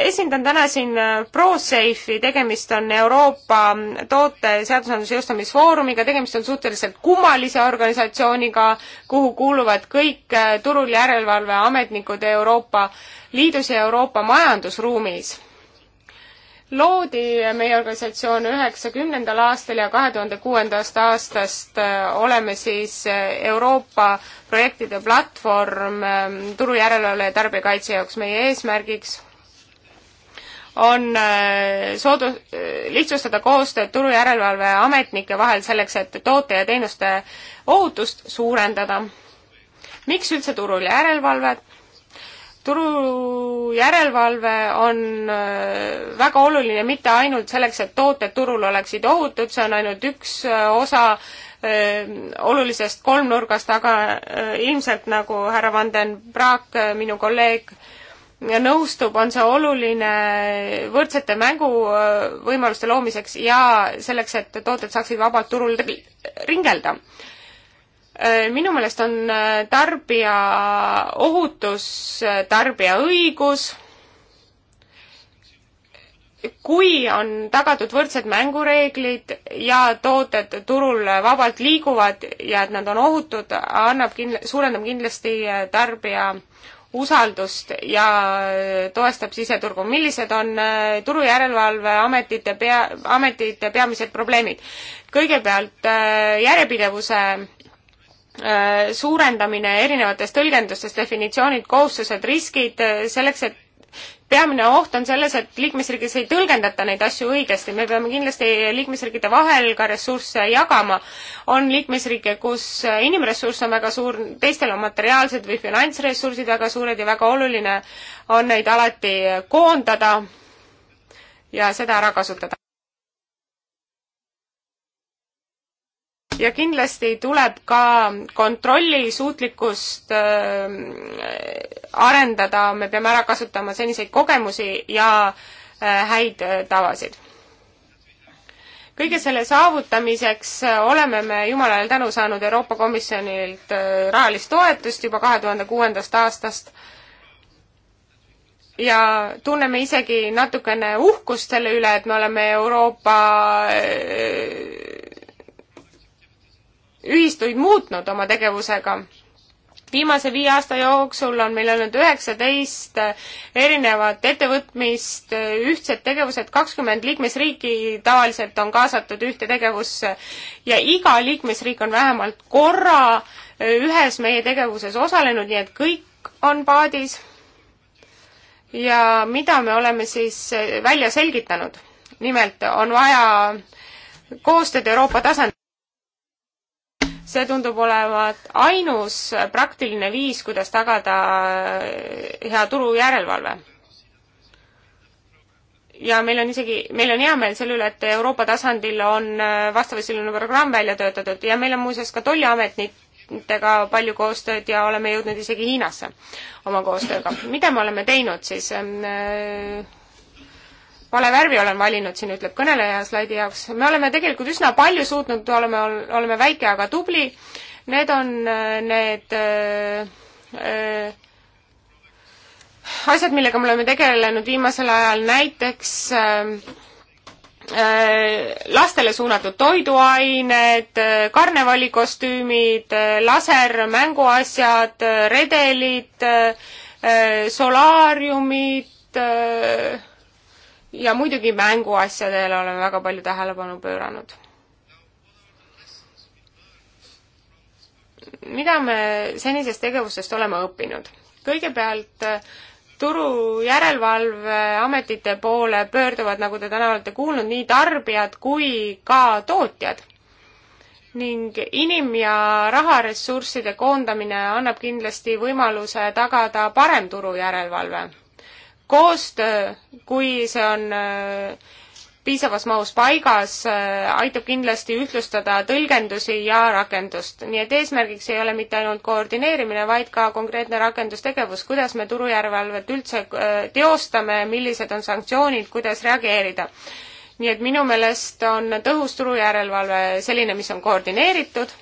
esindan täna siin äh, ProSafe'i, tegemist on Euroopa mm, toote seadusandluse jõustamisfoorumiga, tegemist on suhteliselt kummalise organisatsiooniga, kuhu kuuluvad kõik turul järelevalveametnikud Euroopa Liidus ja Euroopa majandusruumis loodi meie organisatsioon üheksakümnendal aastal ja kahe tuhande kuuendast aastast äh, oleme siis äh, Euroopa projektide platvorm ähm, turujärelevalve ja tarbijakaitse jaoks meie eesmärgiks on äh, soodu-, lihtsustada koostööd turujärelevalve ametnike vahel selleks, et toote ja teenuste ohutust suurendada. miks üldse turul järelevalvet? turujärelevalve on äh, väga oluline mitte ainult selleks, et tooted turul oleksid ohutud, see on ainult üks äh, osa äh, olulisest kolmnurgast, aga ilmselt nagu härra Van den Braak, minu kolleeg, nõustub, on see oluline võrdsete mänguvõimaluste loomiseks ja selleks, et tooted saaksid vabalt turul ringelda Äh, minu meelest on äh, tarbija ohutus äh, tarbija õigus, kui on tagatud võrdsed mängureeglid ja tooted turul vabalt liiguvad ja et nad on ohutud, annab kind-, suurendab kindlasti tarbija usaldust ja toestab siseturgu. millised on turu järelevalveametite pea, ametite peamised probleemid? kõigepealt järjepidevuse Äh, suurendamine erinevates tõlgendustes, definitsioonid, kohustused, riskid, äh, selleks et peamine oht on selles, et liikmesriigis ei tõlgendata neid asju õigesti, me peame kindlasti liikmesriikide vahel ka ressursse jagama. on liikmesriike, kus äh, inimressurss on väga suur, teistel on materiaalsed või finantsressursid väga suured ja väga oluline on neid alati koondada ja seda ära kasutada. ja kindlasti tuleb ka kontrollisuutlikkust äh, arendada, me peame ära kasutama seniseid kogemusi ja äh, häid äh, tavasid. kõige selle saavutamiseks äh, oleme me jumalale tänu saanud Euroopa Komisjonilt äh, rahalist toetust juba kahe tuhande kuuendast aastast ja tunneme isegi natukene uhkust selle üle, et me oleme Euroopa äh, ühistuid muutnud oma tegevusega. viimase viie aasta jooksul on meil olnud üheksateist erinevat ettevõtmist, ühtsed tegevused, kakskümmend liikmesriiki tavaliselt on kaasatud ühte tegevusse ja iga liikmesriik on vähemalt korra ühes meie tegevuses osalenud, nii et kõik on paadis ja mida me oleme siis välja selgitanud. nimelt on vaja koostööd Euroopa tasandil see tundub olevat ainus praktiline viis, kuidas tagada hea turujärelevalve. ja meil on isegi, meil on hea meel selle üle, et Euroopa tasandil on äh, vastavasisuline programm välja töötatud ja meil on muuseas ka tolliametitega palju koostööd ja oleme jõudnud isegi Hiinasse oma koostööga. mida me oleme teinud siis? Ähm, äh, vale värvi olen valinud siin, ütleb kõneleja slaidi jaoks. me oleme tegelikult üsna palju suutnud, oleme, oleme väike, aga tubli. Need on äh, need öö, äh, öö, äh, asjad, millega me oleme tegelenud viimasel ajal, näiteks öö, lastele suunatud toiduained, karnevalikostüümid, laser, mänguasjad, redelid, solaariumid, ja muidugi mänguasjadele oleme väga palju tähelepanu pööranud. mida me senisest tegevusest oleme õppinud? kõigepealt äh, turu järelevalveametite poole pöörduvad, nagu te täna olete kuulnud, nii tarbijad kui ka tootjad. ning inim- ja raharessursside koondamine annab kindlasti võimaluse tagada parem turu järelevalve koostöö, kui see on äh, piisavas mahus paigas, äh, aitab kindlasti ühtlustada tõlgendusi ja rakendust. nii et eesmärgiks ei ole mitte ainult koordineerimine, vaid ka konkreetne rakendustegevus, kuidas me turujärelevalvet üldse äh, teostame, millised on sanktsioonid, kuidas reageerida. nii et minu meelest on tõhus turujärelevalve selline, mis on koordineeritud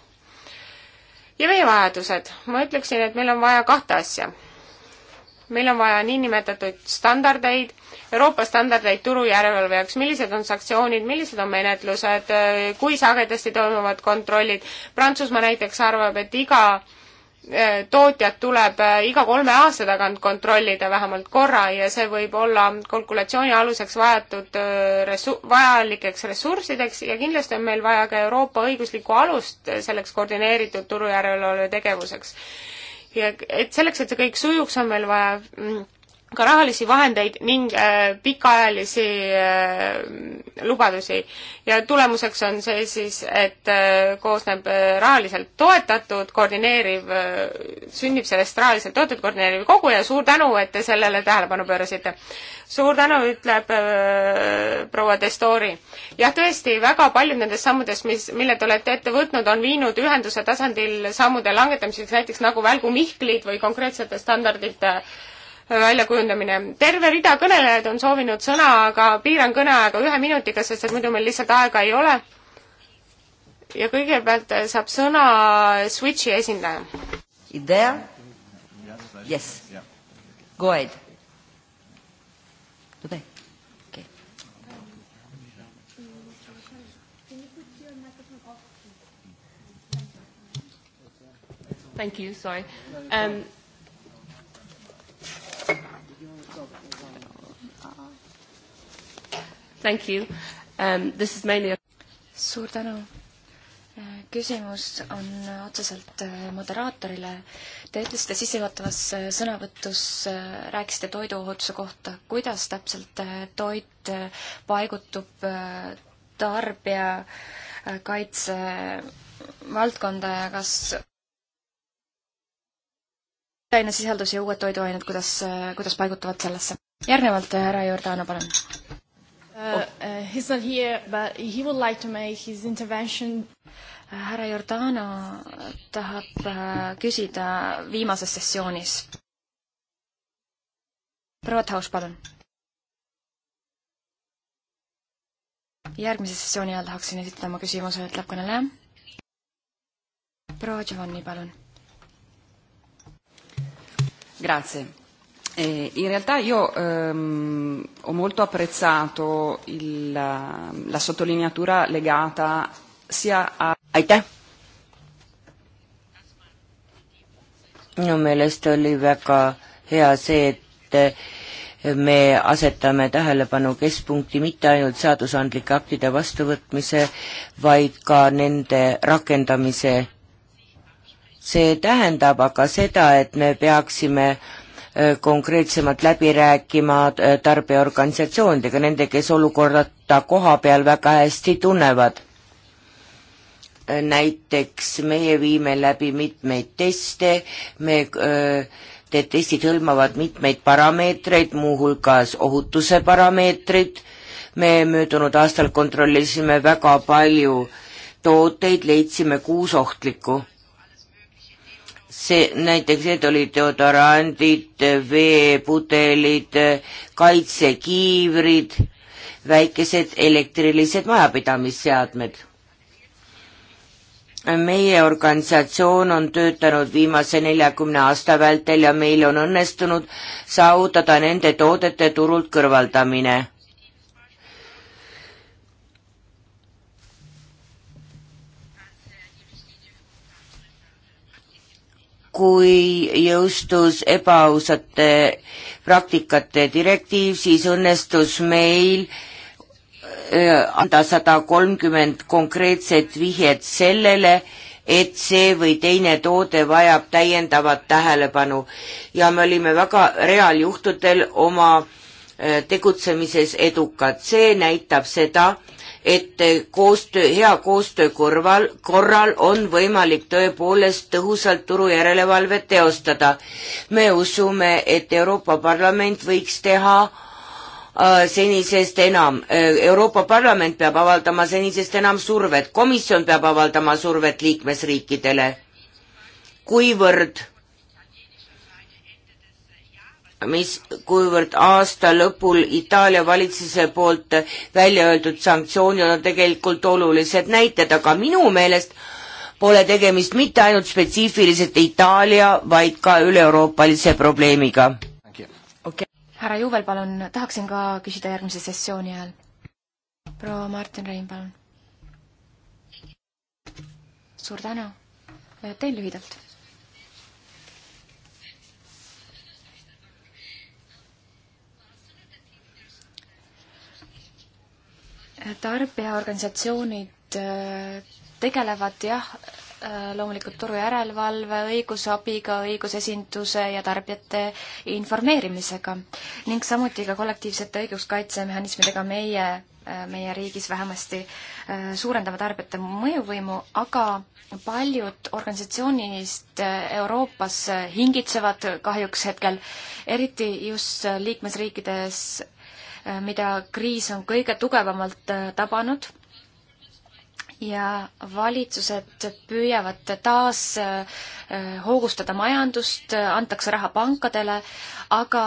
ja meie vajadused. ma ütleksin, et meil on vaja kahte asja meil on vaja niinimetatud standardeid, Euroopa standardeid turujärelevalve jaoks, millised on sanktsioonid, millised on menetlused, kui sagedasti toimuvad kontrollid. Prantsusmaa näiteks arvab, et iga e, tootjat tuleb e, iga kolme aasta tagant kontrollida vähemalt korra ja see võib olla kalkulatsiooni aluseks vajatud e, ressu-, vajalikeks ressurssideks ja kindlasti on meil vaja ka Euroopa õiguslikku alust selleks koordineeritud turujärelevalve tegevuseks ja et selleks, et see kõik sujuks, on meil vaja mm, ka rahalisi vahendeid ning äh, pikaajalisi äh, lubadusi. ja tulemuseks on see siis, et äh, koosneb äh, rahaliselt toetatud koordineeriv äh,, sünnib sellest rahaliselt toetatud koordineeriv kogu ja suur tänu, et te sellele tähelepanu pöörasite. suur tänu, ütleb äh, proua Testori. jah, tõesti, väga paljud nendest sammudest, mis, mille te olete ette võtnud, on viinud ühenduse tasandil sammude langetamiseks, näiteks nagu välgumihklid või konkreetsete standardite äh, väljakujundamine. terve rida kõnelejaid on soovinud sõna, aga piiran kõneaega ühe minutiga, sest et muidu meil lihtsalt aega ei ole. ja kõigepealt saab sõna Switchi esindaja. Idea? Yes. Go ahead. Today. Okay. Thank you, sorry. Um, Thank you um,. This is mainly a... suur tänu. küsimus on otseselt äh, moderaatorile. Te ütlesite sissejuhatavas äh, sõnavõtus, äh, rääkisite toiduohutuse kohta, kuidas täpselt toit paigutub tarbijakaitse valdkonda ja kas toiduainesisaldus ja uued toiduained, kuidas, kuidas paigutuvad sellesse? järgnevalt härra Jordana, palun. Uh, uh, he's not here, but he would like to make his intervention. härra Jordana tahab uh, küsida viimases sessioonis. proua Taus, palun. järgmise sessiooni ajal tahaksin esitada oma küsimuse, ütleb kõneleja. proua Giovanni, palun. Grazie Eh, in realtà io ehm, ho molto apprezzato il, la, la sottolineatura legata sia a... aitäh! minu meelest oli väga hea see, et eh, me asetame tähelepanu keskpunkti mitte ainult seadusandlike aktide vastuvõtmise, vaid ka nende rakendamise. see tähendab aga seda, et me peaksime äh, Äh, konkreetsemalt läbi rääkima äh, tarbijaorganisatsioonidega, nende, kes olukorda koha peal väga hästi tunnevad. Äh, näiteks meie viime läbi mitmeid teste, me öö, Need testid hõlmavad mitmeid parameetreid, muuhulgas ohutuse parameetrid. me möödunud aastal kontrollisime väga palju tooteid, leidsime kuus ohtlikku see, näiteks need olid deodorandid, veepudelid, kaitsekiivrid, väikesed elektrilised majapidamisseadmed. meie organisatsioon on töötanud viimase neljakümne aasta vältel ja meil on õnnestunud saavutada nende toodete turult kõrvaldamine kui jõustus ebaausate praktikate direktiiv, siis õnnestus meil äh, anda sada kolmkümmend konkreetset vihjet sellele, et see või teine toode vajab täiendavat tähelepanu ja me olime väga reaaljuhtudel oma äh, tegutsemises edukad. see näitab seda, et koostöö, hea koostöö korval, korral on võimalik tõepoolest tõhusalt turujärelevalvet teostada. me usume, et Euroopa Parlament võiks teha äh, senisest enam, äh, Euroopa Parlament peab avaldama senisest enam survet, komisjon peab avaldama survet liikmesriikidele. kuivõrd mis, kuivõrd aasta lõpul Itaalia valitsuse poolt välja öeldud sanktsioonid on tegelikult olulised näited, aga minu meelest pole tegemist mitte ainult spetsiifiliselt Itaalia, vaid ka üle-euroopalise probleemiga. Okay. härra Juuvel, palun, tahaksin ka küsida järgmise sessiooni ajal. proua Martin Rein, palun. suur tänu. teen lühidalt tarbijaorganisatsioonid äh, tegelevad jah, äh, loomulikult turu järelevalve, õigusabiga, õigusesinduse ja tarbijate informeerimisega ning samuti ka kollektiivsete õiguskaitsemehhanismidega meie, äh, meie riigis vähemasti suurendame tarbijate mõjuvõimu, aga paljud organisatsioonist Euroopas hingitsevad kahjuks hetkel, eriti just liikmesriikides, Äh, mida kriis on kõige tugevamalt äh, tabanud ja valitsused püüavad taas äh, hoogustada majandust, antakse raha pankadele, aga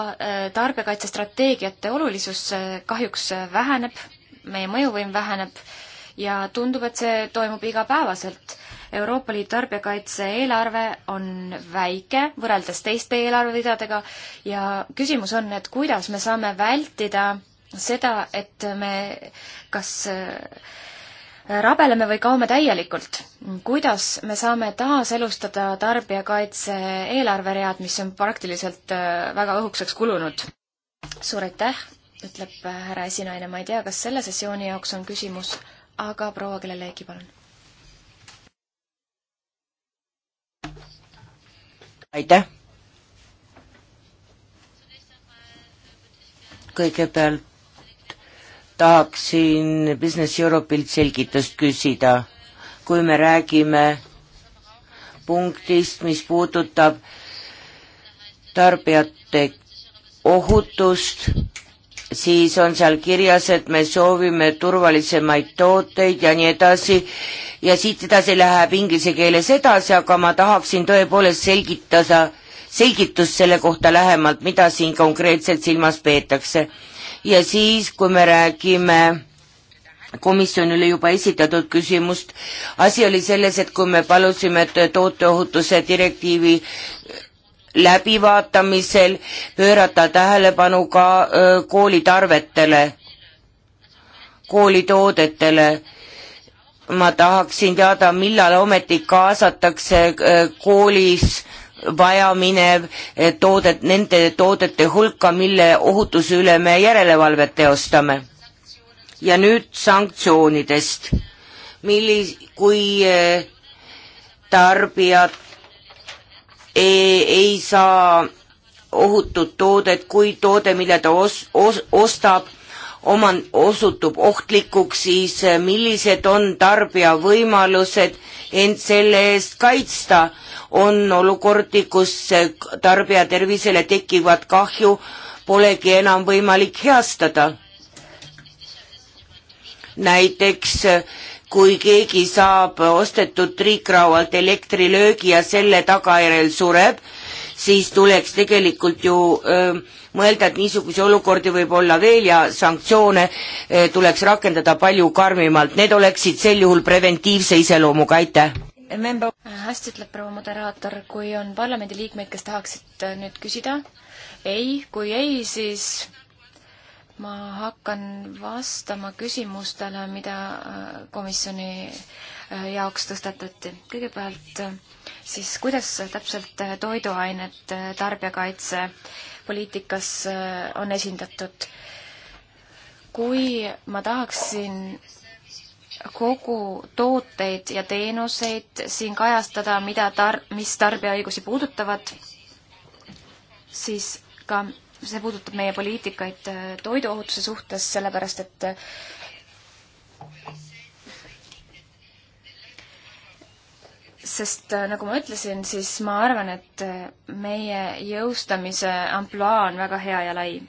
tarbijakaitsestrateegiate olulisus kahjuks väheneb, meie mõjuvõim väheneb ja tundub, et see toimub igapäevaselt Euroopa Liidu tarbijakaitse eelarve on väike võrreldes teiste eelarveridadega ja küsimus on, et kuidas me saame vältida seda, et me kas äh, rabeleme või kaome täielikult. kuidas me saame taaselustada tarbijakaitse eelarveread, mis on praktiliselt äh, väga õhukeseks kulunud? suur aitäh, ütleb äh, härra esinaine, ma ei tea, kas selle sessiooni jaoks on küsimus, aga proua Kellelegi, palun aitäh! kõigepealt tahaksin Business Europe'ilt selgitust küsida. kui me räägime punktist, mis puudutab tarbijate ohutust, siis on seal kirjas, et me soovime turvalisemaid tooteid ja nii edasi ja siit edasi läheb inglise keeles edasi, aga ma tahaksin tõepoolest selgitada, selgitust selle kohta lähemalt, mida siin konkreetselt silmas peetakse. ja siis, kui me räägime komisjonile juba esitatud küsimust, asi oli selles, et kui me palusime tooteohutuse direktiivi läbivaatamisel pöörata tähelepanu ka koolitarvetele, koolitoodetele. ma tahaksin teada, millal ometi kaasatakse koolis vajaminev toodet, nende toodete hulka, mille ohutuse üle me järelevalvet teostame. ja nüüd sanktsioonidest. millis-, kui tarbijad ei saa ohutut toodet, kui toode, mille ta os, os, ostab, oman-, osutub ohtlikuks, siis äh, millised on tarbija võimalused end selle eest kaitsta. on olukordi, kus äh, tarbija tervisele tekivat kahju polegi enam võimalik heastada. näiteks äh, kui keegi saab ostetud triikraualt elektrilöögi ja selle tagajärjel sureb, siis tuleks tegelikult ju öö, mõelda, et niisuguse olukordi võib olla veel ja sanktsioone öö, tuleks rakendada palju karmimalt. Need oleksid sel juhul preventiivse iseloomuga, aitäh! hästi ütleb proua moderaator, kui on parlamendiliikmeid, kes tahaksid nüüd küsida? ei, kui ei, siis ma hakkan vastama küsimustele, mida äh, komisjoni äh, jaoks tõstatati. kõigepealt äh, siis, kuidas täpselt toiduained tarbijakaitsepoliitikas on esindatud? kui ma tahaksin kogu tooteid ja teenuseid siin kajastada, mida tar-, mis tarbijaõigusi puudutavad, siis ka see puudutab meie poliitikaid äh, toiduohutuse suhtes, sellepärast et sest äh, nagu ma ütlesin, siis ma arvan, et äh, meie jõustamise ampluaa on väga hea ja lai.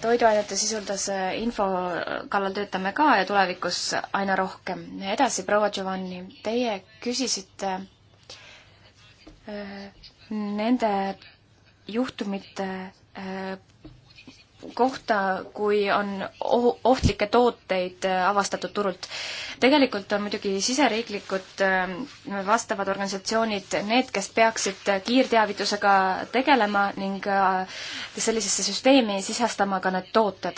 toiduainete sisaldase info kallal töötame ka ja tulevikus aina rohkem. edasi, proua Giovanni, teie küsisite nende juhtumite eh, kohta, kui on ohtlikke tooteid eh, avastatud turult. tegelikult on muidugi siseriiklikud eh, vastavad organisatsioonid need, kes peaksid kiirteavitusega tegelema ning sellisesse süsteemi sisestama ka need tooted.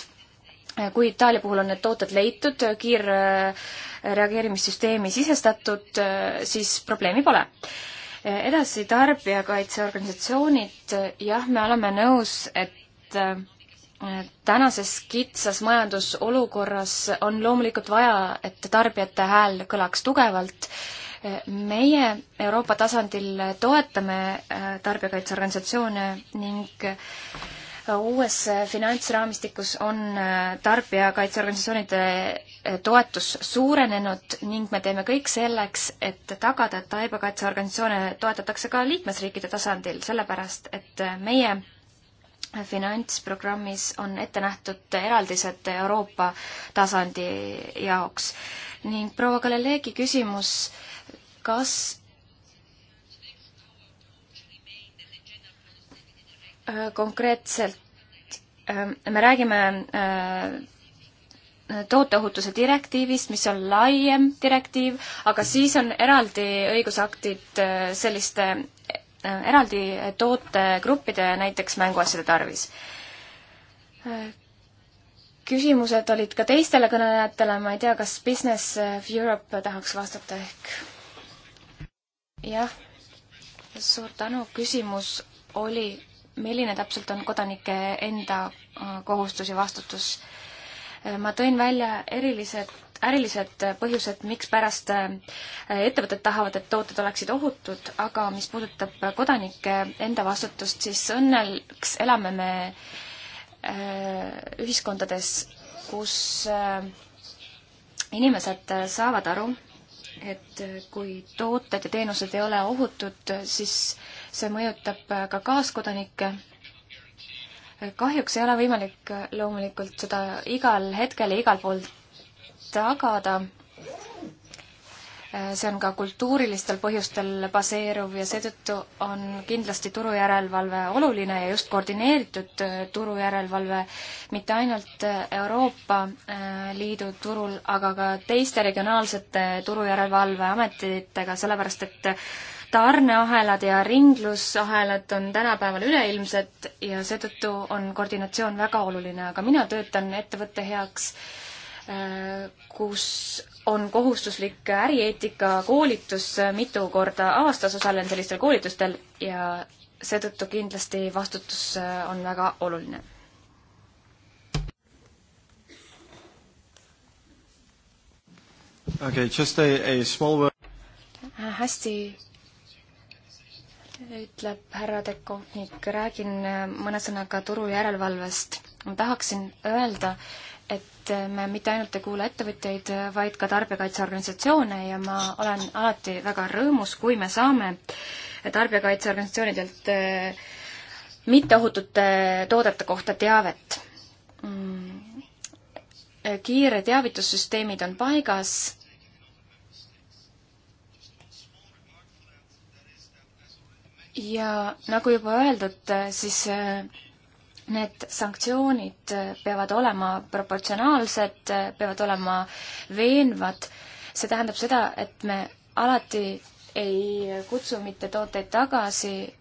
kui Itaalia puhul on need tooted leitud, kiirreageerimissüsteemi sisestatud, siis probleemi pole edasi tarbijakaitseorganisatsioonid, jah, me oleme nõus, et äh, tänases kitsas majandusolukorras on loomulikult vaja, et tarbijate hääl kõlaks tugevalt. meie Euroopa tasandil toetame äh, tarbijakaitseorganisatsioone ning uues äh, finantsraamistikus on äh, tarbijakaitseorganisatsioonide äh, toetus suurenenud ning me teeme kõik selleks, et tagada, et taibakaitseorganisatsioone toetatakse ka liikmesriikide tasandil, sellepärast et meie finantsprogrammis on ette nähtud eraldised Euroopa tasandi jaoks. ning proua Galilegi küsimus, kas Äh, konkreetselt ähm, me räägime äh, tooteohutuse direktiivist, mis on laiem direktiiv, aga siis on eraldi õigusaktid äh, selliste eraldi tootegruppide, näiteks mänguasjade tarvis. küsimused olid ka teistele kõnelejatele, ma ei tea, kas Business Europe tahaks vastata ehk? jah, suur tänu, küsimus oli milline täpselt on kodanike enda äh, kohustus ja vastutus. Äh, ma tõin välja erilised, ärilised põhjused, mikspärast äh, ettevõtted tahavad, et tooted oleksid ohutud, aga mis puudutab kodanike enda vastutust, siis õnneks elame me ühiskondades, kus inimesed saavad aru, et kui tooted ja teenused ei ole ohutud, siis äh, see mõjutab ka kaaskodanikke. kahjuks ei ole võimalik loomulikult seda igal hetkel ja igal pool tagada. see on ka kultuurilistel põhjustel baseeruv ja seetõttu on kindlasti turujärelevalve oluline ja just koordineeritud turujärelevalve mitte ainult Euroopa äh, Liidu turul, aga ka teiste regionaalsete turujärelevalveametitega, sellepärast et tarneahelad ja ringlusahelad on tänapäeval üleilmsed ja seetõttu on koordinatsioon väga oluline, aga mina töötan ettevõtte heaks, äh, kus on kohustuslik ärieetika koolitus, äh, mitu korda aastas osalen sellistel koolitustel ja seetõttu kindlasti vastutus äh, on väga oluline okay, just a, a small word. hästi ütleb härra Dekovnik, räägin äh, mõne sõnaga turujärelevalvest. ma tahaksin öelda, et äh, me mitte ainult ei kuula ettevõtjaid, äh, vaid ka tarbijakaitseorganisatsioone ja ma olen alati väga rõõmus, kui me saame tarbijakaitseorganisatsioonidelt mitteohutute toodete kohta teavet. Mm. kiire teavitussüsteemid on paigas ja nagu juba öeldud, äh, siis äh, need sanktsioonid äh, peavad olema proportsionaalsed, peavad olema veenvad. see tähendab seda, et me alati ei kutsu mitte tooteid tagasi,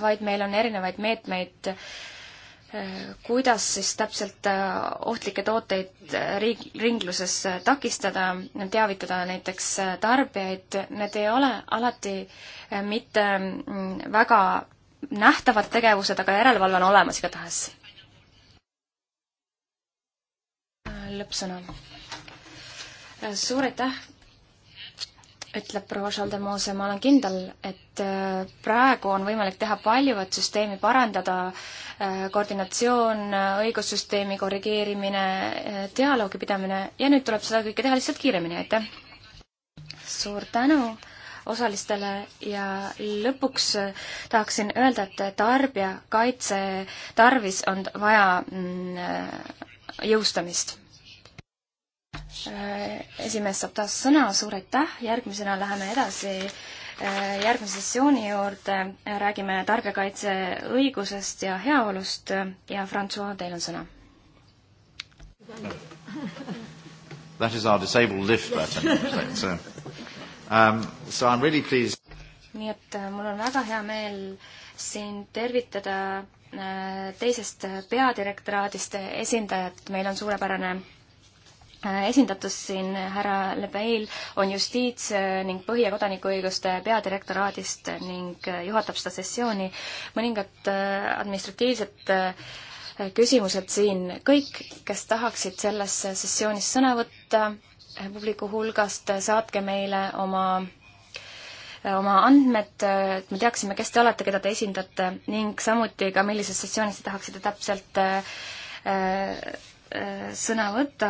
vaid meil on erinevaid meetmeid kuidas siis täpselt äh, ohtlikke tooteid äh, riik, ringluses äh, takistada, teavitada näiteks tarbijaid, need ei ole alati mitte mm, väga nähtavad tegevused, aga järelevalve on olemas igatahes. lõppsõna. suur aitäh ütleb proua Šaldemose, ma olen kindel, et äh, praegu on võimalik teha palju, et süsteemi parandada, äh, koordinatsioon, õigussüsteemi korrigeerimine, äh, dialoogi pidamine ja nüüd tuleb seda kõike teha lihtsalt kiiremini, aitäh! suur tänu osalistele ja lõpuks tahaksin öelda, et tarbijakaitse tarvis on vaja mm, jõustamist Äh, esimees saab taas sõna, suur aitäh, järgmisena läheme edasi äh, järgmise sessiooni juurde, räägime tarbijakaitseõigusest ja heaolust ja Francois, teil on sõna. That is our disabled lift button. So, um, so I am really pleased. nii et äh, mul on väga hea meel siin tervitada teisest peadirektoraadist esindajat, meil on suurepärane Äh, esindatus siin härra Lebeil on justiits ning põhi- ja kodanikuõiguste peadirektoraadist ning äh, juhatab seda sessiooni. mõningad äh, administratiivsed küsimused siin. kõik, kes tahaksid selles sessioonis sõna võtta publiku hulgast, saatke meile oma oma andmed, et me teaksime, kes te olete, keda te esindate ning samuti ka, millises sessioonis te tahaksite täpselt äh, Äh, sõna võtta.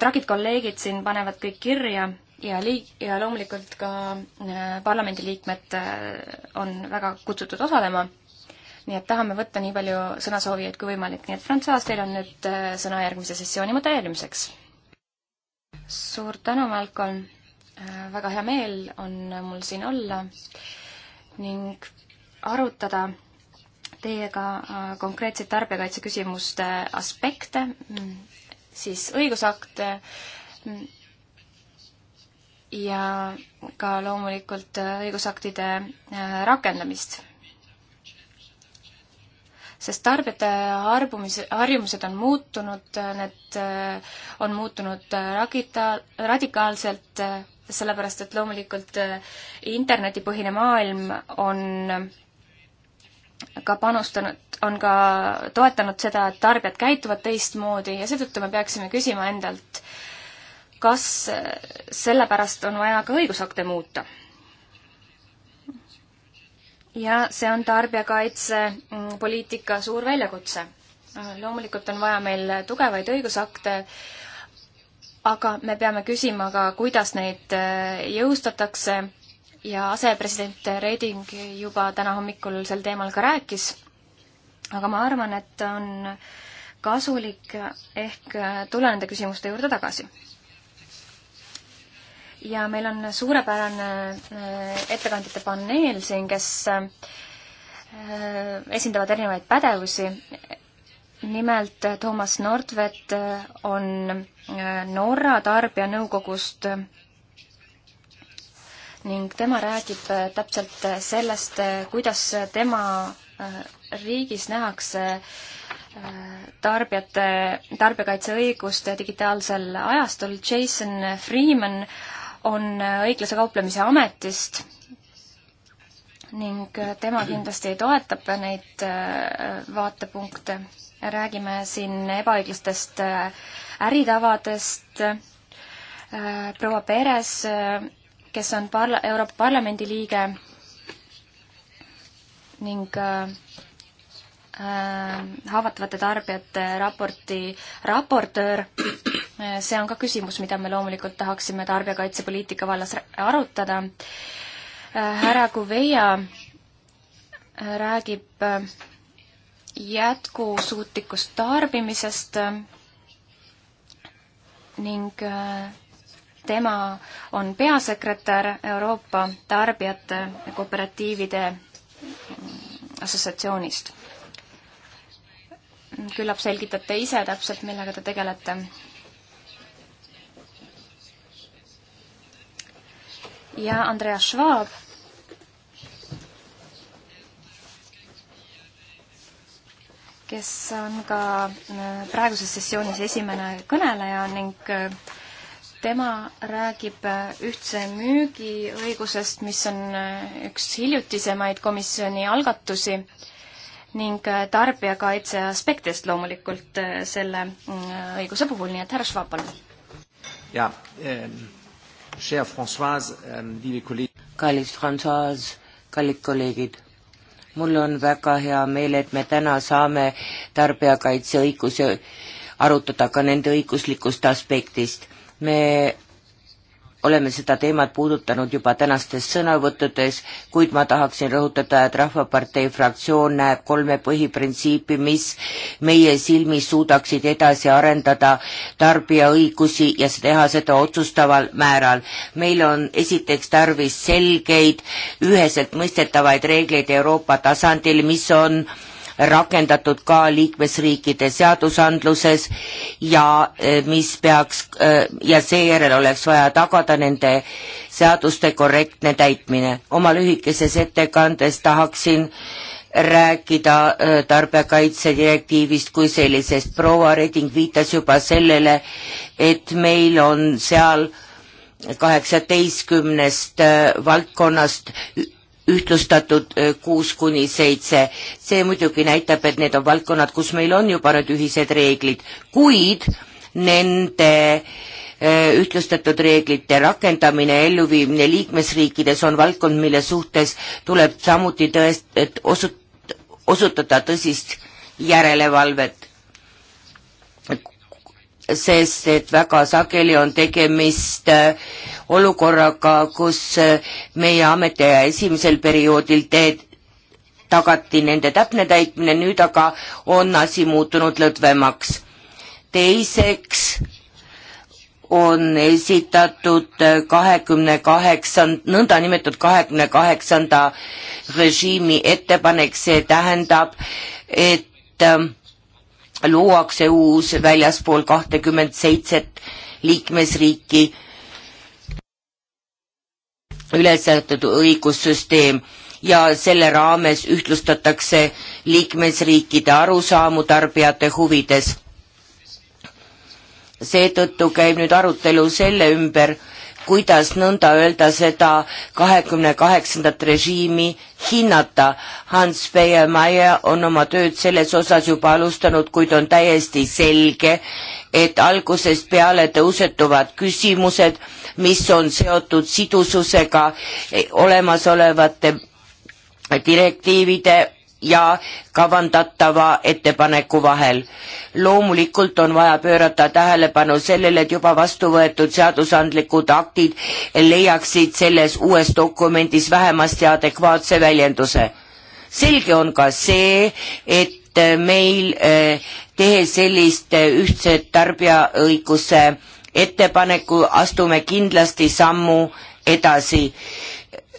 tragid kolleegid siin panevad kõik kirja ja liik-, ja loomulikult ka äh, parlamendiliikmed äh, on väga kutsutud osalema. nii et tahame võtta nii palju sõnasoovijaid kui võimalik, nii et Francois, teil on nüüd sõna järgmise sessiooni modelleerimiseks. suur tänu, Malcolm! väga hea meel on mul siin olla ning arutada teiega äh, konkreetseid tarbijakaitseküsimuste aspekte, mm, siis õigusakte mm, ja ka loomulikult äh, õigusaktide äh, rakendamist. sest tarbijate harbumis, harjumused on muutunud, need on muutunud ragita-, radikaalselt, sellepärast et loomulikult internetipõhine maailm on ka panustanud, on ka toetanud seda, et tarbijad käituvad teistmoodi ja seetõttu me peaksime küsima endalt, kas sellepärast on vaja ka õigusakte muuta? ja see on tarbijakaitsepoliitika mm, suur väljakutse. loomulikult on vaja meil tugevaid õigusakte, aga me peame küsima ka, kuidas neid äh, jõustatakse ja asepresident Reding juba täna hommikul sel teemal ka rääkis, aga ma arvan, et on kasulik ehk tulla nende küsimuste juurde tagasi. ja meil on suurepärane äh, ettekandjate paneel siin, kes äh, esindavad erinevaid pädevusi, nimelt Toomas Nordvet on äh, Norra tarbijanõukogust ning tema räägib äh, täpselt äh, sellest, äh, kuidas tema riigis nähakse tarbijate, tarbijakaitseõigust digitaalsel ajastul. Jason Freeman on õiglase kauplemise ametist ning tema kindlasti toetab neid vaatepunkte. räägime siin ebaõiglastest äritavadest. proua Peres kes on parla-, Euroopa Parlamendi liige ning äh, äh, haavatavate tarbijate raporti raportöör, see on ka küsimus, mida me loomulikult tahaksime tarbijakaitsepoliitika vallas arutada. Äh, härra Kuveia äh, räägib jätkusuutlikust tarbimisest ning tema on peasekretär Euroopa Tarbijate Kooperatiivide Assotsiatsioonist. küllap selgitate ise täpselt, millega te tegelete. ja Andreas Schwab kes on ka äh, praeguses sessioonis esimene kõneleja ning äh, tema räägib ühtse müügiõigusest, mis on üks hiljutisemaid komisjoni algatusi ning tarbijakaitse aspektist loomulikult selle õiguse puhul, nii et härra Schwab, palun. jaa ähm,, cher Francoise ähm,, liebe kolleeg-. kallis Francoise, kallid kolleegid mul on väga hea meel, et me täna saame tarbijakaitseõiguse arutada ka nende õiguslikust aspektist me oleme seda teemat puudutanud juba tänastes sõnavõttudes, kuid ma tahaksin rõhutada, et Rahvapartei fraktsioon näeb kolme põhiprintsiipi, mis meie silmis suudaksid edasi arendada tarbija õigusi ja teha seda otsustaval määral. meil on esiteks tarvis selgeid, üheselt mõistetavaid reegleid Euroopa tasandil, mis on äh, rakendatud ka liikmesriikide seadusandluses ja e, mis peaks e, ja seejärel oleks vaja tagada nende seaduste korrektne täitmine. oma lühikeses ettekandes tahaksin rääkida e, tarbekaitse direktiivist kui sellisest. proua Reding viitas juba sellele, et meil on seal kaheksateistkümnest valdkonnast ühtlustatud kuus kuni seitse. see muidugi näitab, et need on valdkonnad, kus meil on juba need ühised reeglid, kuid nende ühtlustatud reeglite rakendamine, elluviimine liikmesriikides on valdkond, mille suhtes tuleb samuti tõest-, osut-, osutada tõsist järelevalvet sest et väga sageli on tegemist äh, olukorraga, kus äh, meie ametiaja esimesel perioodil teed tagati nende täpne täitmine, nüüd aga on asi muutunud lõdvemaks. teiseks on esitatud äh, kahekümne kaheksand-, nõndanimetatud kahekümne kaheksanda režiimi ettepanek, see tähendab, et äh, luuakse uus väljaspool kahtekümmend seitset liikmesriiki üles ehtatud õigussüsteem ja selle raames ühtlustatakse liikmesriikide arusaamu tarbijate huvides. seetõttu käib nüüd arutelu selle ümber, kuidas nõnda öelda seda kahekümne kaheksandat režiimi hinnata. Hans Feiermeier on oma tööd selles osas juba alustanud, kuid on täiesti selge, et algusest peale tõusetuvad küsimused, mis on seotud sidususega eh, olemasolevate direktiivide ja kavandatava ettepaneku vahel. loomulikult on vaja pöörata tähelepanu sellele, et juba vastu võetud seadusandlikud aktid leiaksid selles uues dokumendis vähemasti adekvaatse väljenduse. selge on ka see, et meil eh, tehes sellist eh, ühtset tarbijaõiguse ettepaneku, astume kindlasti sammu edasi.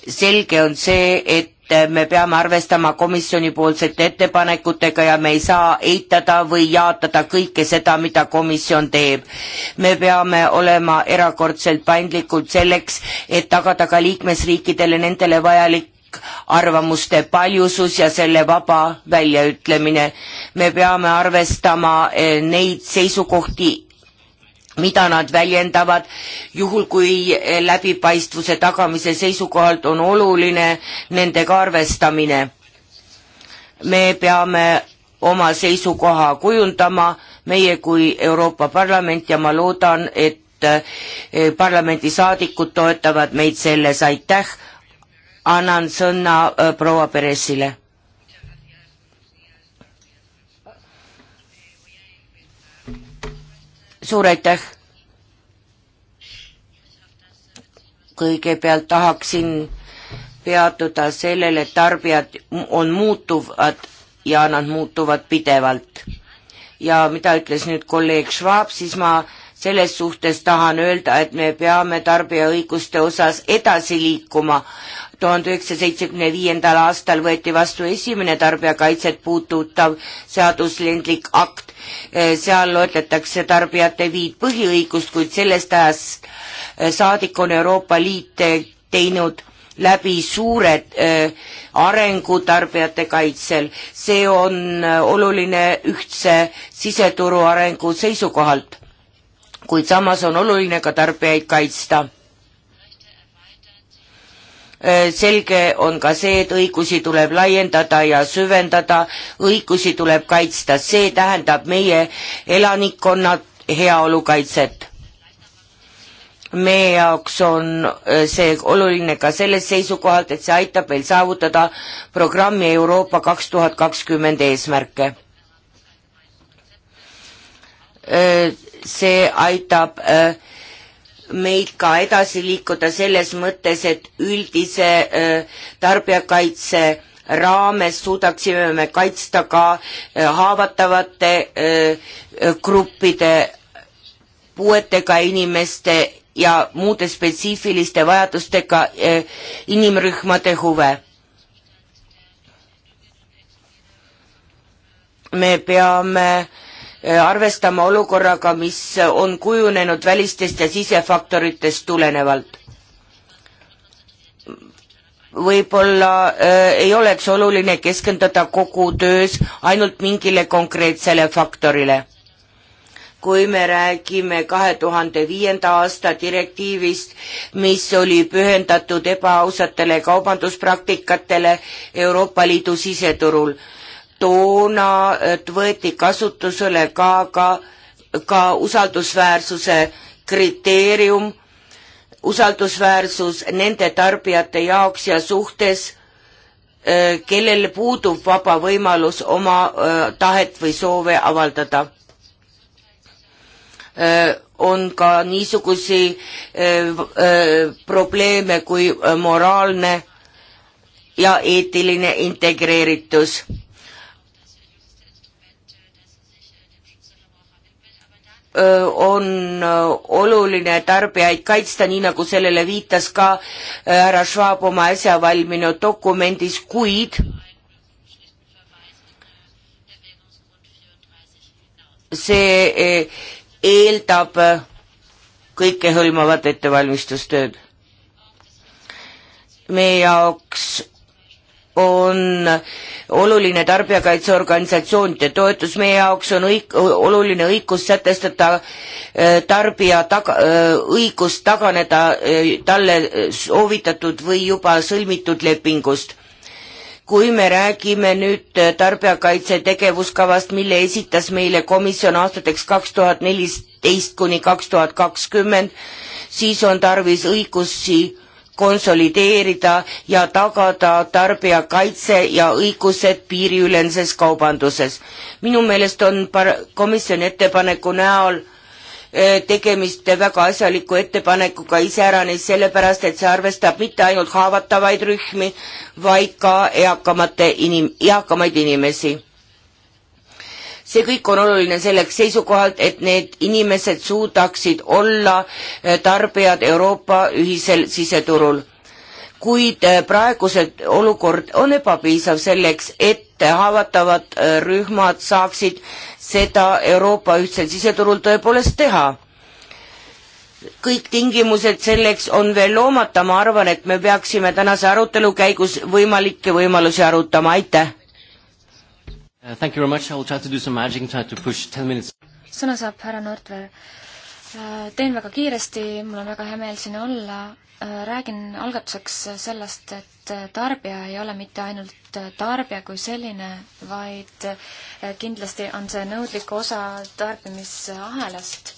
selge on see, et et me peame arvestama komisjonipoolsete ettepanekutega ja me ei saa eitada või jaatada kõike seda, mida komisjon teeb. me peame olema erakordselt paindlikud selleks, et tagada ka liikmesriikidele nendele vajalik arvamuste paljusus ja selle vaba väljaütlemine. me peame arvestama eh, neid seisukohti mida nad väljendavad, juhul kui eh, läbipaistvuse tagamise seisukohalt on oluline nendega arvestamine. me peame oma seisukoha kujundama, meie kui Euroopa Parlament ja ma loodan, et eh, parlamendisaadikud toetavad meid selles, aitäh, annan sõna eh, proua Peresile suur aitäh! kõigepealt tahaksin peatuda sellele, et tarbijad on muutuvad ja nad muutuvad pidevalt. ja mida ütles nüüd kolleeg Schwab, siis ma selles suhtes tahan öelda, et me peame tarbijaõiguste osas edasi liikuma, tuhande üheksasaja seitsmekümne viiendal aastal võeti vastu esimene tarbijakaitset puudutav seaduslendlik akt. Eh, seal loetletakse tarbijate viit põhiõigust, kuid sellest ajast eh, saadik on Euroopa Liit eh, teinud läbi suured arengu tarbijate kaitsel. see on oluline ühtse siseturu arengu seisukohalt, kuid samas on oluline ka tarbijaid kaitsta selge on ka see, et õigusi tuleb laiendada ja süvendada, õigusi tuleb kaitsta, see tähendab meie elanikkonna heaolu kaitset. meie jaoks on see oluline ka sellest seisukohalt, et see aitab meil saavutada programmi Euroopa kaks tuhat kakskümmend eesmärke. see aitab äh, meid ka edasi liikuda selles mõttes, et üldise äh, tarbijakaitse raames suudaksime me kaitsta ka äh, haavatavate äh, gruppide, puuetega inimeste ja muude spetsiifiliste vajadustega inimrühmade huve. me peame äh, Äh, arvestama olukorraga, mis on kujunenud välistest ja sisefaktoritest tulenevalt. võib-olla äh, ei oleks oluline keskenduda kogu töös ainult mingile konkreetsele faktorile. kui me räägime kahe tuhande viienda aasta direktiivist, mis oli pühendatud ebaausatele kaubanduspraktikatele Euroopa Liidu siseturul toona võeti kasutusele ka, ka, ka usaldusväärsuse kriteerium, usaldusväärsus nende tarbijate jaoks ja suhtes, äh, kellel puudub vaba võimalus oma äh, tahet või soove avaldada. Äh, on ka niisugusi probleeme kui moraalne ja eetiline integreeritus on oluline tarbijaid kaitsta, nii nagu sellele viitas ka härra Schwab oma äsja valminud dokumendis, kuid see e, eeldab kõikehõlmavat ettevalmistustööd. meie jaoks on oluline tarbijakaitseorganisatsioonide toetus, meie jaoks on õig-, oluline õigus sätestada äh, tarbija taga, äh, õigus taganeda äh, talle soovitatud või juba sõlmitud lepingust kui me räägime nüüd tarbijakaitse tegevuskavast, mille esitas meile komisjon aastateks kaks tuhat neliteist kuni kaks tuhat kakskümmend, siis on tarvis õigusi konsolideerida ja tagada tarbijakaitse ja õigused piiriülenses kaubanduses. minu meelest on par-, komisjoni ettepaneku näol e, tegemist väga asjaliku ettepanekuga iseäranis sellepärast, et see arvestab mitte ainult haavatavaid rühmi, vaid ka eakamate inim-, eakamaid inimesi see kõik on oluline selleks seisukohalt, et need inimesed suudaksid olla eh, tarbijad Euroopa ühisel siseturul. kuid eh, praeguse olukord on ebapiisav selleks, et haavatavad eh, rühmad saaksid seda Euroopa ühtsel siseturul tõepoolest teha kõik tingimused selleks on veel loomata, ma arvan, et me peaksime tänase arutelu käigus võimalikke võimalusi arutama, aitäh! Uh, thank you very much, I will try to do some magic, try to push ten minutes. sõna saab härra Nordver. Uh, teen väga kiiresti, mul on väga hea meel siin olla. Uh, räägin algatuseks sellest, et tarbija ei ole mitte ainult tarbija kui selline, vaid kindlasti on see nõudlik osa tarbimisahelast.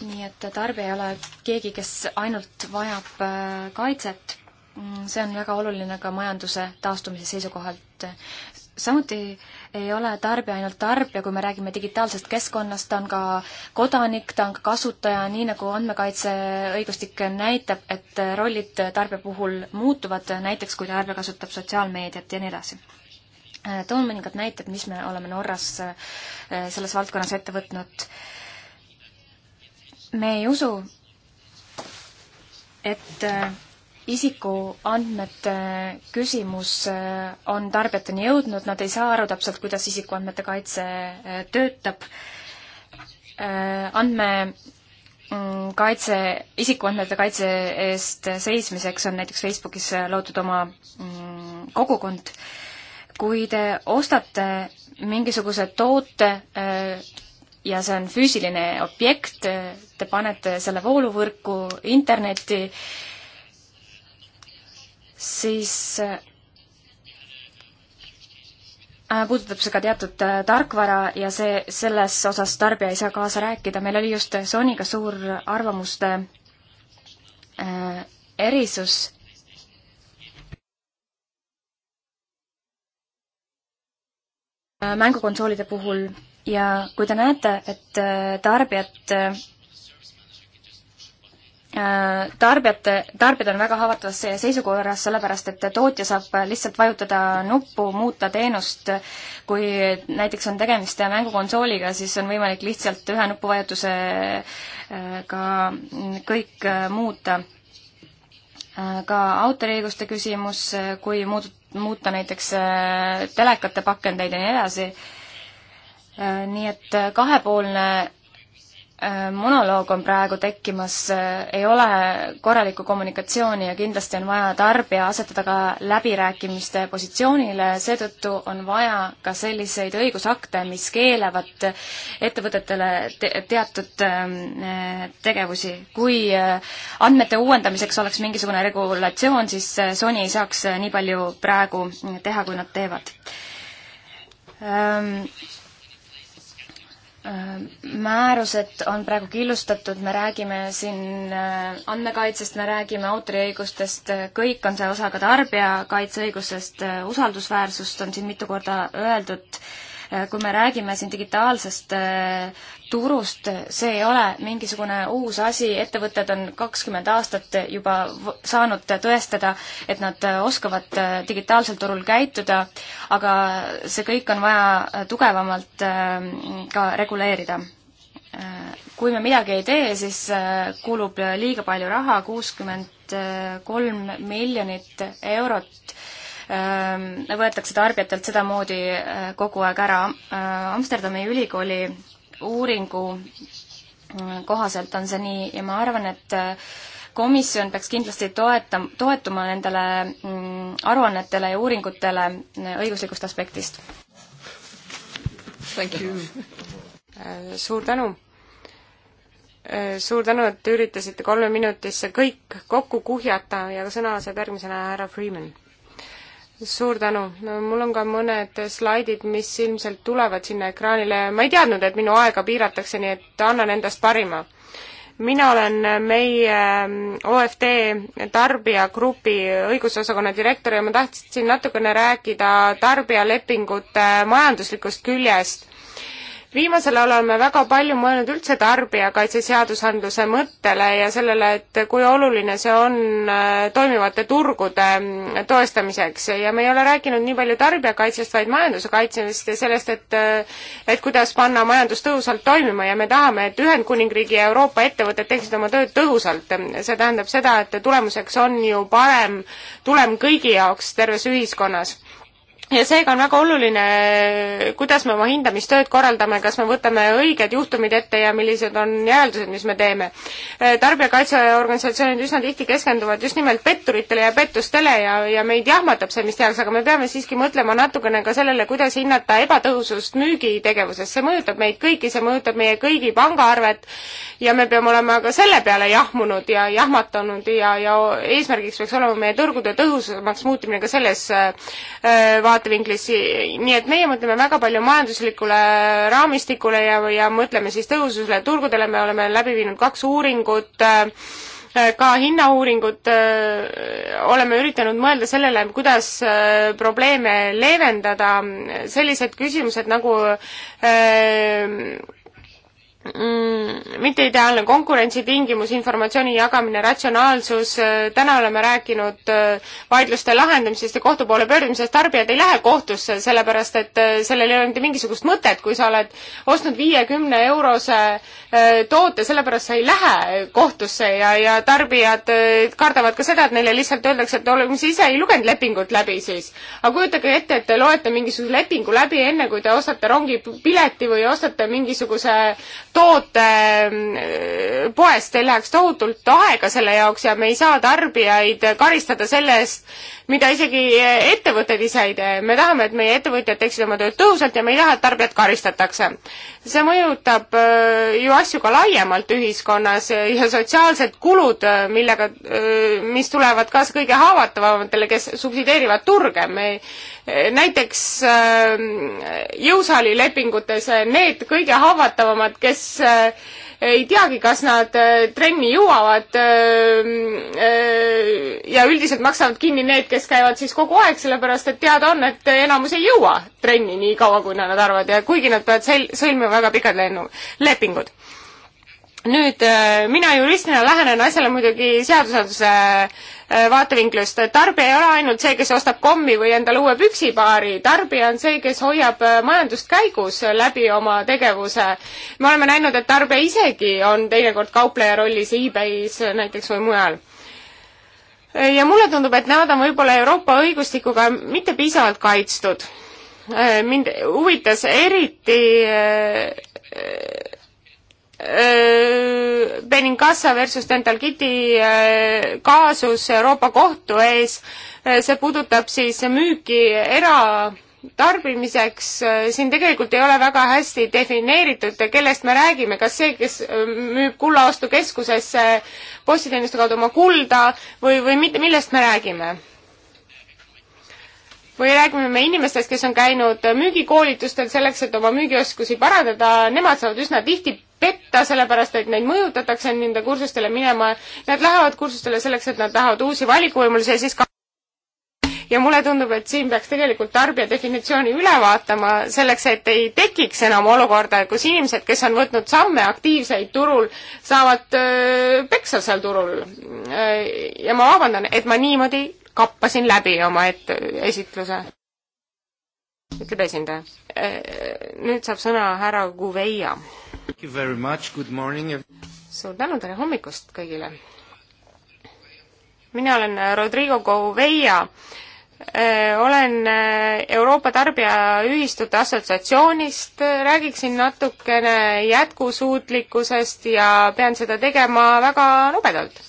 nii et tarbija ei ole keegi, kes ainult vajab kaitset. Mm, see on väga oluline ka majanduse taastumise seisukohalt. samuti äh, ei ole tarbija ainult tarbija, kui me räägime digitaalsest keskkonnast, ta on ka kodanik, ta on ka kasutaja, nii nagu andmekaitseõigustik näitab, et rollid tarbija puhul muutuvad, näiteks kui tarbija kasutab sotsiaalmeediat ja nii edasi. toon mõningad näited, mis me oleme Norras eh, selles valdkonnas ette võtnud. me ei usu, et eh, isikuandmete küsimus äh, on tarbijateni jõudnud, nad ei saa aru täpselt, kuidas isikuandmete kaitse äh, töötab. Äh, andme mm, kaitse, isikuandmete kaitse eest seismiseks on näiteks Facebookis loodud oma mm, kogukond. kui te ostate mingisuguse toote ja see on füüsiline objekt, te panete selle vooluvõrku internetti, siis äh, puudutab see ka teatud äh, tarkvara ja see, selles osas tarbija ei saa kaasa rääkida, meil oli just Sonyga suur arvamuste äh, erisus. Äh, mängukonsoolide puhul ja kui te näete, et tarbijad Äh, tarbijate, tarbijad on väga haavatavas seisukorras, sellepärast et tootja saab lihtsalt vajutada nuppu, muuta teenust. kui näiteks on tegemist mängukonsooliga, siis on võimalik lihtsalt ühe nupuvajutusega äh, kõik äh, muuta. ka autoriõiguste küsimus, kui muud-, muuta näiteks telekate pakendeid ja nii edasi. nii et kahepoolne Äh, monoloog on praegu tekkimas, äh, ei ole korralikku kommunikatsiooni ja kindlasti on vaja tarbija asetada ka läbirääkimiste positsioonile, seetõttu on vaja ka selliseid õigusakte, mis keelavad ettevõtetele te teatud ähm, äh, tegevusi. kui andmete uuendamiseks oleks mingisugune regulatsioon, siis Sony ei saaks nii palju praegu teha, kui nad teevad ähm, Äh, määrused on praegu killustatud, me räägime siin äh, andmekaitsest, me räägime autoriõigustest, äh, kõik on see osa ka tarbijakaitseõigusest, usaldusväärsust on siin mitu korda öeldud, kui me räägime siin digitaalsest turust, see ei ole mingisugune uus asi, ettevõtted on kakskümmend aastat juba saanud tõestada, et nad oskavad digitaalsel turul käituda, aga see kõik on vaja tugevamalt ähm, ka reguleerida. Äh, kui me midagi ei tee, siis äh, kulub liiga palju raha, kuuskümmend äh, kolm miljonit eurot ähm, võetakse tarbijatelt sedamoodi kogu aeg ära. Amsterdami ülikooli uuringu kohaselt on see nii ja ma arvan, et komisjon peaks kindlasti toeta, toetuma nendele mm, aruannetele ja uuringutele õiguslikust aspektist. suur tänu! suur tänu, et te üritasite kolme minutisse kõik kokku kuhjata ja sõna saab järgmisena härra Freeman suur tänu no,, mul on ka mõned slaidid, mis ilmselt tulevad sinna ekraanile, ma ei teadnud, et minu aega piiratakse, nii et annan endast parima. mina olen meie ähm, OFD tarbijagrupi õigusosakonna direktor ja ma tahtsin natukene rääkida tarbijalepingute majanduslikust küljest viimasel ajal oleme väga palju mõelnud üldse tarbijakaitse seadusandluse mõttele ja sellele, et kui oluline see on äh, toimivate turgude mm, toestamiseks ja me ei ole rääkinud nii palju tarbijakaitsest, vaid majanduse kaitsest ja sellest, et äh, et kuidas panna majandus tõhusalt toimima ja me tahame, et Ühendkuningriigi ja Euroopa ettevõtted teeksid oma tööd tõhusalt. see tähendab seda, et tulemuseks on ju parem tulem kõigi jaoks terves ühiskonnas ja seega on väga oluline, kuidas me oma hindamistööd korraldame, kas me võtame õiged juhtumid ette ja millised on järeldused, mis me teeme. Äh, tarbijakaitseorganisatsioonid üsna tihti keskenduvad just nimelt petturitele ja pettustele ja, ja meid jahmatab see, mis tehakse, aga me peame siiski mõtlema natukene ka sellele, kuidas hinnata ebatõhusust müügitegevuses. see mõjutab meid kõiki, see mõjutab meie kõigi pangaarvet ja me peame olema ka selle peale jahmunud ja jahmatanud ja, ja eesmärgiks peaks olema meie turgude tõhusamaks muutumine ka selles äh, äh vaatevinklist, nii et meie mõtleme väga palju majanduslikule raamistikule ja, ja mõtleme siis tõhususele turgudele, me oleme läbi viinud kaks uuringut, äh, ka hinnauuringut, äh, oleme üritanud mõelda sellele, kuidas äh, probleeme leevendada, sellised küsimused nagu öö, Mm, mitte ideaalne konkurentsitingimus, informatsiooni jagamine, ratsionaalsus, äh, täna oleme rääkinud äh, vaidluste lahendamisest ja kohtu poole pöördumisest, tarbijad ei lähe kohtusse, sellepärast et äh, sellel ei ole mitte mingisugust mõtet, kui sa oled ostnud viiekümne eurose toote, sellepärast sa ei lähe kohtusse ja, ja tarbijad kardavad ka seda, et neile lihtsalt öeldakse, et olge siis ise ei lugenud lepingut läbi siis. aga kujutage ette, et te loete mingisuguse lepingu läbi enne, kui te ostate rongipileti või ostate mingisuguse toote äh, poest, teil läheks tohutult aega selle jaoks ja me ei saa tarbijaid karistada selle eest, mida isegi äh, ettevõtted ise ei tee. me tahame, et meie ettevõtjad teeksid oma tööd tõhusalt ja me ei taha, et tarbijat karistatakse. see mõjutab äh, ju asju ka laiemalt ühiskonnas ja sotsiaalsed kulud, millega, mis tulevad kaasa kõige haavatavamatele, kes subsideerivad turge. me ei näiteks ähm, jõusaali lepingutes äh, need kõige haavatavamad, kes äh, ei teagi, kas nad äh, trenni jõuavad ähm, ja üldiselt maksavad kinni need, kes käivad siis kogu aeg, sellepärast et teada on, et enamus ei jõua trenni nii kaua, kui nad arvavad ja kuigi nad peavad sõlmima väga pikad lennu, lepingud nüüd äh, mina juristina lähenen asjale muidugi seadusandluse äh, vaatevinklist. tarbija ei ole ainult see, kes ostab kommi või endale uue püksipaari, tarbija on see, kes hoiab äh, majandust käigus läbi oma tegevuse. me oleme näinud, et tarbija isegi on teinekord kaupleja rollis e-base näiteks või mujal ja mulle tundub, et nad on võib-olla Euroopa õigustikuga mitte piisavalt kaitstud. mind huvitas eriti Äh, Benincasa versus Dentalgiti äh, kaasus Euroopa Kohtu ees, äh, see puudutab siis müüki eratarbimiseks, siin tegelikult ei ole väga hästi defineeritud, kellest me räägime, kas see, kes müüb kullaostukeskusesse postiteenuste kaudu oma kulda või, või mitte, millest me räägime või räägime me inimestest, kes on käinud müügikoolitustel selleks, et oma müügioskusi parandada, nemad saavad üsna tihti petta, sellepärast et neid mõjutatakse nende kursustele minema. Nad lähevad kursustele selleks, et nad tahavad uusi valikuvõimalusi ja siis ka ja mulle tundub, et siin peaks tegelikult tarbija definitsiooni üle vaatama, selleks et ei tekiks enam olukorda, kus inimesed, kes on võtnud samme aktiivseid turul, saavad öö, peksa seal turul. ja ma vabandan, et ma niimoodi kappasin läbi oma ette, esitluse. ütleb esindaja. Äh, nüüd saab sõna härra Guveia. suur tänu, tere hommikust kõigile! mina olen Rodrigo Guveia äh, olen äh, Euroopa Tarbijaühistute Assotsiatsioonist, räägiksin natukene jätkusuutlikkusest ja pean seda tegema väga nobedalt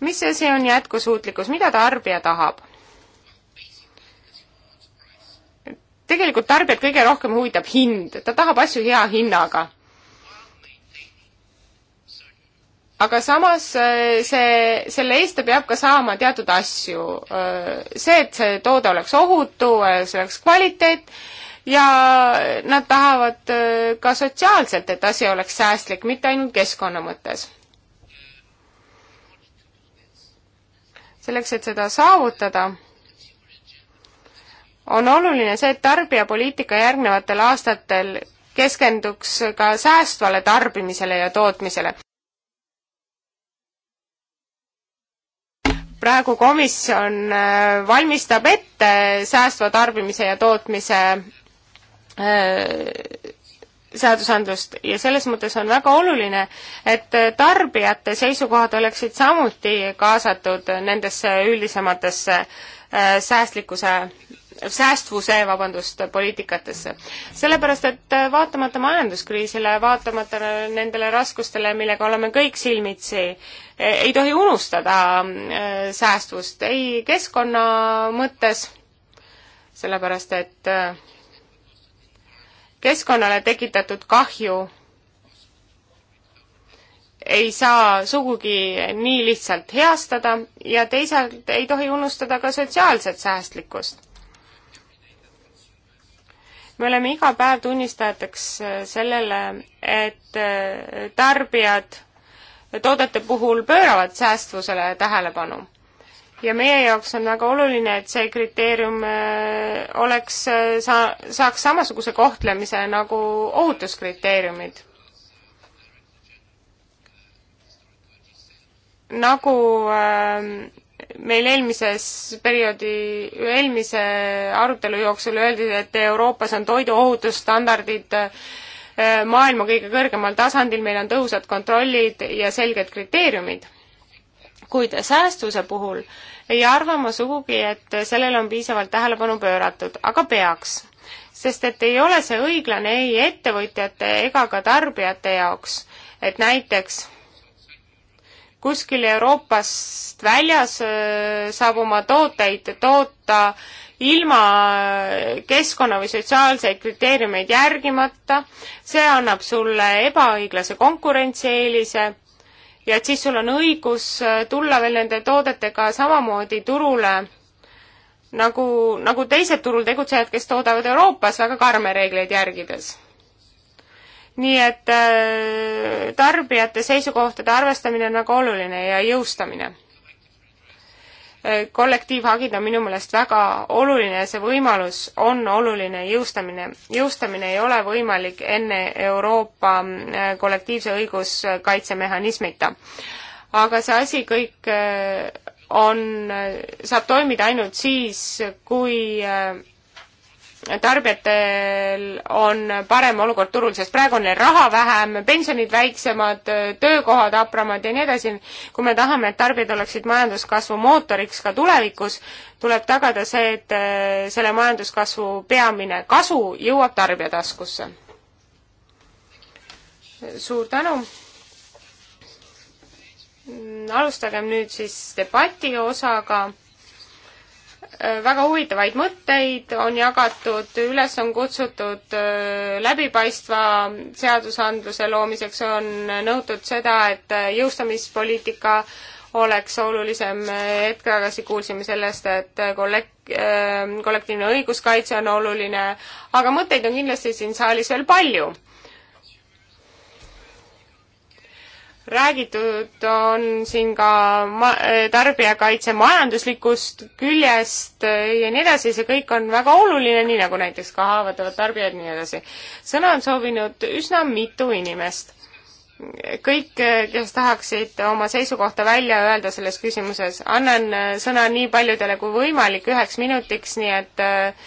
mis asi on jätkusuutlikkus, mida tarbija tahab? tegelikult tarbijat kõige rohkem huvitab hind, ta tahab asju hea hinnaga. aga samas äh, see, selle eest ta peab ka saama teatud asju. Äh, see, et see toode oleks ohutu, äh, see oleks kvaliteet ja nad tahavad ka sotsiaalselt, et asi oleks säästlik, mitte ainult keskkonna mõttes selleks, et seda saavutada, on oluline see, et tarbijapoliitika järgnevatel aastatel keskenduks ka säästvale tarbimisele ja tootmisele. praegu komisjon äh, valmistab ette säästva tarbimise ja tootmise äh, seadusandlust ja selles mõttes on väga oluline, et tarbijate seisukohad oleksid samuti kaasatud nendesse üldisematesse äh, säästlikkuse, säästvuse, vabandust, poliitikatesse. sellepärast, et äh, vaatamata majanduskriisile, vaatamata nendele raskustele, millega oleme kõik silmitsi, e, ei tohi unustada äh, säästvust ei keskkonna mõttes, sellepärast et äh, keskkonnale tekitatud kahju ei saa sugugi nii lihtsalt heastada ja teisalt ei tohi unustada ka sotsiaalset säästlikkust. me oleme iga päev tunnistajateks äh, sellele, et äh, tarbijad toodete puhul pööravad säästvusele tähelepanu ja meie jaoks on väga oluline, et see kriteerium äh, oleks, äh, saa-, saaks samasuguse kohtlemise nagu ohutuskriteeriumid. nagu ähm, meil eelmises perioodi, eelmise arutelu jooksul öeldi, et Euroopas on toiduohutusstandardid äh, maailma kõige kõrgemal tasandil, meil on tõhusad kontrollid ja selged kriteeriumid kuid säästuse puhul ei arva ma sugugi, et sellele on piisavalt tähelepanu pööratud, aga peaks. sest et ei ole see õiglane ei ettevõtjate ega ka tarbijate jaoks, et näiteks kuskil Euroopast väljas saab oma tooteid toota ilma keskkonna või sotsiaalseid kriteeriumeid järgimata, see annab sulle ebaõiglase konkurentsieelise ja et siis sul on õigus äh, tulla veel nende toodetega samamoodi turule nagu, nagu teised turul tegutsejad, kes toodavad Euroopas väga karme reegleid järgides. nii et äh, tarbijate seisukohtade arvestamine on väga oluline ja jõustamine kollektiivhagid on minu meelest väga oluline, see võimalus on oluline jõustamine. jõustamine ei ole võimalik enne Euroopa äh, kollektiivse õiguskaitsemehhanismita. aga see asi kõik äh, on, äh, saab toimida ainult siis, kui tarbijatel on parem olukord turul, sest praegu on neil raha vähem, pensionid väiksemad, töökohad hapramad ja nii edasi. kui me tahame, et tarbijad oleksid majanduskasvu mootoriks ka tulevikus, tuleb tagada see, et äh, selle majanduskasvu peamine kasu jõuab tarbija taskusse. suur tänu! alustagem nüüd siis debati osaga Äh, väga huvitavaid mõtteid on jagatud, üles on kutsutud äh, läbipaistva seadusandluse loomiseks, on nõutud seda, et äh, jõustamispoliitika oleks olulisem, hetk tagasi kuulsime sellest, et kollek-, kollektiivne õiguskaitse on oluline, aga mõtteid on kindlasti siin saalis veel palju räägitud on siin ka ma-, tarbijakaitse majanduslikust küljest äh, ja nii edasi, see kõik on väga oluline, nii nagu näiteks ka haavatavad tarbijad ja nii edasi. sõna on soovinud üsna mitu inimest. kõik, äh, kes tahaksid oma seisukohta välja öelda selles küsimuses, annan äh, sõna nii paljudele kui võimalik üheks minutiks, nii et äh,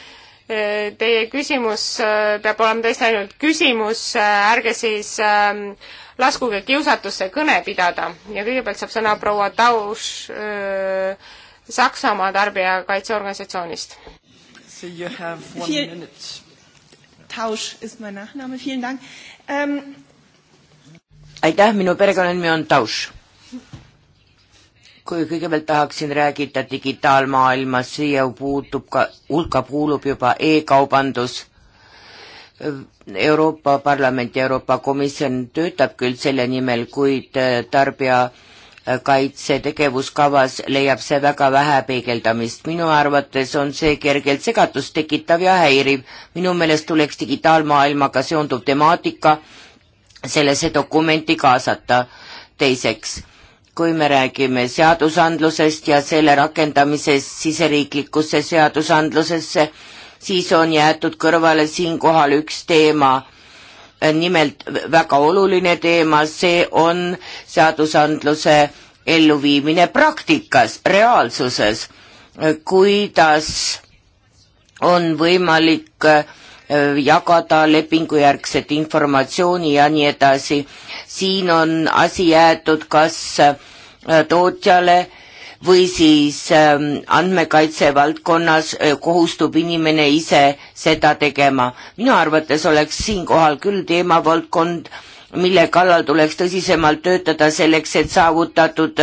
Teie küsimus äh, peab olema tõesti ainult küsimus, äh, ärge siis ähm, laskuge kiusatusse kõne pidada ja kõigepealt saab sõna proua Tauš äh, Saksamaa tarbijakaitseorganisatsioonist. So you have one minute. Tausch ist mein Nachname, vielen Dank. Ähm, aitäh, minu perekonnanimi on Tausch kui kõigepealt tahaksin räägida digitaalmaailmas, siia puutub ka, hulka kuulub juba e-kaubandus. Euroopa Parlament ja Euroopa Komisjon töötab küll selle nimel, kuid äh, tarbijakaitse tegevuskavas leiab see väga vähe peegeldamist. minu arvates on see kergelt segadust tekitav ja häiriv. minu meelest tuleks digitaalmaailmaga seonduv temaatika sellesse dokumenti kaasata. teiseks kui me räägime seadusandlusest ja selle rakendamisest siseriiklikusse seadusandlusesse, siis on jäetud kõrvale siinkohal üks teema, nimelt väga oluline teema, see on seadusandluse elluviimine praktikas, reaalsuses, kuidas on võimalik äh, Äh, jagada lepingujärgset informatsiooni ja nii edasi. siin on asi jäetud kas äh, tootjale või siis ähm, andmekaitse valdkonnas äh, kohustub inimene ise seda tegema. minu arvates oleks siinkohal küll teemavaldkond, mille kallal tuleks tõsisemalt töötada selleks, et saavutatud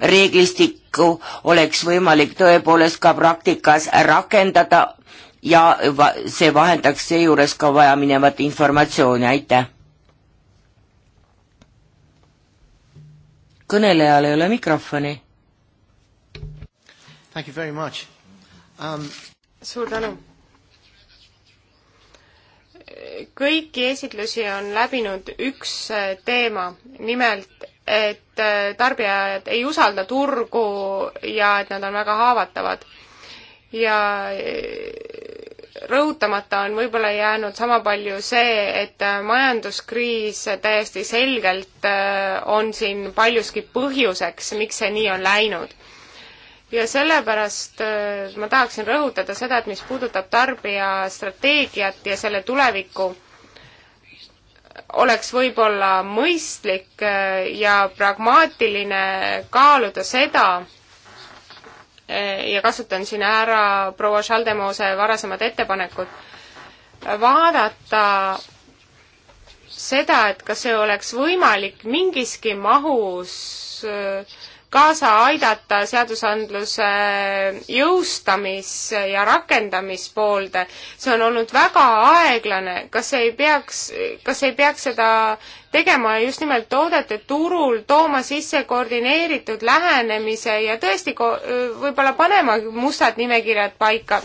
reeglistikku oleks võimalik tõepoolest ka praktikas rakendada ja see vahendaks seejuures ka vajaminevat informatsiooni, aitäh. kõnelejal ei ole mikrofoni. Um... suur tänu. kõiki esitlusi on läbinud üks teema, nimelt et tarbijad ei usalda turgu ja et nad on väga haavatavad. ja rõhutamata on võib-olla jäänud sama palju see, et äh, majanduskriis täiesti selgelt äh, on siin paljuski põhjuseks, miks see nii on läinud. ja sellepärast äh, ma tahaksin rõhutada seda, et mis puudutab tarbija strateegiat ja selle tulevikku, oleks võib-olla mõistlik ja pragmaatiline kaaluda seda, Eh, ja kasutan siin ära proua Schaldemose varasemad ettepanekud, vaadata seda, et kas see oleks võimalik mingiski mahus eh, kaasa aidata seadusandluse jõustamis- ja rakendamispoolde. see on olnud väga aeglane, kas ei peaks, kas ei peaks seda tegema just nimelt toodete turul, tooma sisse koordineeritud lähenemise ja tõesti ko-, võib-olla panema mustad nimekirjad paika.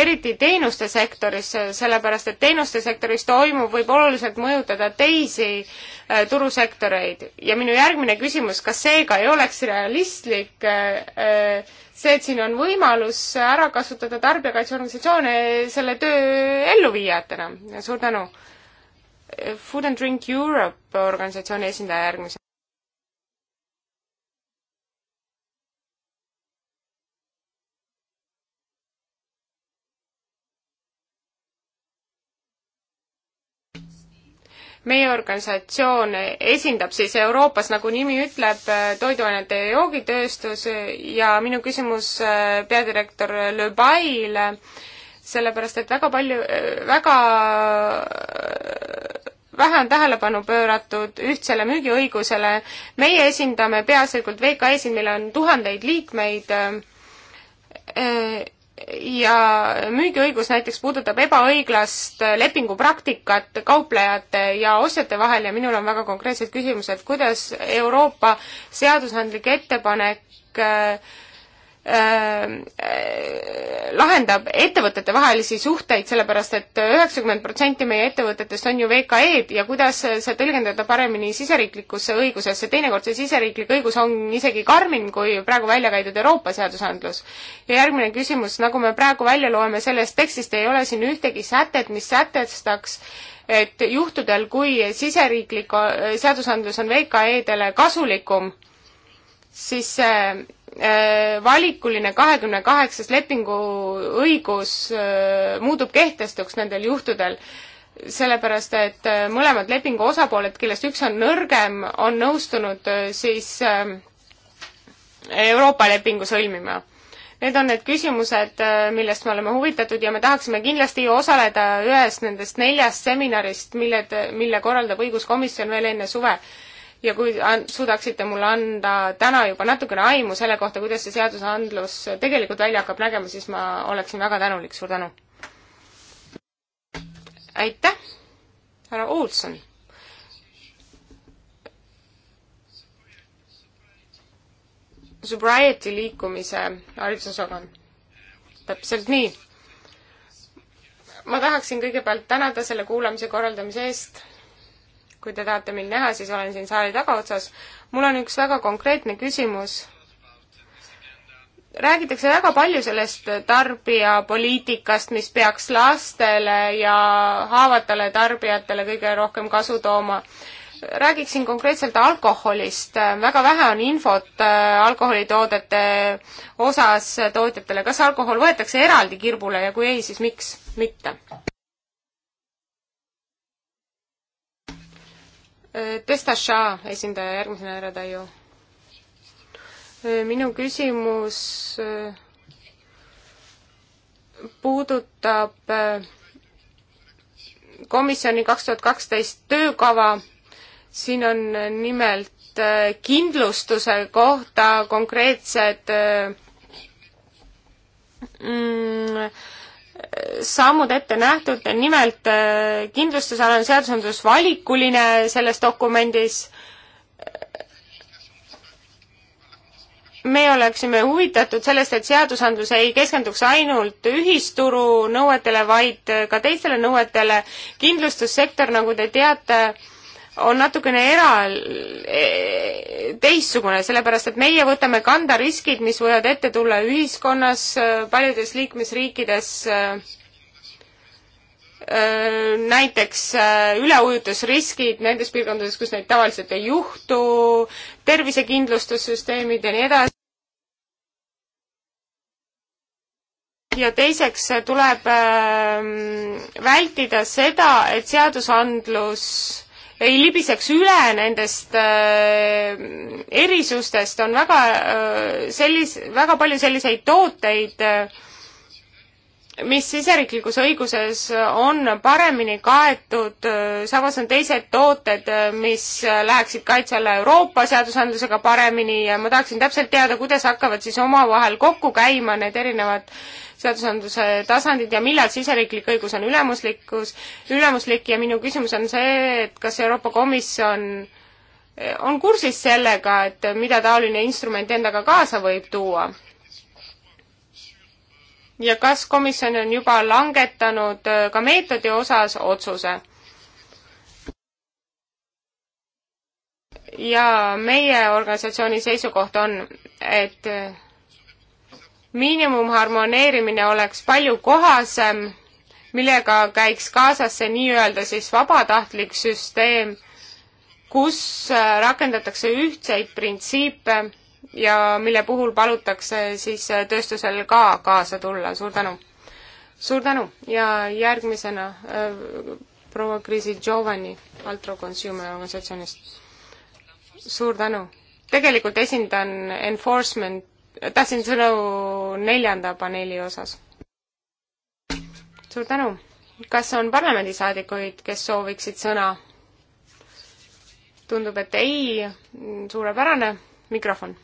eriti teenuste sektoris, sellepärast et teenuste sektoris toimuv võib oluliselt mõjutada teisi äh, turusektoreid. ja minu järgmine küsimus, kas seega ei oleks realistlik äh, see, et siin on võimalus ära kasutada tarbijakaitseorganisatsioone selle töö elluviijatena. suur tänu! Food and Drink Europe organisatsiooni esindaja järgmise. meie organisatsioon esindab siis Euroopas, nagu nimi ütleb, toiduainete ja joogitööstus ja minu küsimus äh, peadirektor Le Baille, sellepärast et väga palju, äh, väga vähe on tähelepanu pööratud ühtsele müügiõigusele. meie esindame peaasjalikult VKS-i, millel on tuhandeid liikmeid eh, ja müügiõigus näiteks puudutab ebaõiglast lepingupraktikat kauplejate ja ostjate vahel ja minul on väga konkreetsed küsimused, kuidas Euroopa seadusandlik ettepanek äh, Ähm, äh, lahendab ettevõtete vahelisi suhteid, sellepärast et üheksakümmend protsenti meie ettevõtetest on ju VKE-d ja kuidas see tõlgendada paremini siseriiklikusse õigusesse, teinekord see siseriiklik õigus on isegi karmim kui praegu välja käidud Euroopa seadusandlus. ja järgmine küsimus, nagu me praegu välja loeme sellest tekstist, ei ole siin ühtegi sätet, mis sätestaks et juhtudel, kui siseriiklik äh, seadusandlus on VKE-dele kasulikum, siis see äh, Äh, valikuline kahekümne kaheksas lepingu õigus äh, muutub kehtestuks nendel juhtudel, sellepärast et äh, mõlemad lepingu osapooled, kellest üks on nõrgem, on nõustunud siis Euroopa lepingu sõlmima. Need on need küsimused, millest me oleme huvitatud ja me tahaksime kindlasti osaleda ühes nendest neljast seminarist, mille, mille korraldab õiguskomisjon veel enne suve ja kui an-, suudaksite mulle anda täna juba natukene aimu selle kohta, kuidas see seadusandlus tegelikult välja hakkab nägema, siis ma oleksin väga tänulik, suur tänu! aitäh, härra Olson! Sobriety liikumise haridusosakond. täpselt nii. ma tahaksin kõigepealt tänada selle kuulamise korraldamise eest kui te tahate mind näha, siis olen siin saali tagaotsas. mul on üks väga konkreetne küsimus. räägitakse väga palju sellest tarbijapoliitikast, mis peaks lastele ja haavatale tarbijatele kõige rohkem kasu tooma räägiksin konkreetselt alkoholist. väga vähe on infot äh, alkoholitoodete osas tootjatele. kas alkohol võetakse eraldi kirbule ja kui ei, siis miks mitte? Testaša esindaja, järgmisena härra Taiu. minu küsimus äh, puudutab äh, komisjoni kaks tuhat kaksteist töökava. siin on nimelt äh, kindlustuse kohta konkreetsed mm, sammud ette nähtud, nimelt äh, kindlustusalane seadusandlus valikuline selles dokumendis. me oleksime huvitatud sellest, et seadusandlus ei keskenduks ainult ühisturu nõuetele, vaid ka teistele nõuetele. kindlustussektor, nagu te teate, on natukene era-, e, teistsugune, sellepärast et meie võtame kanda riskid, mis võivad ette tulla ühiskonnas e, paljudes liikmesriikides, e, näiteks üleujutusriskid nendes piirkondades, kus neid tavaliselt ei juhtu, tervisekindlustussüsteemid ja nii edasi. ja teiseks tuleb vältida seda, et seadusandlus ei libiseks üle nendest äh, erisustest, on väga äh, sellis-, väga palju selliseid tooteid äh,, mis siseriiklikus õiguses on paremini kaetud, äh, samas on teised tooted, äh, mis äh, läheksid kaitse alla Euroopa seadusandlusega paremini ja ma tahaksin täpselt teada, kuidas hakkavad siis omavahel kokku käima need erinevad seadusandluse tasandid ja millal siseriiklik õigus on ülemuslikkus, ülemuslik ja minu küsimus on see, et kas Euroopa Komisjon eh, on kursis sellega, et mida taoline instrument endaga kaasa võib tuua? ja kas komisjon on juba langetanud eh, ka meetodi osas otsuse? ja meie organisatsiooni seisukoht on, et eh, miinimumharmoneerimine oleks palju kohasem, millega käiks kaasas see nii-öelda siis vabatahtlik süsteem, kus äh, rakendatakse ühtseid printsiipe ja mille puhul palutakse siis äh, tööstusel ka kaasa tulla, suur tänu! suur tänu ja järgmisena äh, proua Krisi Giovanni Altro Consumer organisatsioonist. suur tänu! tegelikult esindan enforcement tahtsin sõnu neljanda paneeli osas. suur tänu. kas on parlamendisaadikuid, kes sooviksid sõna? tundub, et ei. suurepärane. mikrofon.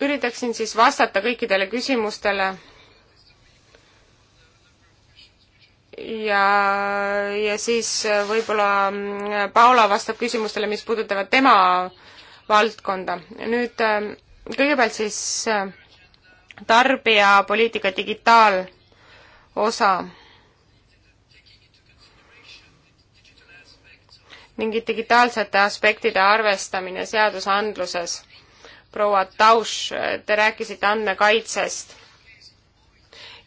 üritaksin siis vastata kõikidele küsimustele ja, ja siis võib-olla Paula vastab küsimustele, mis puudutavad tema valdkonda. nüüd äh, kõigepealt siis äh, tarbijapoliitika digitaalosa mingid digitaalsete aspektide arvestamine seadusandluses. proua Tauš, äh, te rääkisite andmekaitsest.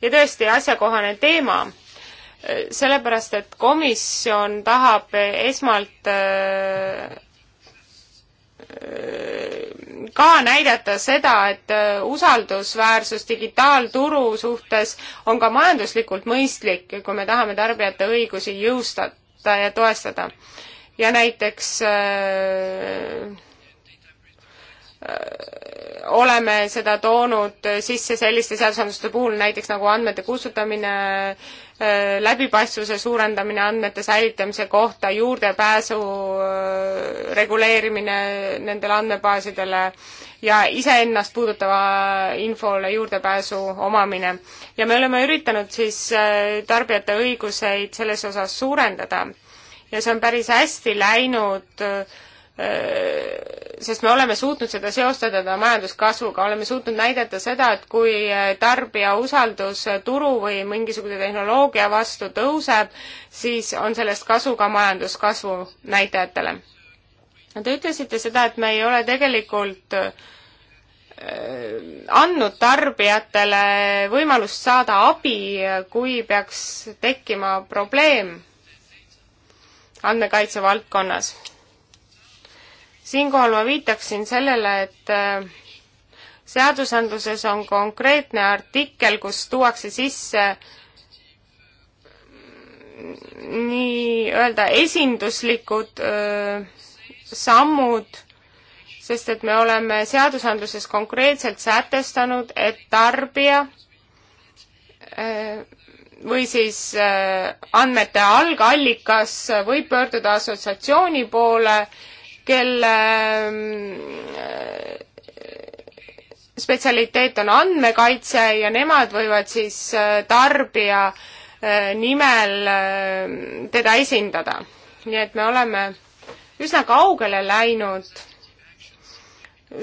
ja tõesti asjakohane teema, sellepärast et komisjon tahab esmalt ka näidata seda, et äh, usaldusväärsus digitaalturu suhtes on ka majanduslikult mõistlik, kui me tahame tarbijate õigusi jõustada ja toestada. ja näiteks öö, äh, äh, oleme seda toonud sisse selliste seadusandluste puhul näiteks nagu andmete kustutamine, Äh, läbipaistvuse suurendamine andmete säilitamise kohta, juurdepääsu äh, reguleerimine nendele andmebaasidele ja iseennast puudutava infole juurdepääsu omamine. ja me oleme üritanud siis äh, tarbijate õiguseid selles osas suurendada ja see on päris hästi läinud äh, Äh, sest me oleme suutnud seda seostada majanduskasvuga, oleme suutnud näidata seda, et kui äh, tarbija usaldus äh, turu või mingisuguse tehnoloogia vastu tõuseb, siis on sellest kasu ka majanduskasvu näitajatele. Te ütlesite seda, et me ei ole tegelikult andnud tarbijatele võimalust saada abi, kui peaks tekkima probleem andmekaitse valdkonnas siinkohal ma viitaksin sellele, et äh, seadusandluses on konkreetne artikkel, kus tuuakse sisse nii-öelda esinduslikud öö, äh, sammud, sest et me oleme seadusandluses konkreetselt sätestanud, et tarbija öö, äh, või siis öö, andmete algallikas võib pöörduda assotsiatsiooni poole öö, kelle ähm, spetsialiteet on andmekaitse ja nemad võivad siis äh, tarbija äh, nimel ähm, teda esindada. nii et me oleme üsna kaugele läinud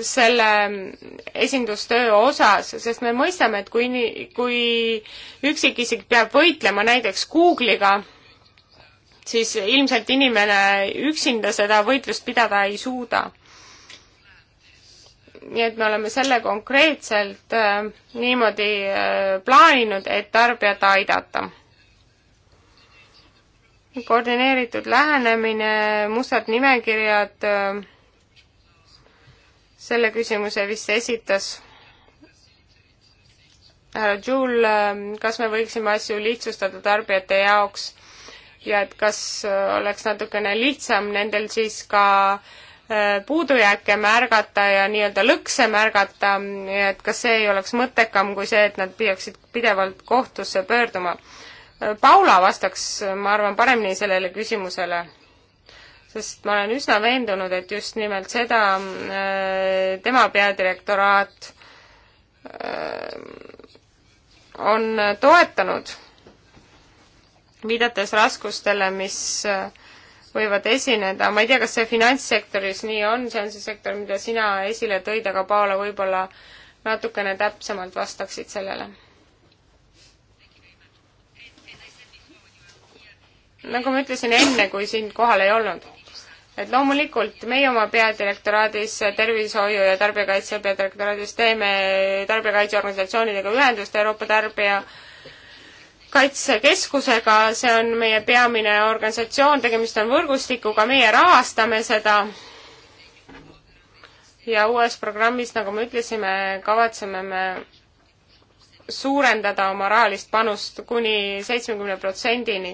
selle ähm, esindustöö osas, sest me mõistame, et kui, kui üksikisik peab võitlema näiteks Google'iga, siis ilmselt inimene üksinda seda võitlust pidada ei suuda. nii et me oleme selle konkreetselt äh, niimoodi äh, plaaninud, et tarbijat aidata. koordineeritud lähenemine, mustad nimekirjad äh,, selle küsimuse vist esitas härra Joule, äh, kas me võiksime asju lihtsustada tarbijate jaoks ja et kas äh, oleks natukene lihtsam nendel siis ka äh, puudujääke märgata ja nii-öelda lõkse märgata, et kas see ei oleks mõttekam kui see, et nad peaksid pidevalt kohtusse pöörduma. Äh, Paula vastaks, ma arvan, paremini sellele küsimusele, sest ma olen üsna veendunud, et just nimelt seda tema peadirektoraat on toetanud viidates raskustele, mis äh, võivad esineda, ma ei tea, kas see finantssektoris nii on, see on see sektor, mida sina esile tõid, aga Paolo, võib-olla natukene täpsemalt vastaksid sellele. nagu ma ütlesin enne, kui sind kohal ei olnud, et loomulikult meie oma peadirektoraadis, tervishoiu ja tarbijakaitse peadirektoraadis teeme tarbijakaitseorganisatsioonidega ühendust Euroopa Tarbija kaitsekeskusega, see on meie peamine organisatsioon, tegemist on võrgustikuga, meie rahastame seda. ja uues programmis, nagu me ütlesime, kavatseme me suurendada oma rahalist panust kuni seitsmekümne protsendini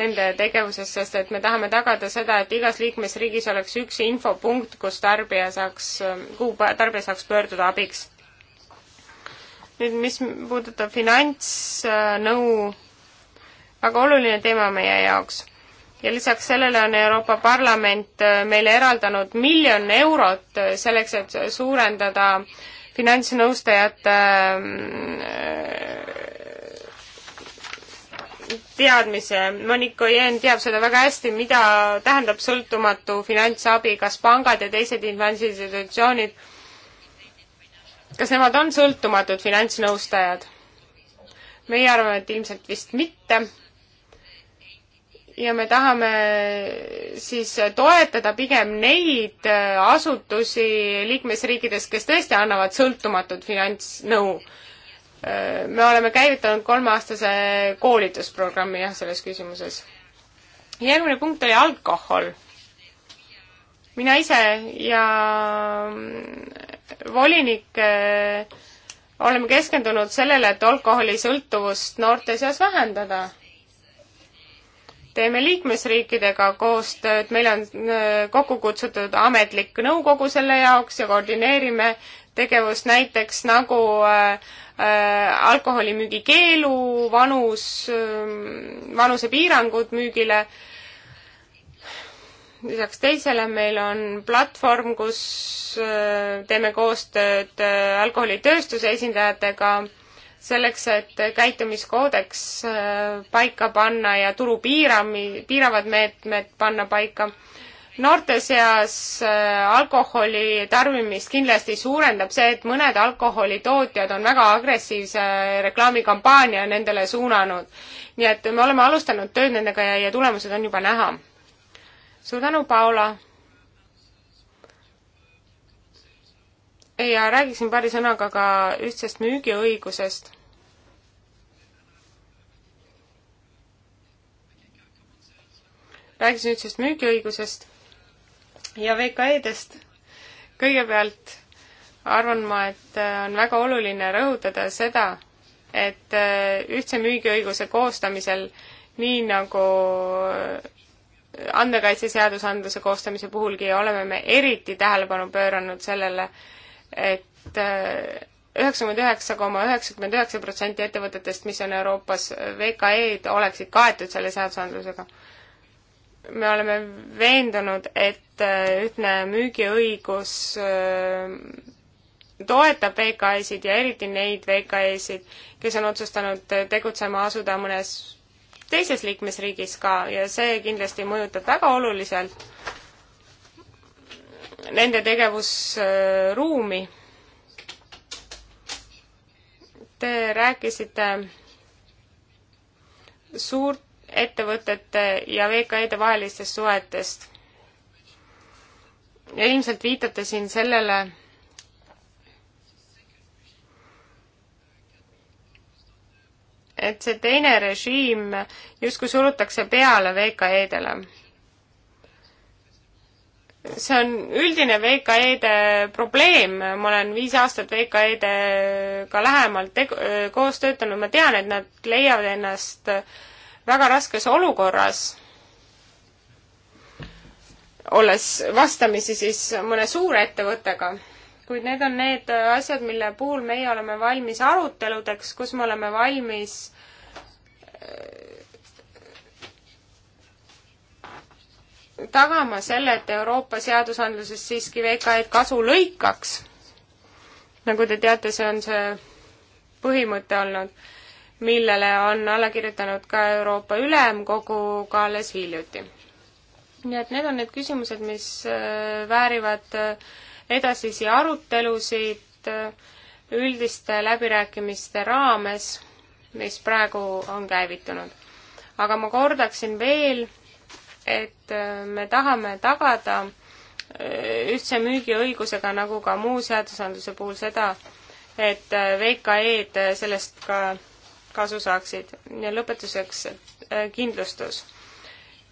nende tegevuses, sest et me tahame tagada seda, et igas liikmesriigis oleks üks infopunkt, kus tarbija saaks, kuhu tarbija saaks pöörduda abiks nüüd, mis puudutab finantsnõu, väga oluline teema meie jaoks. ja lisaks sellele on Euroopa Parlament äh, meile eraldanud miljon eurot äh, selleks, et suurendada finantsnõustajate äh, teadmise, Monika Jeen teab seda väga hästi, mida tähendab sõltumatu finantsabi, kas pangad ja teised finantsinstitutsioonid kas nemad on sõltumatud finantsnõustajad? meie arvame, et ilmselt vist mitte. ja me tahame siis toetada pigem neid äh, asutusi liikmesriikides, kes tõesti annavad sõltumatut finantsnõu. Äh, me oleme käivitanud kolmeaastase koolitusprogrammi jah, selles küsimuses. järgmine punkt oli alkohol mina ise ja mm, volinik oleme keskendunud sellele, et alkoholisõltuvust noorte seas vähendada. teeme liikmesriikidega koostööd, meil on kokku kutsutud ametlik nõukogu selle jaoks ja koordineerime tegevust näiteks nagu äh, äh, alkoholimüügi keelu, vanus äh,, vanusepiirangud müügile äh,, lisaks teisele meil on platvorm, kus äh, teeme koostööd äh, alkoholitööstuse esindajatega selleks, et käitumiskoodeks äh, paika panna ja turu piirami, piiravad meetmed panna paika. noorte seas alkoholi tarbimist kindlasti suurendab see, et mõned alkoholitootjad on väga agressiivse reklaamikampaania nendele suunanud. nii et me oleme alustanud tööd nendega ja, ja tulemused on juba näha suur tänu, Paola! ja räägiksin paari sõnaga ka ühtsest müügiõigusest. rääkisin ühtsest müügiõigusest ja VKE-dest. kõigepealt arvan ma, et äh, on väga oluline rõhutada seda, et äh, ühtse müügiõiguse koostamisel, nii nagu andmekaitseseadusandluse koostamise puhulgi oleme me eriti tähelepanu pööranud sellele et, et äh, üheksakümmend üheksa koma üheksakümmend üheksa protsenti ettevõtetest, mis on Euroopas VKE-d, oleksid kaetud selle seadusandlusega. me oleme veendunud, et äh, ühtne müügiõigus äh, toetab VKE-sid ja eriti neid VKE-sid, kes on otsustanud tegutsema asuda mõnes teises liikmesriigis ka ja see kindlasti mõjutab väga oluliselt nende tegevusruumi. Te rääkisite suurettevõtete ja VKE-de vahelistest suhetest ja ilmselt viitate siin sellele, et see teine režiim justkui surutakse peale VKE-dele. see on üldine VKE-de probleem, ma olen viis aastat VKE-dega lähemalt teg-, koos töötanud, ma tean, et nad leiavad ennast väga raskes olukorras olles vastamisi siis mõne suure ettevõttega kuid need on need äh, asjad, mille puhul meie oleme valmis aruteludeks, kus me oleme valmis äh, tagama selle, et Euroopa seadusandluses siiski VKE-d kasu lõikaks. nagu te teate, see on see põhimõte olnud, millele on alla kirjutanud ka Euroopa Ülemkogu ka alles hiljuti. nii et need on need küsimused, mis äh, väärivad äh, edasisi arutelusid äh, üldiste läbirääkimiste raames, mis praegu on käivitunud. aga ma kordaksin veel, et äh, me tahame tagada äh, ühtse müügiõigusega, nagu ka muu seadusandluse puhul seda, et VKE-d sellest ka kasu saaksid. ja lõpetuseks kindlustus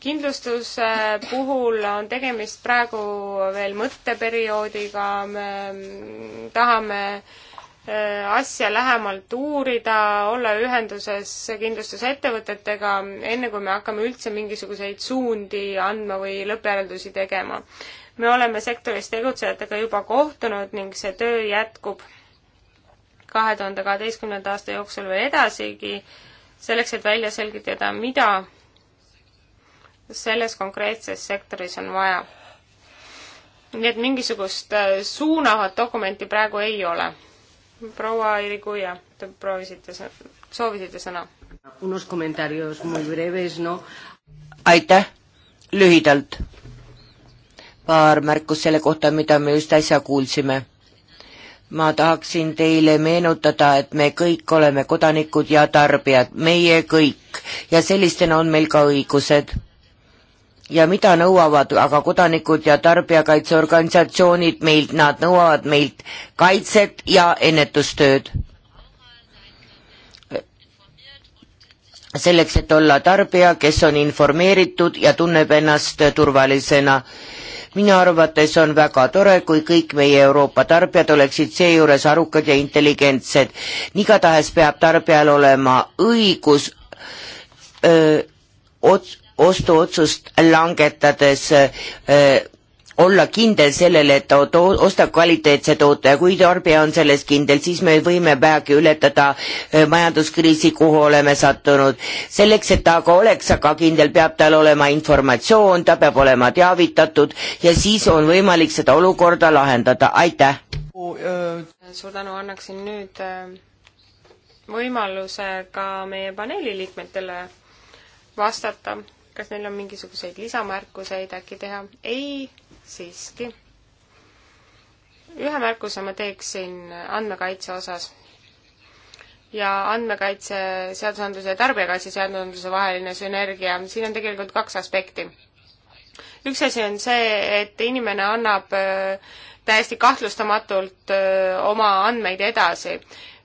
kindlustuse puhul on tegemist praegu veel mõtteperioodiga, me tahame äh, asja lähemalt uurida, olla ühenduses kindlustusettevõtetega, enne kui me hakkame üldse mingisuguseid suundi andma või lõppjäreldusi tegema. me oleme sektoris tegutsejatega juba kohtunud ning see töö jätkub kahe tuhande kaheteistkümnenda aasta jooksul veel edasigi, selleks et välja selgitada, mida selles konkreetses sektoris on vaja. nii et mingisugust äh, suunavat dokumenti praegu ei ole. proua Irikuia, te proovisite, soovisite sõna? aitäh, lühidalt. paar märkust selle kohta, mida me just äsja kuulsime ma tahaksin teile meenutada, et me kõik oleme kodanikud ja tarbijad, meie kõik, ja sellistena on meil ka õigused ja mida nõuavad aga kodanikud ja tarbijakaitseorganisatsioonid meilt, nad nõuavad meilt kaitset ja ennetustööd. selleks, et olla tarbija, kes on informeeritud ja tunneb ennast turvalisena minu arvates on väga tore, kui kõik meie Euroopa tarbijad oleksid seejuures arukad ja intelligentsed. igatahes peab tarbijal olema õigus öö, ots-, ostuotsust langetades eh, eh, olla kindel sellele, et ta ostab kvaliteetse toote ja kui tarbija on selles kindel, siis me võime peagi ületada eh, majanduskriisi, kuhu oleme sattunud. selleks, et ta aga oleks aga kindel, peab tal olema informatsioon, ta peab olema teavitatud ja siis on võimalik seda olukorda lahendada, aitäh! suur tänu, annaksin nüüd võimaluse ka meie paneeli liikmetele vastata kas neil on mingisuguseid lisamärkuseid äkki teha? ei, siiski. ühe märkuse ma teeksin andmekaitse osas. ja andmekaitse seadusandluse ja tarbijakaitse seadusandluse vaheline sünergia, siin on tegelikult kaks aspekti. üks asi on see, et inimene annab äh, täiesti kahtlustamatult äh, oma andmeid edasi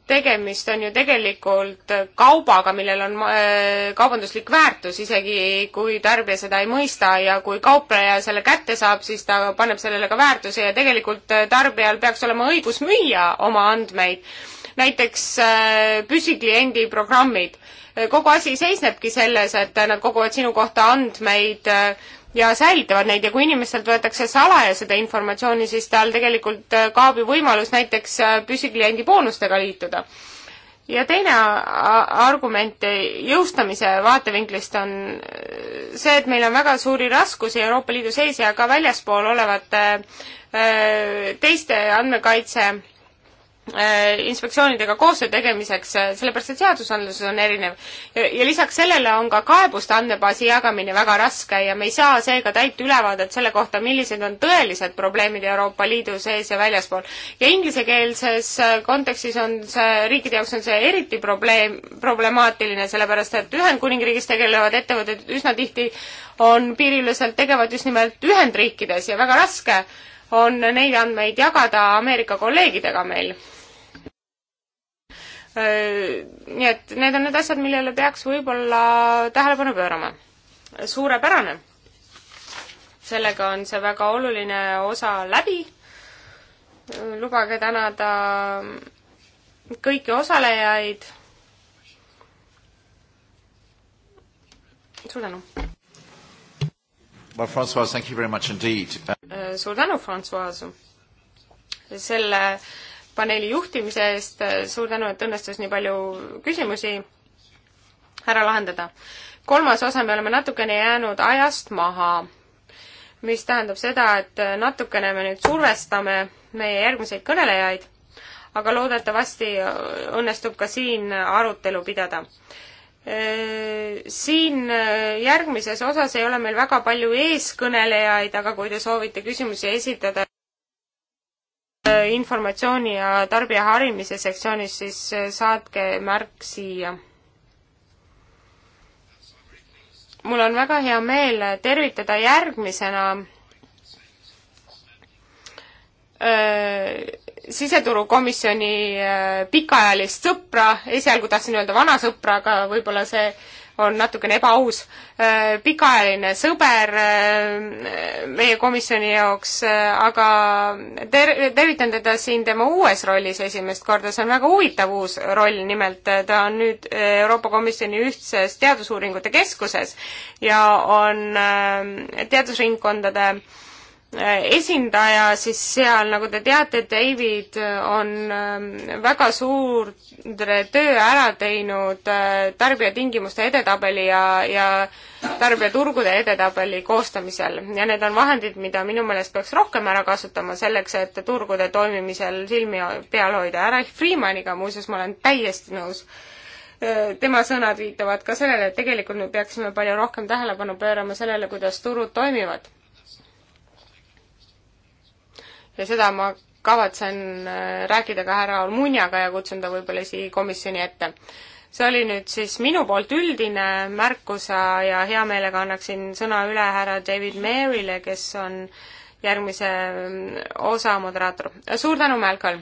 tegemist on ju tegelikult kaubaga, millel on äh, kaubanduslik väärtus, isegi kui tarbija seda ei mõista ja kui kaupleja selle kätte saab, siis ta paneb sellele ka väärtuse ja tegelikult äh, tarbijal peaks olema õigus müüa oma andmeid. näiteks äh, püsikliendi programmid kogu asi seisnebki selles, et nad koguvad sinu kohta andmeid ja säilitavad neid ja kui inimestelt võetakse salaja seda informatsiooni, siis tal tegelikult äh, kaob ju võimalus näiteks äh, püsikliendi boonustega liituda. ja teine argument jõustamise vaatevinklist on äh, see, et meil on väga suuri raskusi Euroopa Liidu sees ja ka väljaspool olevate teiste andmekaitse Äh, inspektsioonidega koostöö tegemiseks, äh, sellepärast et seadusandlus on erinev. ja lisaks sellele on ka kaebuste andmebaasi jagamine väga raske ja me ei saa seega täit ülevaadet selle kohta, millised on tõelised probleemid Euroopa Liidu sees ja väljaspool. ja inglisekeelses äh, kontekstis on see, riikide jaoks on see eriti probleem, problemaatiline, sellepärast et Ühendkuningriigis tegelevad ettevõtted üsna tihti on piiriüleselt tegevad just nimelt Ühendriikides ja väga raske on neid andmeid jagada Ameerika kolleegidega meil nii et need on need asjad, millele peaks võib-olla tähelepanu pöörama. suurepärane. sellega on see väga oluline osa läbi. lubage tänada kõiki osalejaid. suur tänu. Well, Francois, thank you very much indeed. suur tänu, Francois, selle paneeli juhtimise eest, suur tänu, et õnnestus nii palju küsimusi ära lahendada. kolmas osa, me oleme natukene jäänud ajast maha, mis tähendab seda, et natukene me nüüd survestame meie järgmiseid kõnelejaid, aga loodetavasti õnnestub ka siin arutelu pidada siin järgmises osas ei ole meil väga palju eeskõnelejaid, aga kui te soovite küsimusi esitada, Äh, informatsiooni ja tarbija harimise sektsioonis, siis äh, saatke märk siia. mul on väga hea meel äh, tervitada järgmisena siseturukomisjoni pikaajalist sõpra, esialgu tahtsin öelda vana sõpra, aga võib-olla see on natukene ebaaus. Äh, pikaajaline sõber äh, meie komisjoni jaoks, äh, aga ter-, tervitan teda siin tema uues rollis esimest korda, see on väga huvitav uus roll, nimelt ta on nüüd Euroopa Komisjoni ühtses teadusuuringute keskuses ja on teadusringkondade äh, esindaja siis seal, nagu te teate, David on ähm, väga suure töö ära teinud äh, tarbijatingimuste edetabeli ja, ja tarbijaturgude edetabeli koostamisel ja need on vahendid, mida minu meelest peaks rohkem ära kasutama selleks, et turgude toimimisel silmi peal hoida. härra Freemaniga muuseas ma olen täiesti nõus äh, tema sõnad viitavad ka sellele, et tegelikult me peaksime palju rohkem tähelepanu pöörama sellele, kuidas turud toimivad ja seda ma kavatsen äh, rääkida ka härra Almuniaga ja kutsun ta võib-olla siia komisjoni ette. see oli nüüd siis minu poolt üldine märkuse ja hea meelega annaksin sõna üle härra David Mary'le, kes on järgmise mm, osa moderaator. suur tänu, Malcolm!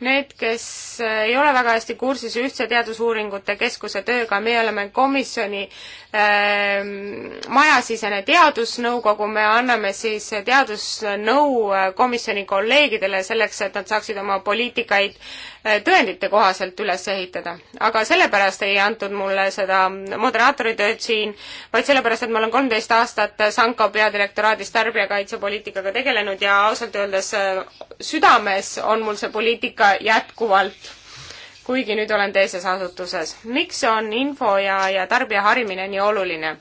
Need, kes äh, ei ole väga hästi kursis Ühtse Teadusuuringute Keskuse tööga, me oleme komisjoni Ehm, majasisene teadusnõukogu, me anname siis teadusnõu äh, komisjoni kolleegidele selleks, et nad saaksid oma poliitikaid äh, tõendite kohaselt üles ehitada. aga sellepärast ei antud mulle seda moderaatori tööd siin, vaid sellepärast, et ma olen kolmteist aastat Sanko peadirektoraadis tarbijakaitsepoliitikaga tegelenud ja ausalt öeldes äh, südames on mul see poliitika jätkuvalt kuigi nüüd olen teises asutuses. miks on info ja, ja tarbija harimine nii oluline?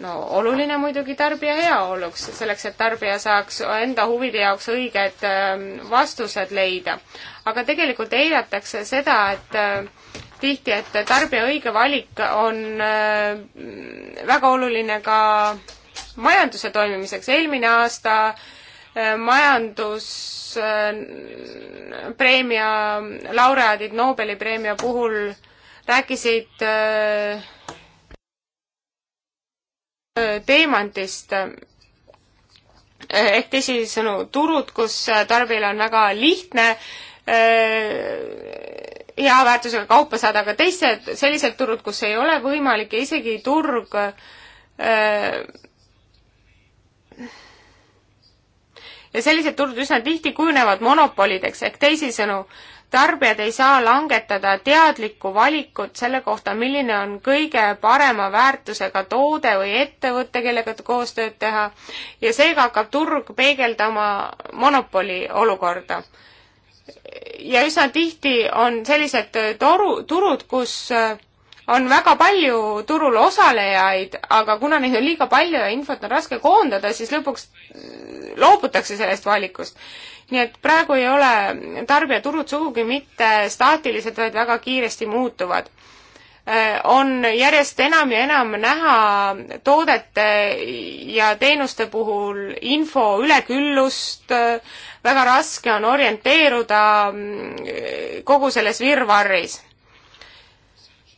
no oluline muidugi tarbija heaoluks, selleks et tarbija saaks enda huvide jaoks õiged ähm, vastused leida. aga tegelikult eiratakse seda, et äh, tihti, et tarbija õige valik on äh, väga oluline ka majanduse toimimiseks. eelmine aasta äh, Äh, majanduspreemia äh, laureaadid Nobeli preemia puhul rääkisid äh, teemantist ehk teisisõnu turud, kus tarbijal on väga lihtne hea väärtusega kaupa saada, aga teised, sellised turud, kus ei ole võimalik ja isegi turg öö, ja sellised turud üsna tihti kujunevad monopolideks ehk teisisõnu, tarbijad ei saa langetada teadlikku valikut selle kohta, milline on kõige parema väärtusega toode või ettevõte, kellega koostööd teha ja seega hakkab turg peegeldama monopoli olukorda. ja üsna tihti on sellised toru, turud, kus äh, on väga palju turul osalejaid, aga kuna neid on liiga palju ja infot on raske koondada, siis lõpuks mm, loobutakse sellest valikust. nii et praegu ei ole tarbijaturud sugugi mitte staatilised, vaid väga kiiresti muutuvad äh, on järjest enam ja enam näha toodete ja teenuste puhul info üleküllust, äh, väga raske on orienteeruda mm, kogu selles virvarris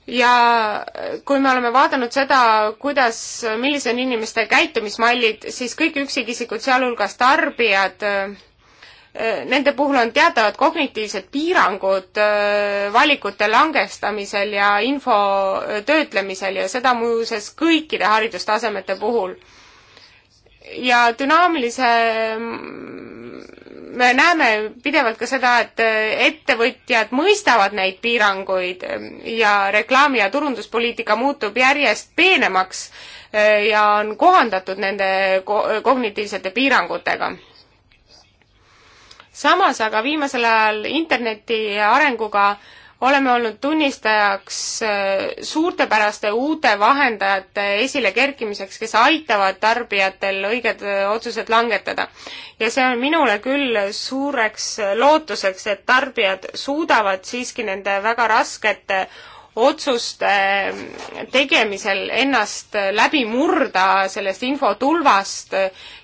ja kui me oleme vaadanud seda, kuidas, millised on inimeste käitumismallid, siis kõik üksikisikud, sealhulgas tarbijad, äh, nende puhul on teatavad kognitiivsed piirangud äh, valikute langestamisel ja info äh, töötlemisel ja seda muuseas kõikide haridustasemete puhul. ja dünaamilise mm, me näeme pidevalt ka seda, et ettevõtjad mõistavad neid piiranguid ehm, ja reklaami- ja turunduspoliitika muutub järjest peenemaks ehm, ja on kohandatud nende kognitiivsete piirangutega. samas aga viimasel ajal interneti arenguga äh, oleme olnud tunnistajaks äh, suurtepäraste uute vahendajate esile kerkimiseks, kes aitavad tarbijatel õiged äh, otsused langetada. ja see on minule küll suureks äh, lootuseks, et tarbijad suudavad siiski nende väga raskete otsuste tegemisel ennast läbi murda sellest infotulvast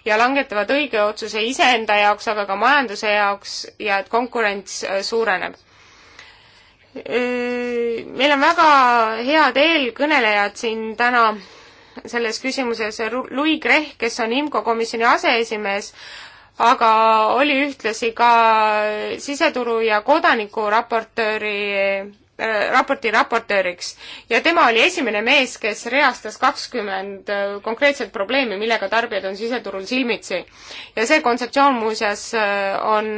ja langetavad õige otsuse iseenda jaoks, aga ka majanduse jaoks ja et konkurents suureneb Äh, meil on väga head eelkõnelejad siin täna selles küsimuses, Louis Grech, kes on IMCO komisjoni aseesimees, aga oli ühtlasi ka siseturu ja kodaniku raportööri Äh, raporti raportööriks ja tema oli esimene mees, kes reastas kakskümmend äh, konkreetset probleemi, millega tarbijad on siseturul silmitsi. ja see kontseptsioon muuseas äh, on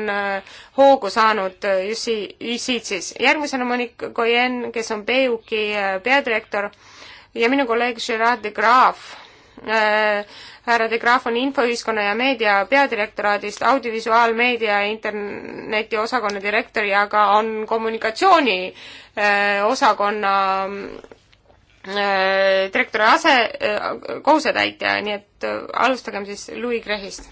hoogu saanud Jüssi, Jüssitsis. järgmisena Monique Goyen, kes on BUK peadirektor ja minu kolleeg Gerard de Graaf härra De Graaf on infoühiskonna ja meedia peadirektoraadist audiovisuaalmeedia ja interneti osakonna direktor ja ka on kommunikatsiooni äh, osakonna äh, direktori ase, äh, kohusetäitja, nii et alustagem siis Louis Grehist.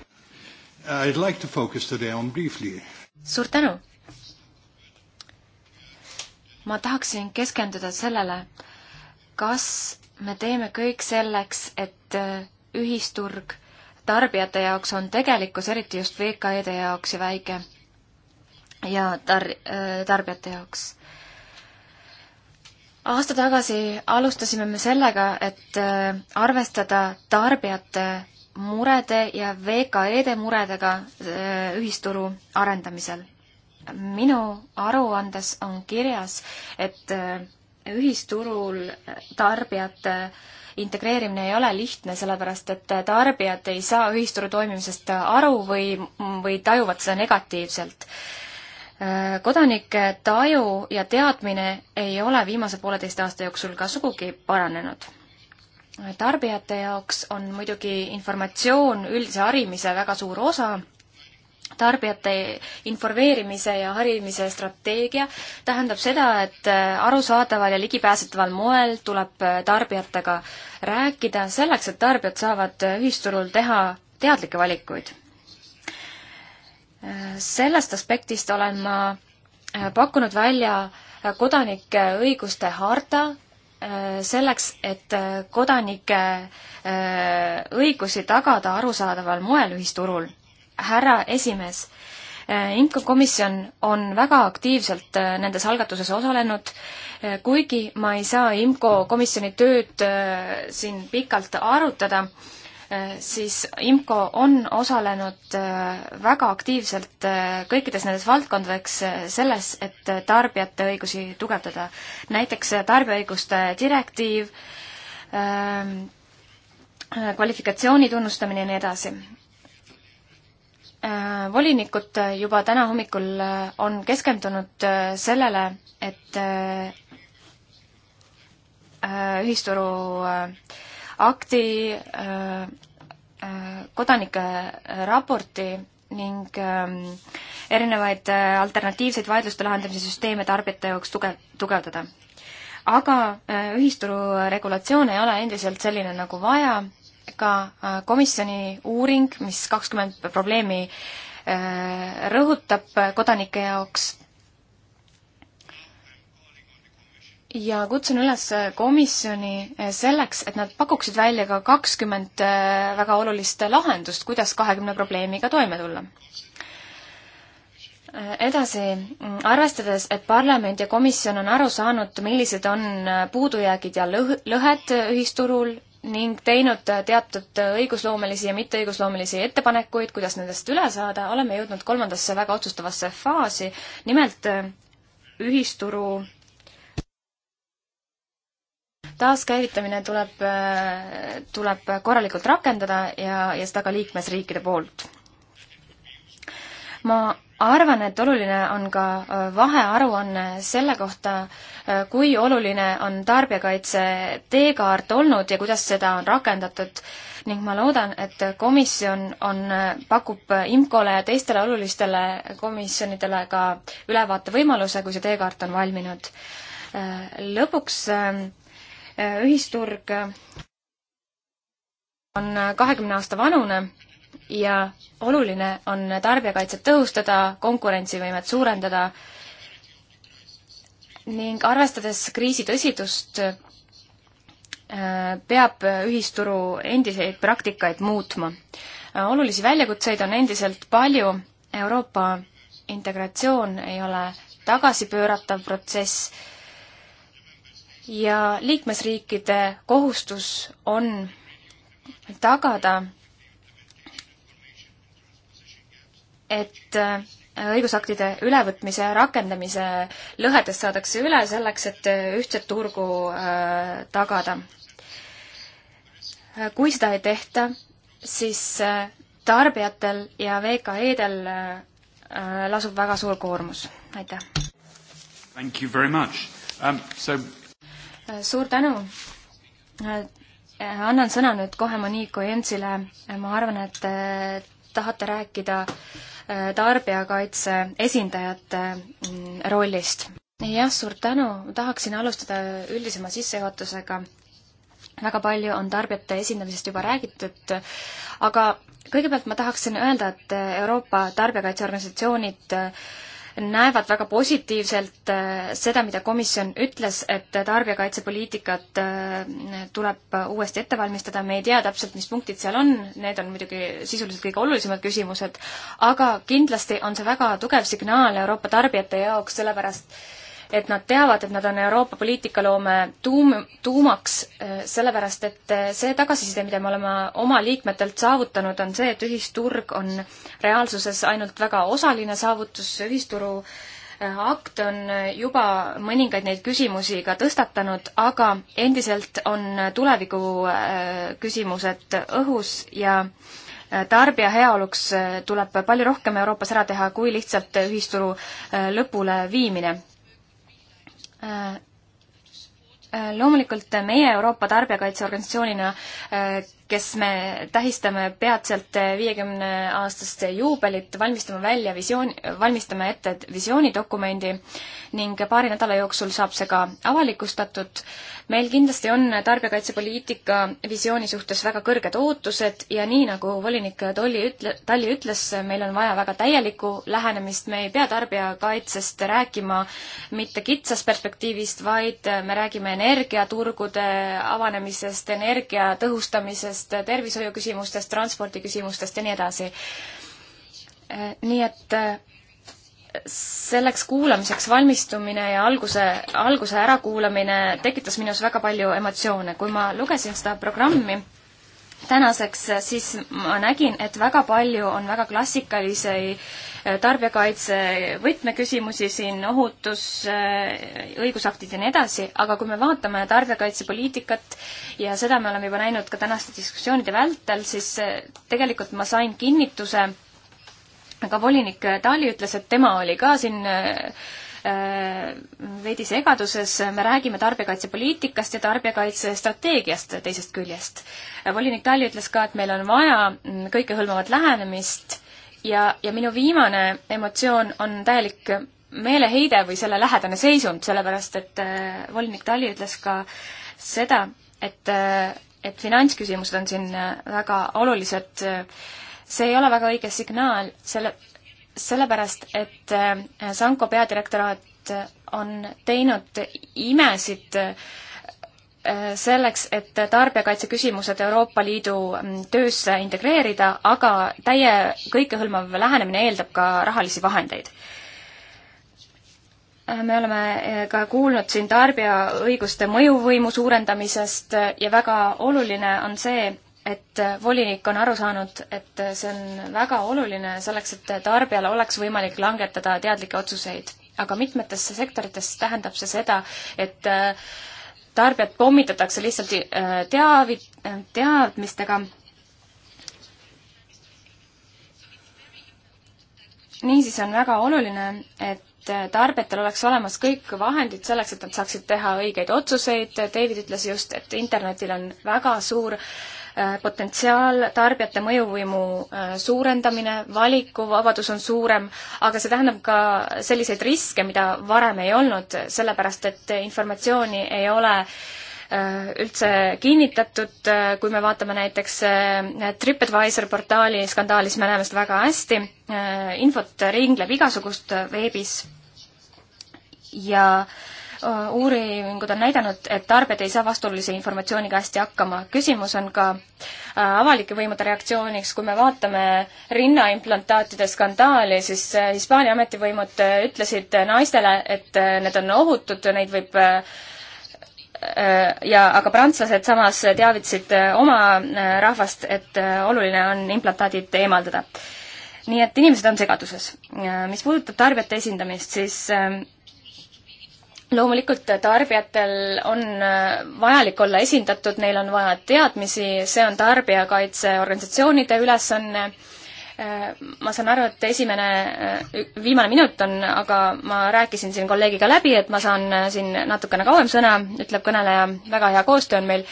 I'd like to focus today on briefly. suur tänu! ma tahaksin keskenduda sellele, kas me teeme kõik selleks, et ühisturg tarbijate jaoks on tegelikkus, eriti just VKE-de jaoks ja väike ja tar-, äh, tarbijate jaoks. aasta tagasi alustasime me sellega, et äh, arvestada tarbijate murede ja VKE-de muredega äh, ühisturu arendamisel. minu aruandes on kirjas, et ühisturul tarbijate äh, integreerimine ei ole lihtne, sellepärast et tarbijad ei saa ühisturu toimimisest aru või, või tajuvad seda negatiivselt. kodanike taju ja teadmine ei ole viimase pooleteiste aasta jooksul ka sugugi paranenud tarbijate jaoks on muidugi informatsioon üldise harimise väga suur osa tarbijate informeerimise ja harimise strateegia tähendab seda, et äh, arusaadaval ja ligipääsetaval moel tuleb äh, tarbijatega rääkida selleks, et tarbijad saavad äh, ühisturul teha teadlikke valikuid. sellest aspektist olen ma pakkunud välja kodanike õiguste harta, selleks, et kodanike õigusi tagada arusaadaval moel ühisturul härra esimees, äh, IMCO komisjon on väga aktiivselt äh, nendes algatuses osalenud, äh, kuigi ma ei saa IMCO komisjoni tööd siin pikalt arutada, siis IMCO on osalenud väga aktiivselt kõikides nendes valdkondades selles, et tarbijate õigusi tugevdada. näiteks tarbijaõiguste direktiiv, ähm, kvalifikatsiooni tunnustamine ja nii edasi Äh, volinikud äh, juba täna hommikul äh, on keskendunud sellele, et ühisturu akti, kodanike raporti ning ähm, erinevaid alternatiivseid vaidluste lahendamise süsteeme tarbijate jaoks tuge-, tugevdada. aga ühisturu regulatsioon ei ole endiselt selline, nagu vaja ka äh, komisjoni uuring, mis kakskümmend probleemi äh, rõhutab äh, kodanike jaoks. ja kutsun üles komisjoni selleks, et nad pakuksid välja ka kakskümmend väga olulist lahendust, kuidas kahekümne probleemiga toime tulla edasi, arvestades, et parlament ja komisjon on aru saanud, millised on puudujäägid ja lõh-, lõhed ühisturul ning teinud teatud õigusloomelisi ja mitteõigusloomelisi ettepanekuid, kuidas nendest üle saada, oleme jõudnud kolmandasse väga otsustavasse faasi, nimelt äh, ühisturu taaskäivitamine tuleb, äh, tuleb korralikult rakendada ja, ja seda ka liikmesriikide poolt. ma arvan, et oluline on ka äh, vahearuanne selle kohta, äh, kui oluline on tarbijakaitse teekaart olnud ja kuidas seda on rakendatud ning ma loodan, et komisjon on, äh, pakub IMCO-le ja teistele olulistele komisjonidele ka ülevaatevõimaluse, kui see teekaart on valminud. lõpuks ühisturg on kahekümne aasta vanune ja oluline on tarbijakaitset tõhustada, konkurentsivõimet suurendada ning arvestades kriisi tõsidust, äh, peab ühisturu endiseid praktikaid muutma. Äh, olulisi väljakutseid on endiselt palju, Euroopa integratsioon ei ole tagasipööratav protsess ja liikmesriikide kohustus on tagada et äh, õigusaktide ülevõtmise ja rakendamise lõhedest saadakse üle selleks, et äh, ühtset turgu äh, tagada. kui seda ei tehta, siis tarbijatel ja VKE-del lasub väga suur koormus. aitäh! Um, so... suur tänu! annan sõna nüüd kohe Monique Ojentsile, ma arvan, et tahate rääkida äh, tarbijakaitse esindajate mm, rollist. jah, suur tänu, tahaksin alustada üldisema sissejuhatusega. väga palju on tarbijate esindamisest juba räägitud, aga kõigepealt ma tahaksin öelda, et Euroopa tarbijakaitseorganisatsioonid äh, näevad väga positiivselt äh, seda, mida komisjon ütles, et tarbijakaitsepoliitikat äh, tuleb uuesti ette valmistada, me ei tea täpselt, mis punktid seal on, need on muidugi sisuliselt kõige olulisemad küsimused, aga kindlasti on see väga tugev signaal Euroopa tarbijate jaoks, sellepärast et nad teavad, et nad on Euroopa poliitikaloome tuum, tuumaks, äh, sellepärast et äh, see tagasiside, mida me oleme oma liikmetelt saavutanud, on see, et ühisturg on reaalsuses ainult väga osaline saavutus, ühisturu äh, akt on juba mõningaid neid küsimusi ka tõstatanud, aga endiselt on tuleviku küsimused õhus ja tarbija heaoluks tuleb palju rohkem Euroopas ära teha, kui lihtsalt ühisturu lõpule viimine. Äh, äh, loomulikult meie Euroopa Tarbijakaitseorganisatsioonina äh, kes me tähistame peatselt viiekümne aastast juubelit, valmistame välja visioon, valmistame ette visioonidokumendi ning paari nädala jooksul saab see ka avalikustatud. meil kindlasti on tarbijakaitsepoliitika visiooni suhtes väga kõrged ootused ja nii, nagu volinik Tolli ütle, Talli ütles, meil on vaja väga täielikku lähenemist, me ei pea tarbijakaitsest rääkima mitte kitsas perspektiivist, vaid me räägime energiaturgude avanemisest, energia tõhustamisest, küsimustest, tervishoiuküsimustest, transpordiküsimustest ja nii edasi. nii et eh, selleks kuulamiseks valmistumine ja alguse, alguse ärakuulamine tekitas minus väga palju emotsioone. kui ma lugesin seda programmi, tänaseks äh, siis ma nägin, et väga palju on väga klassikalisi äh, tarbijakaitse võtmeküsimusi siin, ohutus, äh, õigusaktid ja nii edasi, aga kui me vaatame tarbijakaitsepoliitikat ja seda me oleme juba näinud ka tänaste diskussioonide vältel, siis tegelikult ma sain kinnituse, ka volinik Tali ütles, et tema oli ka siin äh, Äh, veidi segaduses, me räägime tarbijakaitsepoliitikast ja tarbijakaitsestrateegiast teisest küljest. Äh, volinik Tali ütles ka, et meil on vaja mm, kõikehõlmavat lähenemist ja, ja minu viimane emotsioon on täielik meeleheide või selle lähedane seisund, sellepärast et äh, volinik Tali ütles ka seda, et, et finantsküsimused on siin väga olulised see ei ole väga õige signaal, selle, sellepärast, et äh, Sanko peadirektoraat on teinud imesid äh, selleks, et tarbijakaitse küsimused Euroopa Liidu mm, töösse integreerida, aga täie kõikehõlmav lähenemine eeldab ka rahalisi vahendeid. Äh, me oleme ka kuulnud siin tarbija õiguste mõjuvõimu suurendamisest ja väga oluline on see, et äh, volinik on aru saanud, et äh, see on väga oluline selleks, et äh, tarbijal oleks võimalik langetada teadlikke otsuseid. aga mitmetes sektorites tähendab see seda, et tarbijat pommitatakse lihtsalt teavi-, teadmistega niisiis on väga oluline, et tarbijatel oleks olemas kõik vahendid selleks, et nad saaksid teha õigeid otsuseid, David ütles just, et internetil on väga suur Äh, potentsiaal, tarbijate mõjuvõimu äh, suurendamine, valikuvabadus on suurem, aga see tähendab ka selliseid riske, mida varem ei olnud, sellepärast et informatsiooni ei ole äh, üldse kinnitatud, kui me vaatame näiteks TripAdvisor portaali skandaali, siis me näeme seda väga hästi, infot ringleb igasugust veebis ja äh, Äh, uuringud on näidanud, et tarbijad ei saa vastuolulise informatsiooniga hästi hakkama. küsimus on ka äh, avalike võimude reaktsiooniks, kui me vaatame rinnaimplantaatide skandaali, siis äh, Hispaania ametivõimud ütlesid naistele, et need on ohutud, neid võib ja aga prantslased samas teavitasid oma rahvast, et oluline on implantaadid eemaldada. nii et inimesed on segaduses. mis puudutab tarbijate esindamist, siis loomulikult tarbijatel on äh, vajalik olla esindatud, neil on vaja teadmisi, see on tarbijakaitseorganisatsioonide ülesanne. Äh, ma saan aru, et esimene, äh, viimane minut on, aga ma rääkisin siin kolleegiga läbi, et ma saan siin natukene kauem sõna, ütleb kõneleja, väga hea koostöö on meil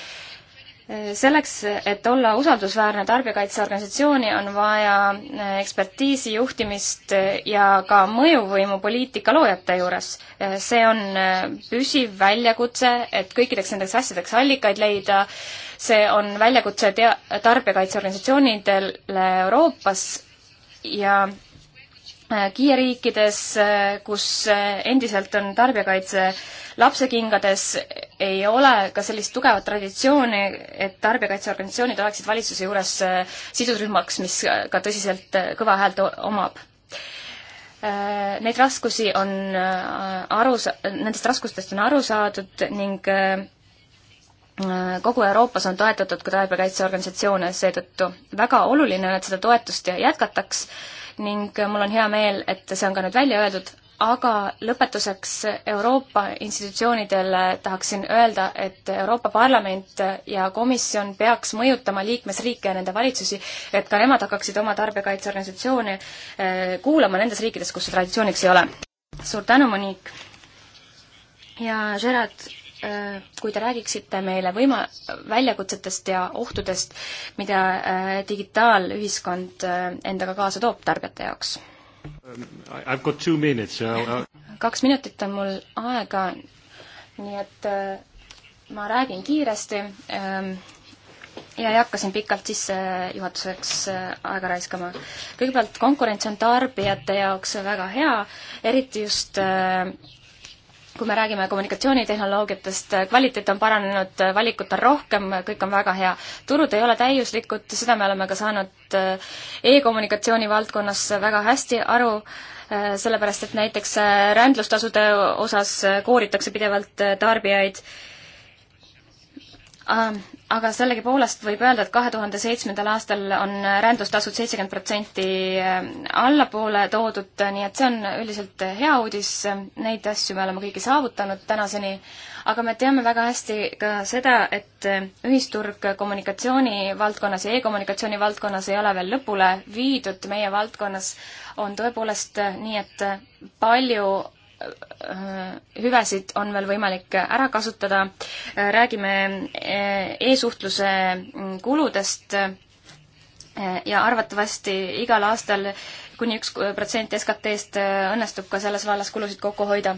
selleks, et olla usaldusväärne tarbijakaitseorganisatsiooni, on vaja eh, ekspertiisi, juhtimist eh, ja ka mõjuvõimu poliitika loojate juures. Eh, see on püsiv väljakutse, et kõikideks nendeks asjadeks allikaid leida, see on väljakutse tea-, tarbijakaitseorganisatsioonidele Euroopas ja Äh, Kiie riikides, äh, kus äh, endiselt on tarbijakaitse lapsekingades, ei ole ka sellist tugevat traditsiooni, et tarbijakaitseorganisatsioonid oleksid valitsuse juures sidusrühmaks, mis ka tõsiselt kõva häält omab. Neid raskusi on aru, nendest raskustest on aru saadud ning kogu Euroopas on toetatud ka tarbijakaitseorganisatsioone seetõttu. väga oluline on, et seda toetust jätkataks ning mul on hea meel, et see on ka nüüd välja öeldud, aga lõpetuseks Euroopa institutsioonidele tahaksin öelda, et Euroopa Parlament ja Komisjon peaks mõjutama liikmesriike ja nende valitsusi, et ka nemad hakkaksid oma tarbijakaitseorganisatsioone eh, kuulama nendes riikides, kus see traditsiooniks ei ole. suur tänu, Monique! ja Gerard, Äh, kui te räägiksite meile võima-, väljakutsetest ja ohtudest, mida äh, digitaalühiskond äh, endaga kaasa toob tarbijate jaoks? Um, kaks minutit on mul aega, nii et ma räägin kiiresti ähm, ja ei hakka siin pikalt sissejuhatuseks aega raiskama. kõigepealt konkurents on tarbijate jaoks väga hea, eriti just kui me räägime kommunikatsioonitehnoloogiatest, kvaliteet on paranenud, valikut on rohkem, kõik on väga hea. turud ei ole täiuslikud, seda me oleme ka saanud äh, e-kommunikatsiooni valdkonnas väga hästi aru, äh, sellepärast et näiteks äh, rändlustasude osas kooritakse pidevalt tarbijaid aga sellegipoolest võib öelda, et kahe tuhande seitsmendal aastal on rändustasud seitsekümmend protsenti äh, allapoole toodud, nii et see on üldiselt hea uudis, neid asju me oleme kõiki saavutanud tänaseni, aga me teame väga hästi ka seda, et äh, ühisturg kommunikatsiooni valdkonnas ja e-kommunikatsiooni valdkonnas ei ole veel lõpule viidud, meie valdkonnas on tõepoolest äh, nii, et palju Äh, hüvesid on veel võimalik ära kasutada. Äh, räägime äh, e-suhtluse mm, kuludest ja arvatavasti igal aastal kuni üks protsent SKT-st õnnestub ka selles vallas kulusid kokku hoida.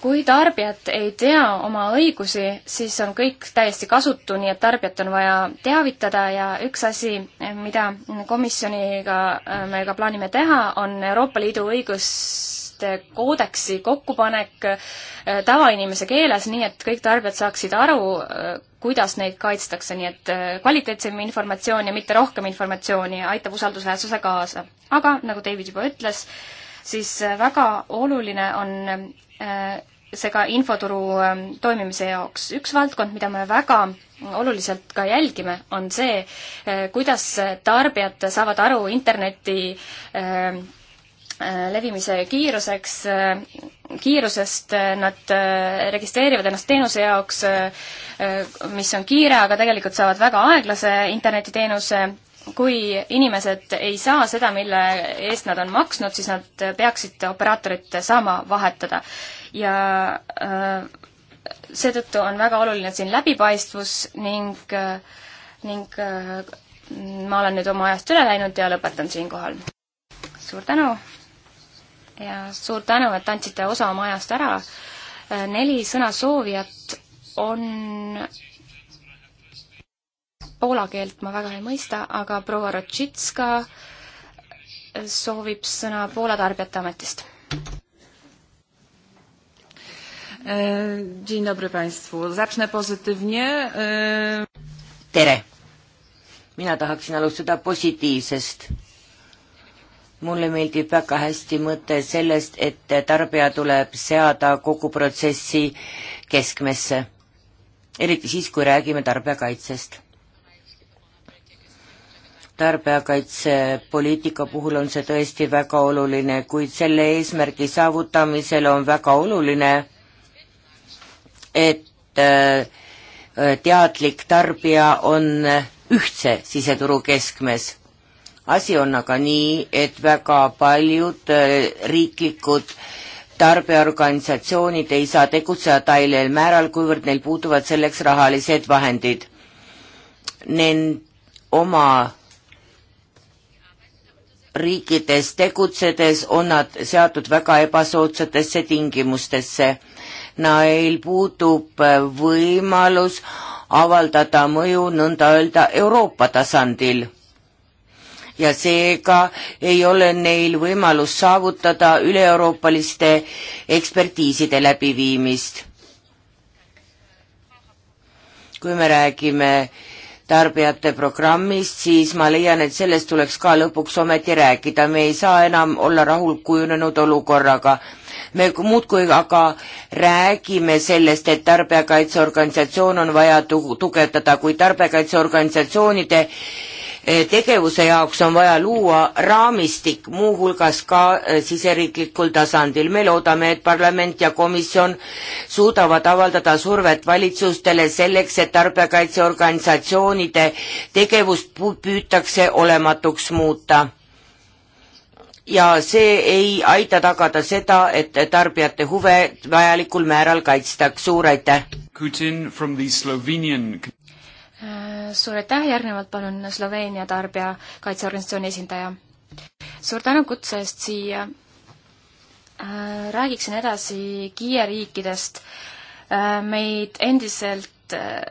kui tarbijad ei tea oma õigusi, siis on kõik täiesti kasutu, nii et tarbijat on vaja teavitada ja üks asi, mida komisjoniga me ka plaanime teha, on Euroopa Liidu õigus vastavasisuliste koodeksi kokkupanek äh, tavainimese keeles, nii et kõik tarbijad saaksid aru, äh, kuidas neid kaitstakse, nii et äh, kvaliteetsem informatsioon ja mitte rohkem informatsiooni aitab usaldusväärsuse kaasa. aga nagu David juba ütles, siis väga oluline on see ka infoturu ähm, toimimise jaoks. üks valdkond, mida me väga oluliselt ka jälgime, on see, kuidas tarbijad saavad aru interneti äh, Äh, levimise kiiruseks, äh, kiirusest, äh, nad registreerivad ennast teenuse jaoks, mis on kiire, aga tegelikult saavad väga aeglase internetiteenuse, kui inimesed ei saa seda, mille eest nad on maksnud, siis nad peaksid operaatorit saama vahetada. ja seetõttu on väga oluline siin läbipaistvus ning, ning ma olen nüüd oma ajast üle läinud ja lõpetan siinkohal. suur tänu! ja suur tänu, et andsite osa oma ajast ära. neli sõnasoovijat on poola keelt ma väga ei mõista, aga proua Rotšitska soovib sõna Poola Tarbijate Ametist. E, dzień dobry Państwu. Zacznę pozytywnie. E, Tere! Mina tahaksin alustada positiivsest mulle meeldib väga hästi mõte sellest, et tarbija tuleb seada kogu protsessi keskmesse, eriti siis, kui räägime tarbijakaitsest. tarbijakaitsepoliitika puhul on see tõesti väga oluline, kuid selle eesmärgi saavutamisel on väga oluline, et äh, teadlik tarbija on ühtse siseturu keskmes asi on aga nii, et väga paljud äh, riiklikud tarbijaorganisatsioonid ei saa tegutseda tailel määral, kuivõrd neil puuduvad selleks rahalised vahendid. Nend oma riikides tegutsedes on nad seatud väga ebasoodsatesse tingimustesse. Neil puudub äh, võimalus avaldada mõju nõnda öelda Euroopa tasandil ja seega ei ole neil võimalus saavutada üleeuroopaliste ekspertiiside läbiviimist. kui me räägime tarbijate programmist, siis ma leian, et sellest tuleks ka lõpuks ometi rääkida, me ei saa enam olla rahul kujunenud olukorraga me muudkui aga räägime sellest, et tarbijakaitseorganisatsioon on vaja tugevdada, kui tarbijakaitseorganisatsioonide Eh, tegevuse jaoks on vaja luua raamistik, muuhulgas ka eh, siseriiklikul tasandil. me loodame, et parlament ja komisjon suudavad avaldada survet valitsustele selleks, et tarbijakaitseorganisatsioonide tegevust püütakse olematuks muuta. ja see ei aita tagada seda, et tarbijate huve vajalikul määral kaitstaks. suur aitäh! Kutin from the Slovenian suur aitäh, järgnevalt palun Sloveenia tarbijakaitseorganisatsiooni esindaja. suur tänu kutse eest siia. Äh, räägiksin edasi Kiie riikidest. Äh, meid endiselt äh,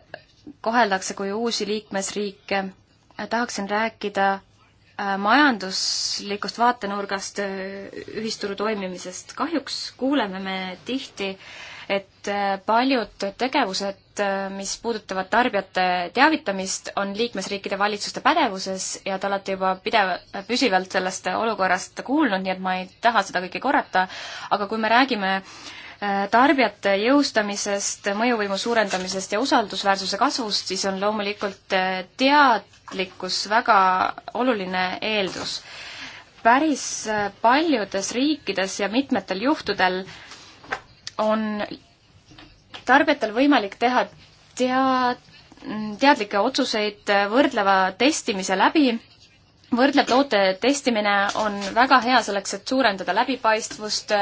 koheldakse kui uusi liikmesriike. tahaksin rääkida majanduslikust vaatenurgast ühisturu toimimisest. kahjuks kuuleme me tihti äh, et äh, paljud tegevused, äh, mis puudutavad tarbijate teavitamist, on liikmesriikide valitsuste pädevuses ja te olete juba pidev, püsivalt sellest olukorrast kuulnud, nii et ma ei taha seda kõike korrata, aga kui me räägime äh, tarbijate jõustamisest, mõjuvõimu suurendamisest ja usaldusväärsuse kasvust, siis on loomulikult teadlikkus väga oluline eeldus. päris paljudes riikides ja mitmetel juhtudel äh, on tarbijatel võimalik teha tead-, teadlikke otsuseid võrdleva testimise läbi. võrdlev toote testimine on väga hea selleks, et suurendada läbipaistvust,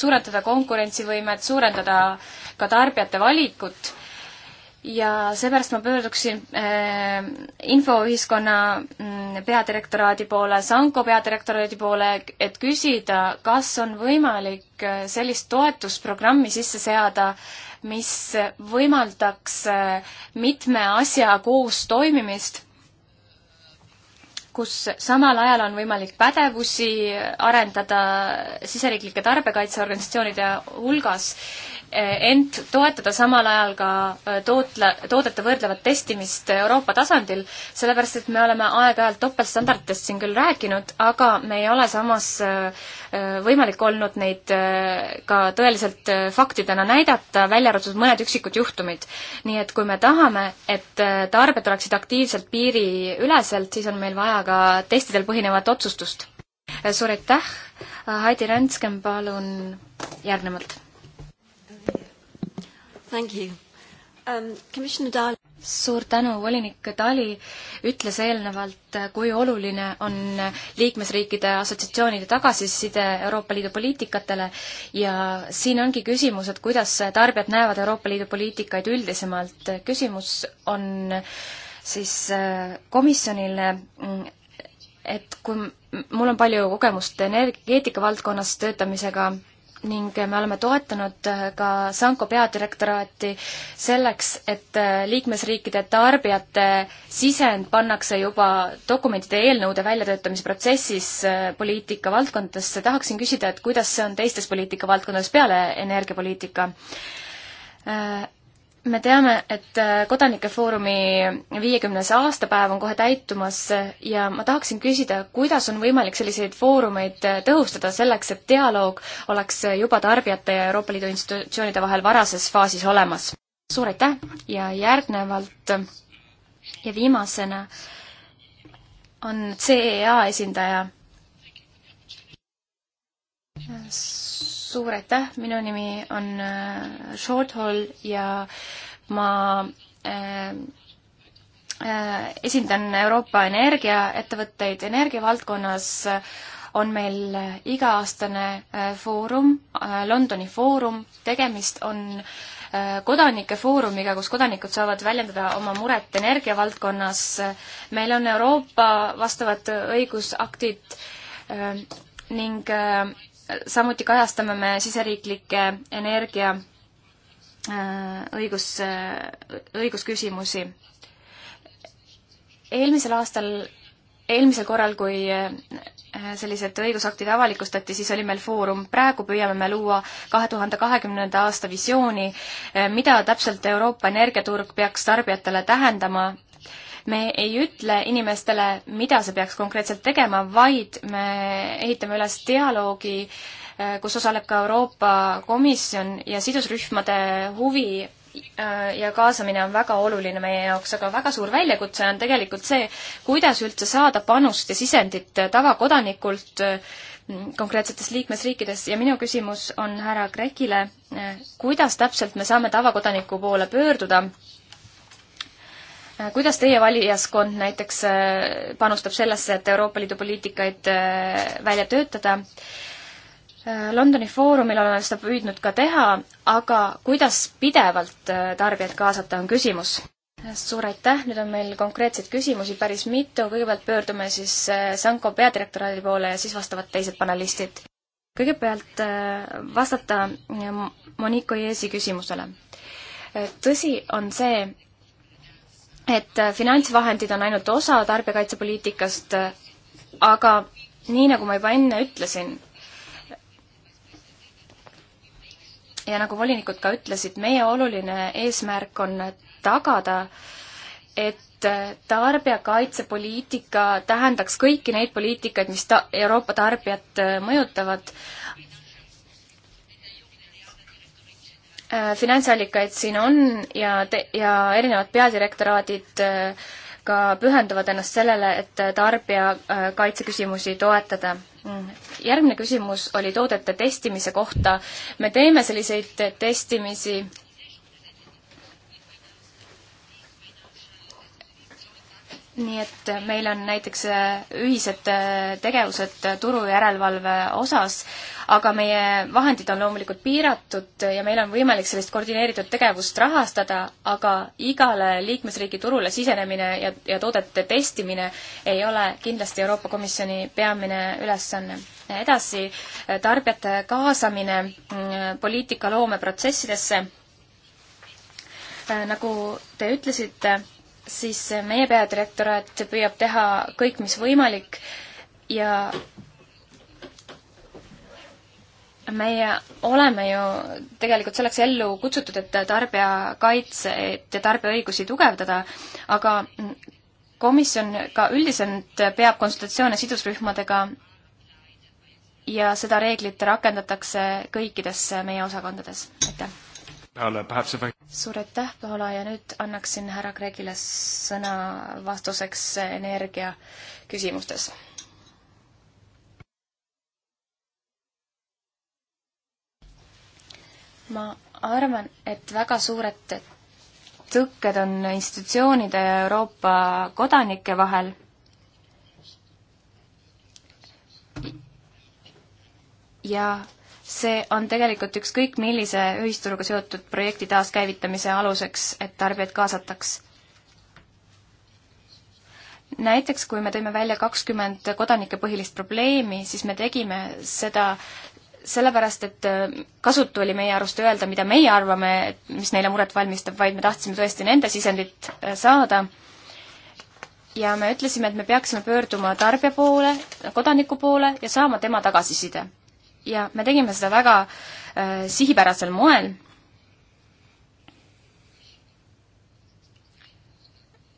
suurendada konkurentsivõimet, suurendada ka tarbijate valikut ja seepärast ma pöörduksin äh, infoühiskonna mm, peadirektoraadi poole, Sanko peadirektoraadi poole, et küsida, kas on võimalik äh, sellist toetusprogrammi sisse seada, mis võimaldaks äh, mitme asja koos toimimist, kus samal ajal on võimalik pädevusi arendada siseriiklike tarbekaitseorganisatsioonide hulgas Eh, ent toetada samal ajal ka eh, tootle, toodete võrdlevat testimist Euroopa tasandil, sellepärast et me oleme aeg-ajalt topeltstandarditest siin küll rääkinud, aga me ei ole samas eh, võimalik olnud neid ka tõeliselt faktidena näidata, välja arvatud mõned üksikud juhtumid. nii et kui me tahame, et tarbijad oleksid aktiivselt piiriüleselt, siis on meil vaja ka testidel põhinevat otsustust. suur aitäh, äh, Heidi Rändskem, palun järgnevalt Thank you um,. Commissioner Dali. suur tänu, volinik Dali ütles eelnevalt, kui oluline on liikmesriikide assotsiatsioonide tagasiside Euroopa Liidu poliitikatele ja siin ongi küsimus, et kuidas tarbijad näevad Euroopa Liidu poliitikaid üldisemalt. küsimus on siis äh, komisjonile, et kui mul on palju kogemust energeetika valdkonnas töötamisega ning me oleme toetanud äh, ka Sanko peadirektoraati selleks, et äh, liikmesriikide tarbijate sisend pannakse juba dokumentide ja eelnõude väljatöötamise protsessis äh, poliitika valdkondadesse. tahaksin küsida, et kuidas see on teistes poliitikavaldkondades peale energiapoliitika? me teame, et äh, Kodanike Foorumi viiekümnes aastapäev on kohe täitumas ja ma tahaksin küsida, kuidas on võimalik selliseid foorumeid äh, tõhustada selleks, et dialoog oleks äh, juba tarbijate ja Euroopa Liidu institutsioonide vahel varases faasis olemas? suur aitäh ja järgnevalt ja viimasena on CEA esindaja suur aitäh, minu nimi on äh, Shorthall ja ma äh, äh, esindan Euroopa energiaettevõtteid energiavaldkonnas äh, on meil äh, iga-aastane foorum, Londoni foorum, tegemist on kodanike foorumiga, kus kodanikud saavad väljendada oma muret energiavaldkonnas. meil on Euroopa vastavad õigusaktid ning samuti kajastame me siseriiklikke energia äh, õigus, äh, õigusküsimusi. eelmisel aastal, eelmisel korral, kui äh, sellised õigusaktid avalikustati, siis oli meil foorum, praegu püüame me luua kahe tuhande kahekümnenda aasta visiooni, mida täpselt Euroopa energiaturg peaks tarbijatele tähendama me ei ütle inimestele, mida see peaks konkreetselt tegema, vaid me ehitame üles dialoogi, äh, kus osaleb ka Euroopa Komisjon ja sidusrühmade huvi äh, ja kaasamine on väga oluline meie jaoks, aga väga suur väljakutse on tegelikult see, kuidas üldse saada panust ja sisendit tavakodanikult äh, konkreetsetes liikmesriikides ja minu küsimus on härra Krekile, kuidas täpselt me saame tavakodaniku poole pöörduda kuidas teie valijaskond näiteks äh, panustab sellesse, et Euroopa Liidu poliitikaid äh, välja töötada? Äh, Londoni Foorumil oleme seda püüdnud ka teha, aga kuidas pidevalt tarbijaid kaasata, on küsimus. suur aitäh, nüüd on meil konkreetseid küsimusi päris mitu, kõigepealt pöördume siis Sanko peadirektoraadi poole ja siis vastavad teised panelistid. kõigepealt vastata Monique Oiesi küsimusele. tõsi on see, et äh, finantsvahendid on ainult osa tarbijakaitsepoliitikast, aga nii, nagu ma juba enne ütlesin, ja nagu volinikud ka ütlesid, meie oluline eesmärk on tagada, et äh, tarbijakaitsepoliitika tähendaks kõiki neid poliitikaid, mis ta-, Euroopa tarbijat äh, mõjutavad Äh, finantsallikaid siin on ja, ja erinevad peadirektoraadid äh, ka pühenduvad ennast sellele, et äh, tarbijakaitse küsimusi toetada. Mm. järgmine küsimus oli toodete testimise kohta. me teeme selliseid testimisi nii et meil on näiteks äh, ühised äh, tegevused äh, turujärelevalve osas, aga meie vahendid on loomulikult piiratud ja meil on võimalik sellist koordineeritud tegevust rahastada, aga igale liikmesriigi turule sisenemine ja, ja toodete testimine ei ole kindlasti Euroopa Komisjoni peamine ülesanne. edasi, tarbijate kaasamine mm, poliitika loomeprotsessidesse, nagu te ütlesite siis meie peadirektoraat püüab teha kõik, mis võimalik ja meie oleme ju tegelikult selleks ellu kutsutud, et tarbijakaitset ja tarbijaõigusi tugevdada, aga komisjon ka üldiselt peab konsultatsioone sidusrühmadega ja seda reeglit rakendatakse kõikides meie osakondades, aitäh suur aitäh, Paula, ja nüüd annaksin härra Gregile sõna vastuseks energia küsimustes. ma arvan, et väga suured tõkked on institutsioonide ja Euroopa kodanike vahel ja see on tegelikult ükskõik millise ühisturuga seotud projekti taaskäivitamise aluseks, et tarbijad kaasataks. näiteks kui me tõime välja kakskümmend kodanike põhilist probleemi, siis me tegime seda sellepärast, et kasutu oli meie arust öelda, mida meie arvame, et mis neile muret valmistab, vaid me tahtsime tõesti nende sisendit äh, saada ja me ütlesime, et me peaksime pöörduma tarbija poole, kodaniku poole ja saama tema tagasiside ja me tegime seda väga äh, sihipärasel moel.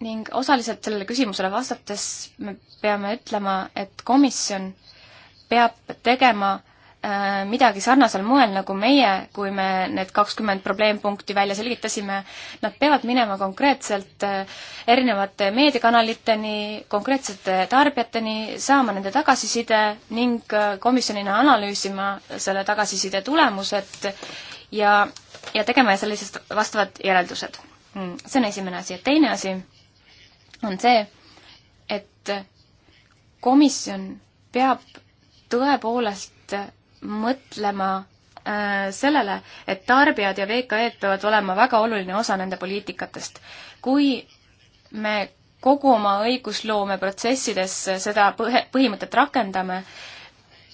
ning osaliselt sellele küsimusele vastates me peame ütlema, et komisjon peab tegema Äh, midagi sarnasel moel nagu meie, kui me need kakskümmend probleempunkti välja selgitasime, nad peavad minema konkreetselt äh, erinevate meediakanaliteni, konkreetsete tarbijateni, saama nende tagasiside ning äh, komisjonina analüüsima selle tagasiside tulemused ja, ja tegema sellisest vastavad järeldused. Mm, see on esimene asi ja teine asi on see, et komisjon peab tõepoolest mõtlema äh, sellele, et tarbijad ja VKE-d peavad olema väga oluline osa nende poliitikatest. kui me kogu oma õigusloome protsessides seda põhe, põhimõtet rakendame,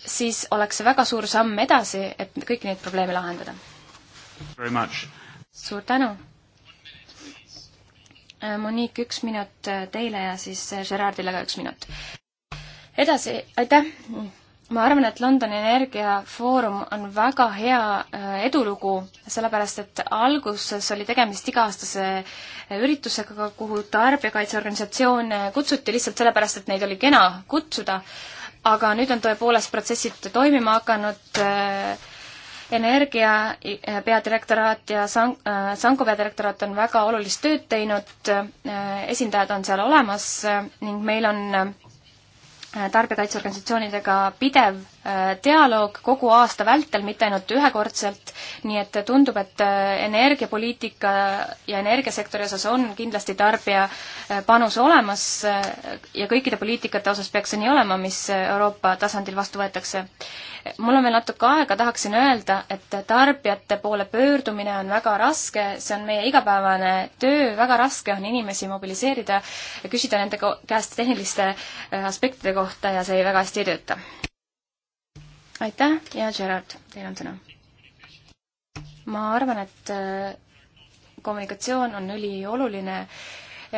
siis oleks see väga suur samm edasi, et kõiki neid probleeme lahendada. suur tänu! Äh, Monique, üks minut äh, teile ja siis Gerardile ka üks minut. edasi, aitäh! ma arvan, et Londoni Energiafoorum on väga hea äh, edulugu, sellepärast et alguses oli tegemist iga-aastase äh, üritusega, kuhu tarbijakaitseorganisatsioone kutsuti lihtsalt sellepärast, et neid oli kena kutsuda, aga nüüd on tõepoolest protsessid toimima hakanud, äh, energia peadirektoraat ja San-, Sanko peadirektoraat on väga olulist tööd teinud, esindajad on seal olemas ning meil on tarbijakaitseorganisatsioonidega pidev dialoog kogu aasta vältel, mitte ainult ühekordselt, nii et tundub, et äh, energiapoliitika ja energiasektori osas on kindlasti tarbija äh, panus olemas äh, ja kõikide poliitikate osas peaks see nii olema, mis Euroopa tasandil vastu võetakse. mul on veel natuke aega, tahaksin öelda, et tarbijate poole pöördumine on väga raske, see on meie igapäevane töö, väga raske on inimesi mobiliseerida ja küsida nende käest tehniliste aspektide kohta ja see väga hästi ei tööta aitäh ja Gerard, teil on sõna. ma arvan, et äh, kommunikatsioon on ülioluline äh,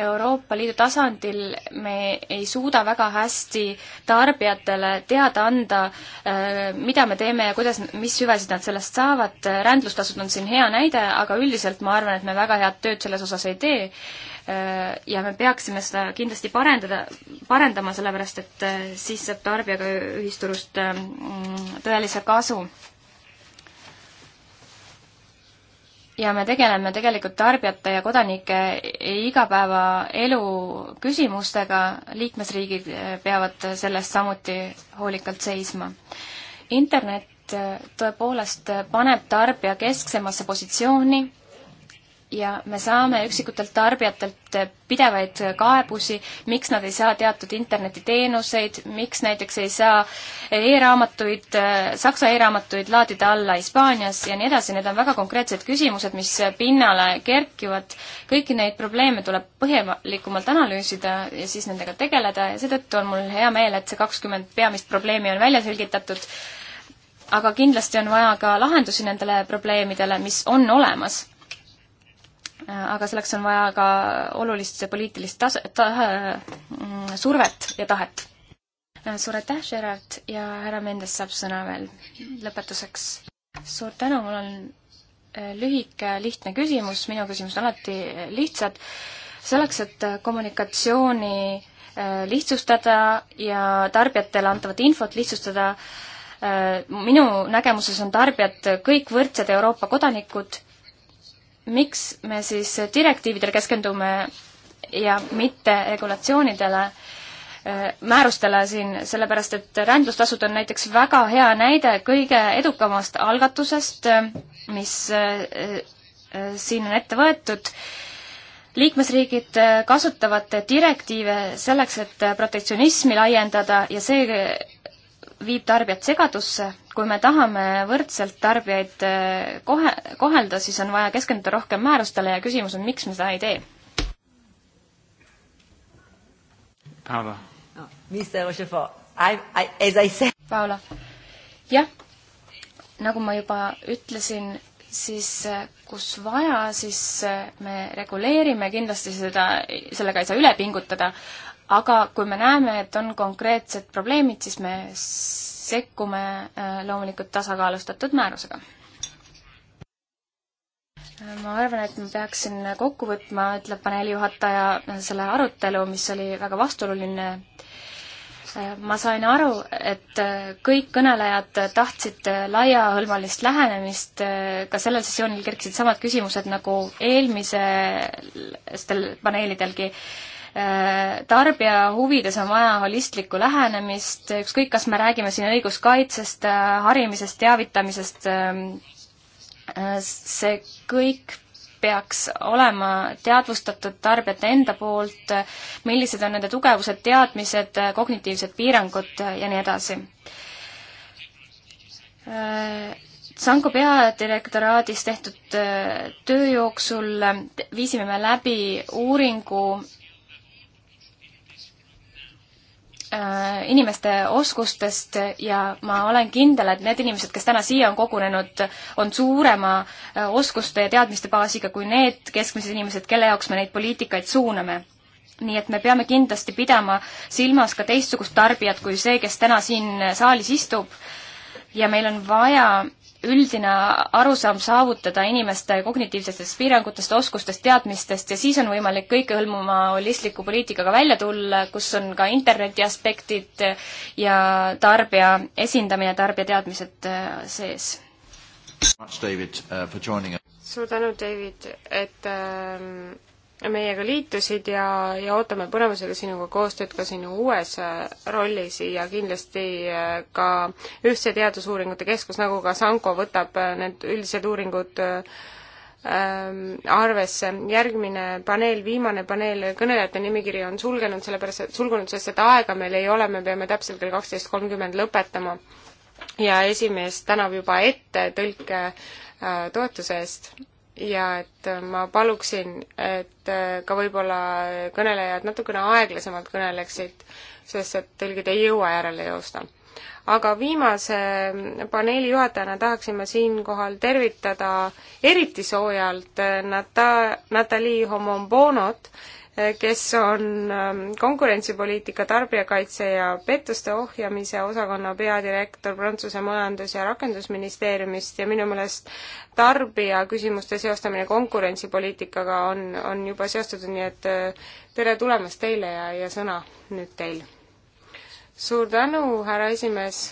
Euroopa Liidu tasandil me ei suuda väga hästi tarbijatele teada anda, äh, mida me teeme ja kuidas, mis hüvesid nad sellest saavad, rändlustasud on siin hea näide, aga üldiselt ma arvan, et me väga head tööd selles osas ei tee äh, ja me peaksime seda kindlasti parendada, parendama, sellepärast et äh, siis saab tarbija ka ühisturust mm, tõelise kasu ja me tegeleme tegelikult tarbijate ja kodanike igapäevaelu küsimustega, liikmesriigid eh, peavad sellest samuti hoolikalt seisma. internet eh, tõepoolest paneb tarbija kesksemasse positsiooni ja me saame üksikutelt tarbijatelt pidevaid kaebusi, miks nad ei saa teatud internetiteenuseid, miks näiteks ei saa e-raamatuid, saksa e-raamatuid laadida alla Hispaanias ja nii edasi, need on väga konkreetsed küsimused, mis pinnale kerkivad. kõiki neid probleeme tuleb põhjalikumalt analüüsida ja siis nendega tegeleda ja seetõttu on mul hea meel, et see kakskümmend peamist probleemi on välja selgitatud, aga kindlasti on vaja ka lahendusi nendele probleemidele, mis on olemas aga selleks on vaja ka olulist poliitilist tas-, ta-, mm, survet ja tahet. suur aitäh, Gerard, ja härra Mendes saab sõna veel lõpetuseks. suur tänu, mul on äh, lühike, lihtne küsimus, minu küsimused on alati äh, lihtsad. selleks, et äh, kommunikatsiooni lihtsustada ja tarbijatele antavat infot lihtsustada, minu nägemuses on tarbijad kõik võrdsed Euroopa kodanikud miks me siis direktiividele keskendume ja mitte regulatsioonidele, äh, määrustele siin, sellepärast et rändlustasud on näiteks väga hea näide kõige edukamast algatusest, äh, mis äh, siin on ette võetud. liikmesriigid kasutavad direktiive selleks, et protektsionismi laiendada ja see viib tarbijad segadusse. kui me tahame võrdselt tarbijaid äh, kohe, kohelda, siis on vaja keskenduda rohkem määrustele ja küsimus on, miks me seda ei tee. Paula. Paula. jah, nagu ma juba ütlesin, siis äh, kus vaja, siis äh, me reguleerime, kindlasti seda, sellega ei saa üle pingutada, aga kui me näeme, et on konkreetsed probleemid, siis me sekkume äh, loomulikult tasakaalustatud määrusega. Äh, ma arvan, et ma peaksin kokku võtma, ütleb paneeli juhataja, selle arutelu, mis oli väga vastuoluline äh, ma sain aru, et kõik kõnelejad tahtsid laiahõlmalist lähenemist, ka sellel sessioonil kerkisid samad küsimused nagu eelmistel paneelidelgi. Äh, tarbija huvides on vaja holistlikku lähenemist, ükskõik, kas me räägime siin õiguskaitsest, äh, harimisest, teavitamisest, ähm, äh, see kõik peaks olema teadvustatud tarbijate enda poolt, millised on nende tugevused, teadmised, kognitiivsed piirangud ja nii edasi. Sanko peadirektoraadis tehtud töö jooksul viisime me läbi uuringu Äh, inimeste oskustest ja ma olen kindel, et need inimesed, kes täna siia on kogunenud, on suurema äh, oskuste ja teadmiste baasiga kui need keskmised inimesed, kelle jaoks me neid poliitikaid suuname. nii et me peame kindlasti pidama silmas ka teistsugust tarbijat kui see, kes täna siin saalis istub ja meil on vaja üldine arusaam saavutada inimeste kognitiivsetest piirangutest, oskustest, teadmistest ja siis on võimalik kõikehõlmuma holistliku poliitikaga välja tulla, kus on ka interneti aspektid ja tarbija esindamine, tarbija teadmised äh, sees. Uh, suur tänu, David, et ähm meiega liitusid ja, ja ootame põnevusega sinuga koostööd ka sinu uues äh, rollis ja kindlasti äh, ka Ühtse Teadusuuringute Keskus, nagu ka Sanko, võtab äh, need üldised uuringud ähm, arvesse. järgmine paneel, viimane paneel, kõnelejate nimekiri on sulgenud, sellepärast et sulgunud, sest et aega meil ei ole, me peame täpselt kell kaksteist kolmkümmend lõpetama. ja esimees tänab juba ette tõlke toetuse eest ja et ma paluksin, et äh, ka võib-olla kõnelejad natukene aeglasemalt kõneleksid, sest et tõlgid ei jõua järele joosta. aga viimase paneeli juhatajana tahaksin ma siinkohal tervitada eriti soojalt äh, Nata-, Natalii Homombonot, kes on ähm, konkurentsipoliitika, tarbijakaitse ja pettuste ohjamise osakonna peadirektor Prantsuse Majandus- ja Rakendusministeeriumist ja minu meelest tarbijaküsimuste seostamine konkurentsipoliitikaga on, on juba seostatud, nii et äh, tere tulemast teile ja, ja sõna nüüd teil. suur tänu, härra esimees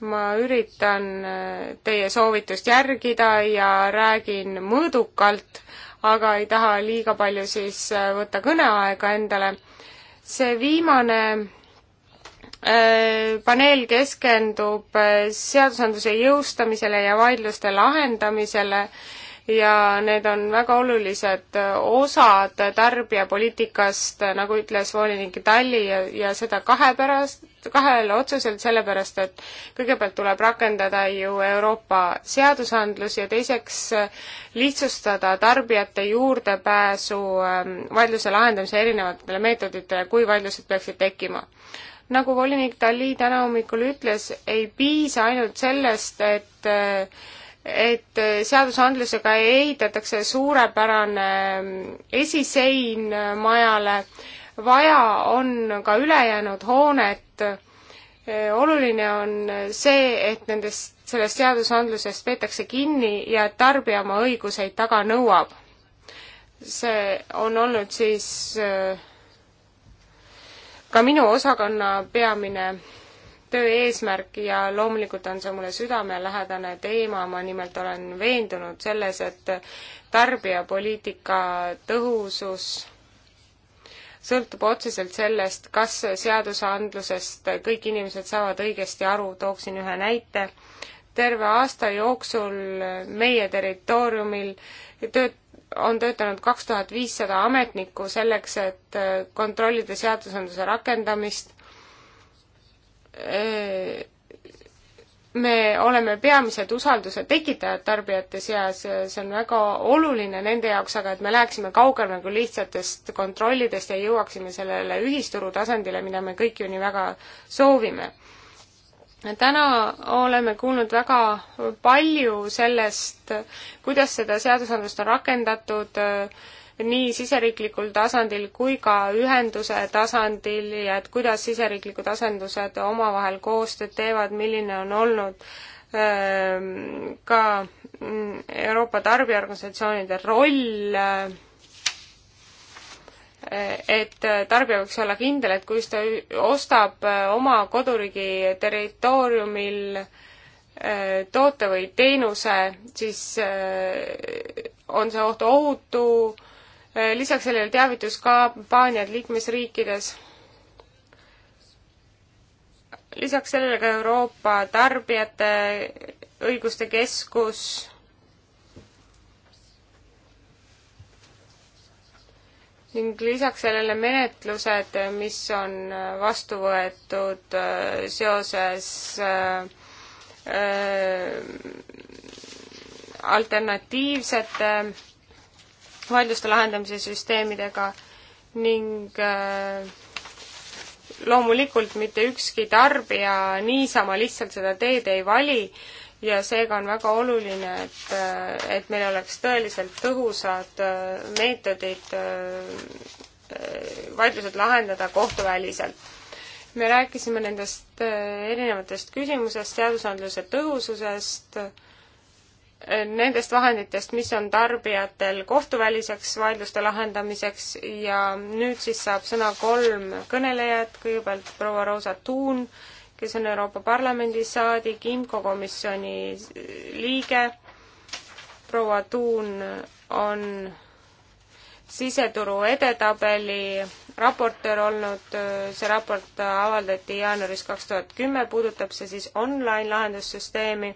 ma üritan äh, teie soovitust järgida ja räägin mõõdukalt, aga ei taha liiga palju siis äh, võtta kõneaega endale. see viimane äh, paneel keskendub äh, seadusandluse jõustamisele ja vaidluste lahendamisele ja need on väga olulised osad tarbijapoliitikast, nagu ütles volinik Talli ja, ja seda kahe pärast, kahel otseselt sellepärast, et kõigepealt tuleb rakendada ju Euroopa seadusandlus ja teiseks lihtsustada tarbijate juurdepääsu ähm, vaidluse lahendamise erinevatele meetoditele, kui vaidlused peaksid tekkima nagu volinik Dali täna hommikul ütles, ei piisa ainult sellest, et äh, et seadusandlusega ehitatakse suurepärane ähm, esisein äh, majale, vaja on ka ülejäänud hoonet, äh, oluline on see, et nendest, sellest seadusandlusest peetakse kinni ja et tarbija oma õiguseid taga nõuab. see on olnud siis äh, ka minu osakonna peamine töö eesmärk ja loomulikult on see mulle südamelähedane teema, ma nimelt olen veendunud selles, et tarbijapoliitika tõhusus sõltub otseselt sellest, kas seadusandlusest kõik inimesed saavad õigesti aru, tooksin ühe näite. terve aasta jooksul meie territooriumil tööt-, on töötanud kaks tuhat viissada ametnikku selleks, et kontrollida seadusandluse rakendamist me oleme peamised usalduse tekitajad tarbijate seas, see on väga oluline nende jaoks, aga et me läheksime kaugemale nagu lihtsatest kontrollidest ja jõuaksime sellele ühisturu tasandile, mida me kõik ju nii väga soovime. täna oleme kuulnud väga palju sellest, kuidas seda seadusandlust on rakendatud, nii siseriiklikul tasandil kui ka ühenduse tasandil ja et kuidas siseriiklikud asendused omavahel koostööd teevad, milline on olnud ähm, ka mm, Euroopa tarbijaorganisatsioonide roll, äh, et tarbija võiks olla kindel, et kui ta ostab äh, oma koduriigi territooriumil äh, toote või teenuse, siis on see oht ohutu, Äh, lisaks sellele teavituskampaaniad liikmesriikides. lisaks sellele ka Euroopa Tarbijate Õiguste Keskus ning lisaks sellele menetlused, mis on vastu võetud äh, seoses äh, alternatiivsete vaidluste lahendamise süsteemidega ning äh, loomulikult mitte ükski tarbija niisama lihtsalt seda teed ei vali ja seega on väga oluline, et, äh, et meil oleks tõeliselt tõhusad äh, meetodid vaidlused lahendada kohtuväliselt. me rääkisime nendest erinevatest küsimusest, seadusandluse tõhususest, nendest vahenditest, mis on tarbijatel kohtuväliseks vaidluste lahendamiseks ja nüüd siis saab sõna kolm kõnelejat, kõigepealt proua Roosa Tuun, kes on Euroopa Parlamendi saadik, IMCO komisjoni liige, proua Tuun on siseturu edetabeli raportöör olnud, see raport avaldati jaanuaris kaks tuhat kümme, puudutab see siis online lahendussüsteemi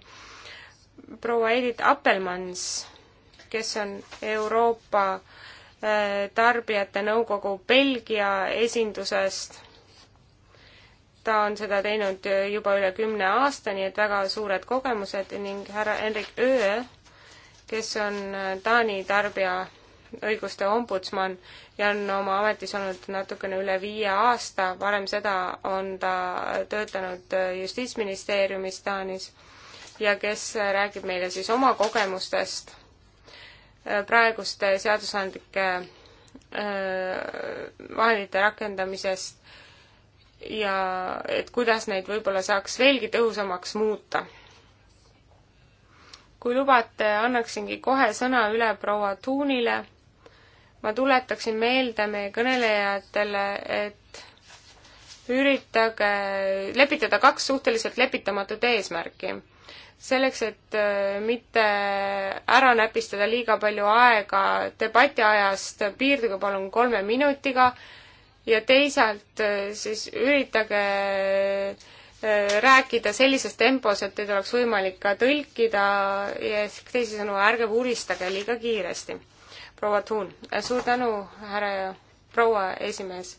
proua Edith Appelmans, kes on Euroopa äh, Tarbijate Nõukogu Belgia esindusest. ta on seda teinud juba üle kümne aasta, nii et väga suured kogemused ning härra Henrik Öö, kes on äh, Taani tarbija õiguste ombudsman ja on oma ametis olnud natukene üle viie aasta, varem seda on ta töötanud äh, Justiitsministeeriumis Taanis ja kes räägib meile siis oma kogemustest äh, praeguste seadusandlike äh, vahendite rakendamisest ja et kuidas neid võib-olla saaks veelgi tõhusamaks muuta. kui lubate, annaksingi kohe sõna üle proua Tuunile. ma tuletaksin meelde meie kõnelejatele, et üritage lepitada kaks suhteliselt lepitamatut eesmärki. selleks, et äh, mitte ära näpistada liiga palju aega debati ajast, piirduge palun kolme minutiga ja teisalt äh, siis üritage äh, rääkida sellises tempos, et teid oleks võimalik ka tõlkida ja ehk teisisõnu, ärge vuristage liiga kiiresti. proua Tuun, suur tänu, härra ja proua esimees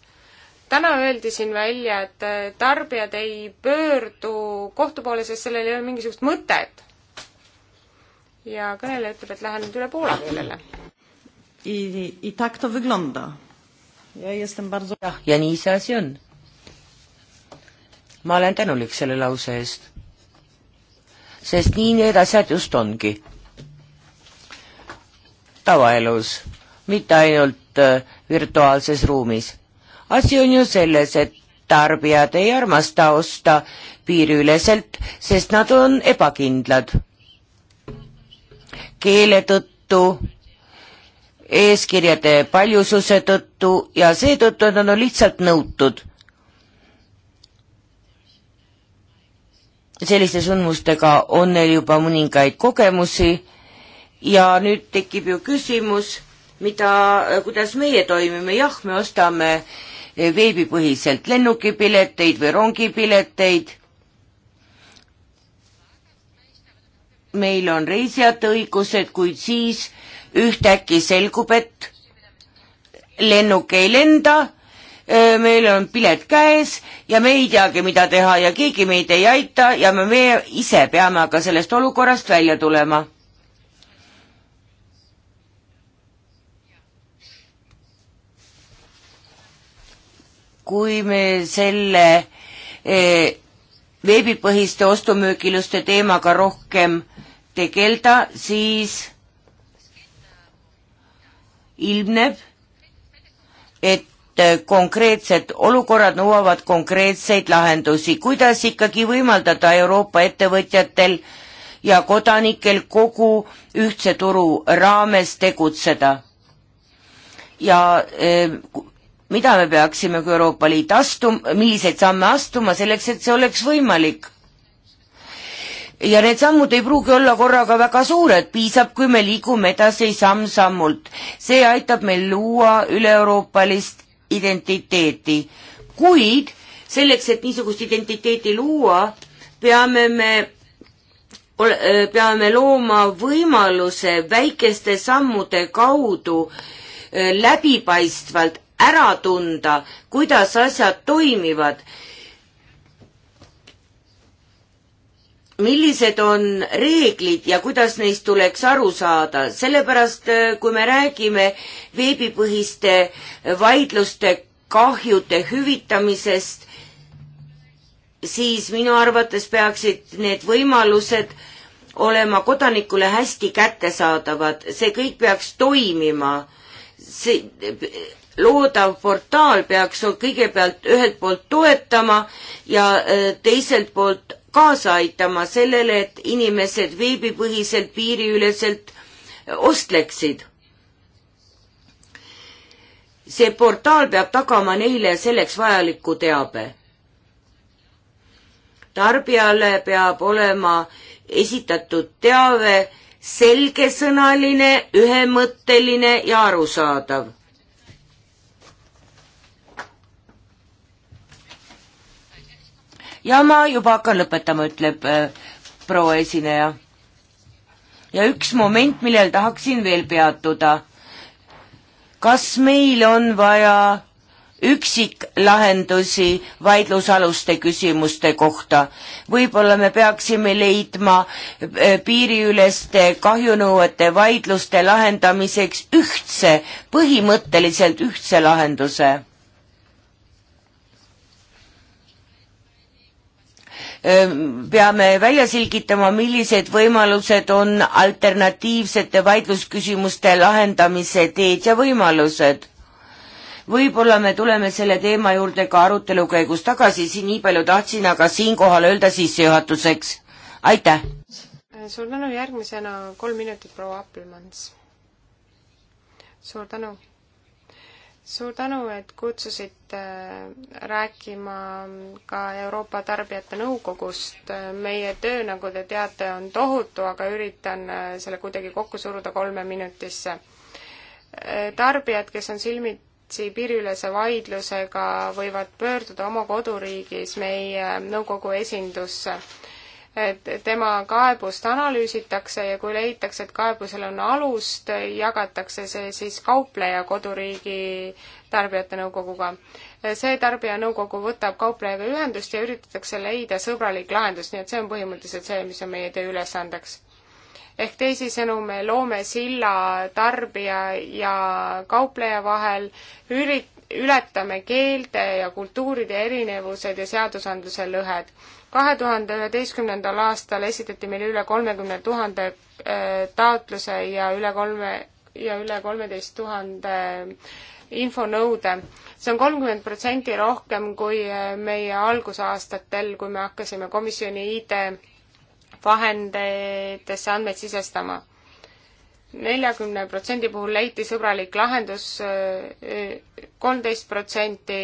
täna öeldi siin välja, et äh, tarbijad ei pöördu kohtu poole, sest sellel ei ole mingisugust mõtet. ja kõneleja ütleb, et lähen nüüd üle poola keelele. jah, ja nii see asi on. ma olen tänulik selle lause eest. sest nii need asjad just ongi. tavaelus, mitte ainult äh, virtuaalses ruumis asi on ju selles, et tarbijad ei armasta osta piiriüleselt, sest nad on ebakindlad. keele tõttu, eeskirjade paljususe tõttu ja seetõttu, et nad on lihtsalt nõutud. selliste sündmustega on neil juba mõningaid kogemusi ja nüüd tekib ju küsimus, mida, kuidas meie toimime, jah, me ostame äh, veebipõhiselt lennukipileteid või rongipileteid. meil on reisijate õigused, kuid siis ühtäkki selgub, et lennuk ei lenda, meil on pilet käes ja me ei teagi, mida teha ja keegi meid ei aita ja me, me ise peame aga sellest olukorrast välja tulema kui me selle eh, veebipõhiste ostumüügiluste teemaga rohkem tegelda, siis ilmneb, et konkreetsed olukorrad nõuavad konkreetseid lahendusi. kuidas ikkagi võimaldada Euroopa ettevõtjatel ja kodanikel kogu ühtse turu raames tegutseda? ja eh, mida me peaksime kui Euroopa Liit astuma, milliseid samme astuma selleks, et see oleks võimalik. ja need sammud ei pruugi olla korraga väga suured, piisab, kui me liigume edasi samm-sammult. see aitab meil luua üle-euroopalist identiteeti, kuid selleks, et niisugust identiteeti luua, peame me äh, peame looma võimaluse väikeste sammude kaudu äh, läbipaistvalt ära tunda, kuidas asjad toimivad. millised on reeglid ja kuidas neist tuleks aru saada, sellepärast äh, kui me räägime veebipõhiste äh, vaidluste kahjude hüvitamisest, siis minu arvates peaksid need võimalused olema kodanikule hästi kättesaadavad, see kõik peaks toimima. see loodav portaal peaks kõigepealt ühelt poolt toetama ja äh, teiselt poolt kaasa aitama sellele, et inimesed veebipõhiselt piiriüleselt äh, ostleksid. see portaal peab tagama neile selleks vajaliku teabe. tarbijale peab olema esitatud teave selgesõnaline, ühemõtteline ja arusaadav ja ma juba hakkan lõpetama, ütleb äh, proua esineja. ja üks moment, millel tahaksin veel peatuda. kas meil on vaja üksiklahendusi vaidlusaluste küsimuste kohta. võib-olla me peaksime leidma äh, piiriüleste kahjunõuete vaidluste lahendamiseks ühtse, põhimõtteliselt ühtse lahenduse. Ehm, peame välja selgitama, millised võimalused on alternatiivsete vaidlusküsimuste lahendamise teed ja võimalused. võib-olla me tuleme selle teema juurde ka arutelu käigus tagasi, siin nii palju tahtsin aga siinkohal öelda sissejuhatuseks. aitäh! suur tänu, järgmisena kolm minutit, proua Appelmans. suur tänu suur tänu, et kutsusite äh, rääkima ka Euroopa Tarbijate Nõukogust. meie töö, nagu te teate, on tohutu, aga üritan äh, selle kuidagi kokku suruda kolmeminutisse. Äh, tarbijad, kes on silmitsi piiriülese vaidlusega, võivad pöörduda oma koduriigis meie nõukogu esindusse et tema kaebust analüüsitakse ja kui leitakse, et kaebusel on alust, jagatakse see siis kaupleja koduriigi tarbijate nõukoguga. see tarbijanõukogu võtab kauplejaga ühendust ja üritatakse leida sõbralik lahendus, nii et see on põhimõtteliselt see, mis on meie töö ülesandeks ehk teisisõnu, me loome silla tarbija ja kaupleja vahel, ürit-, ületame keelte ja kultuuride erinevused ja seadusandluse lõhed kahe tuhande üheteistkümnendal aastal esitati meile üle kolmekümne tuhande äh, taotluse ja üle kolme, ja üle kolmeteist tuhande äh, infonõude. see on kolmkümmend protsenti rohkem kui äh, meie algusaastatel, kui me hakkasime komisjoni IT vahenditesse andmeid sisestama neljakümne protsendi puhul leiti sõbralik lahendus, kolmteist protsenti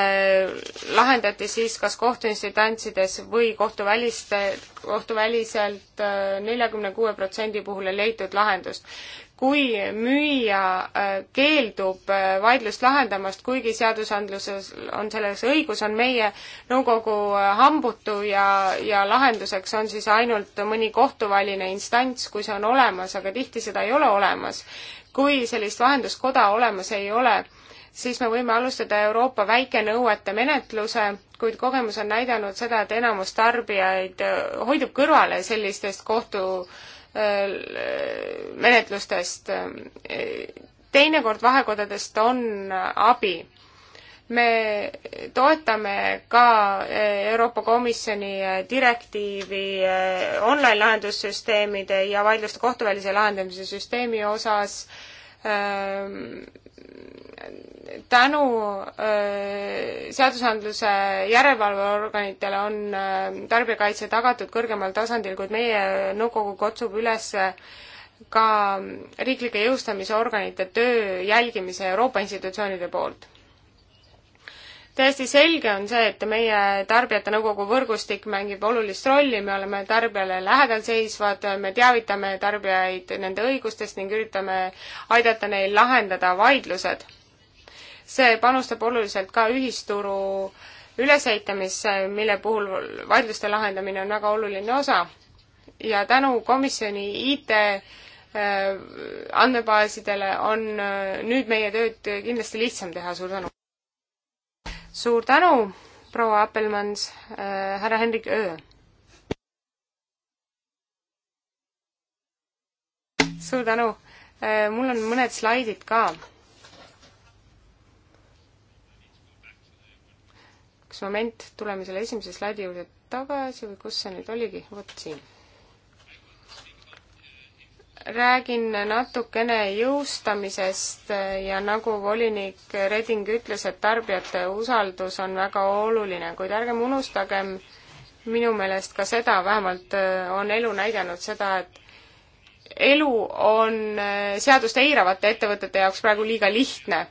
äh, lahendati siis kas kohtuinstantsides või kohtuväliste, kohtuväliselt äh, neljakümne kuue protsendi puhul ei leitud lahendust kui müüja äh, keeldub äh, vaidlust lahendamast, kuigi seadusandluses on selleks õigus, on meie nõukogu äh, hambutu ja, ja lahenduseks on siis ainult mõni kohtuväline instants, kui see on olemas, aga tihti seda ei ole olemas. kui sellist vahenduskoda olemas ei ole, siis me võime alustada Euroopa väikenõuete menetluse, kuid kogemus on näidanud seda, et enamus tarbijaid hoidub kõrvale sellistest kohtu äh, menetlustest. teinekord vahekodadest on abi. me toetame ka Euroopa Komisjoni direktiivi online-lahendussüsteemide ja vaidluste kohtuvälise lahendamise süsteemi osas tänu äh, seadusandluse järelevalveorganitele on äh, tarbijakaitse tagatud kõrgemal tasandil, kuid meie nõukogu kutsub üles äh, ka riiklike jõustamisorganite töö jälgimise Euroopa institutsioonide poolt täiesti selge on see, et meie Tarbijate Nõukogu võrgustik mängib olulist rolli, me oleme tarbijale lähedal seisvad, me teavitame tarbijaid nende õigustest ning üritame aidata neil lahendada vaidlused. see panustab oluliselt ka ühisturu ülesehitamisse, mille puhul vaidluste lahendamine on väga oluline osa. ja tänu komisjoni IT äh, andmebaasidele on äh, nüüd meie tööd kindlasti lihtsam teha, suur tänu! suur tänu, proua Appelmans äh,, härra Henrik Öö. suur tänu äh,, mul on mõned slaidid ka üks moment, tuleme selle esimese slaidi juurde tagasi või kus see nüüd oligi, vot siin räägin natukene jõustamisest ja nagu volinik Reding ütles, et tarbijate usaldus on väga oluline, kuid ärgem unustagem minu meelest ka seda, vähemalt äh, on elu näidanud seda, et elu on äh, seadust eiravate ettevõtete jaoks praegu liiga lihtne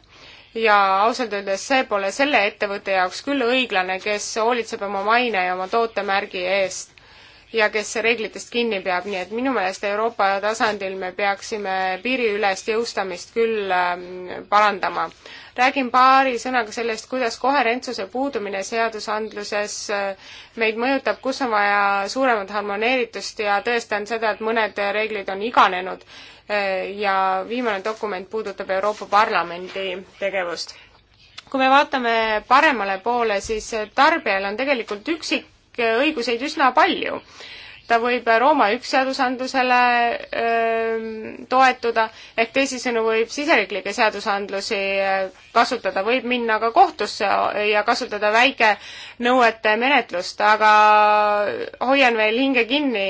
ja ausalt öeldes see pole selle ettevõtte jaoks küll õiglane, kes hoolitseb oma maine ja oma tootemärgi eest ja kes reeglitest kinni peab, nii et minu meelest Euroopa tasandil me peaksime piiriülest jõustamist küll ähm, parandama. räägin paari sõnaga sellest, kuidas koherentsuse puudumine seadusandluses äh, meid mõjutab, kus on vaja suuremat harmoneeritust ja tõestan seda, et mõned reeglid on iganenud äh, ja viimane dokument puudutab Euroopa Parlamendi tegevust kui me vaatame paremale poole, siis tarbijal on tegelikult üksik kodanikke õiguseid üsna palju. ta võib Rooma üksseadusandlusele toetuda, ehk teisisõnu võib siseriiklikke seadusandlusi kasutada, võib minna ka kohtusse ja kasutada väikenõuete menetlust, aga hoian veel hinge kinni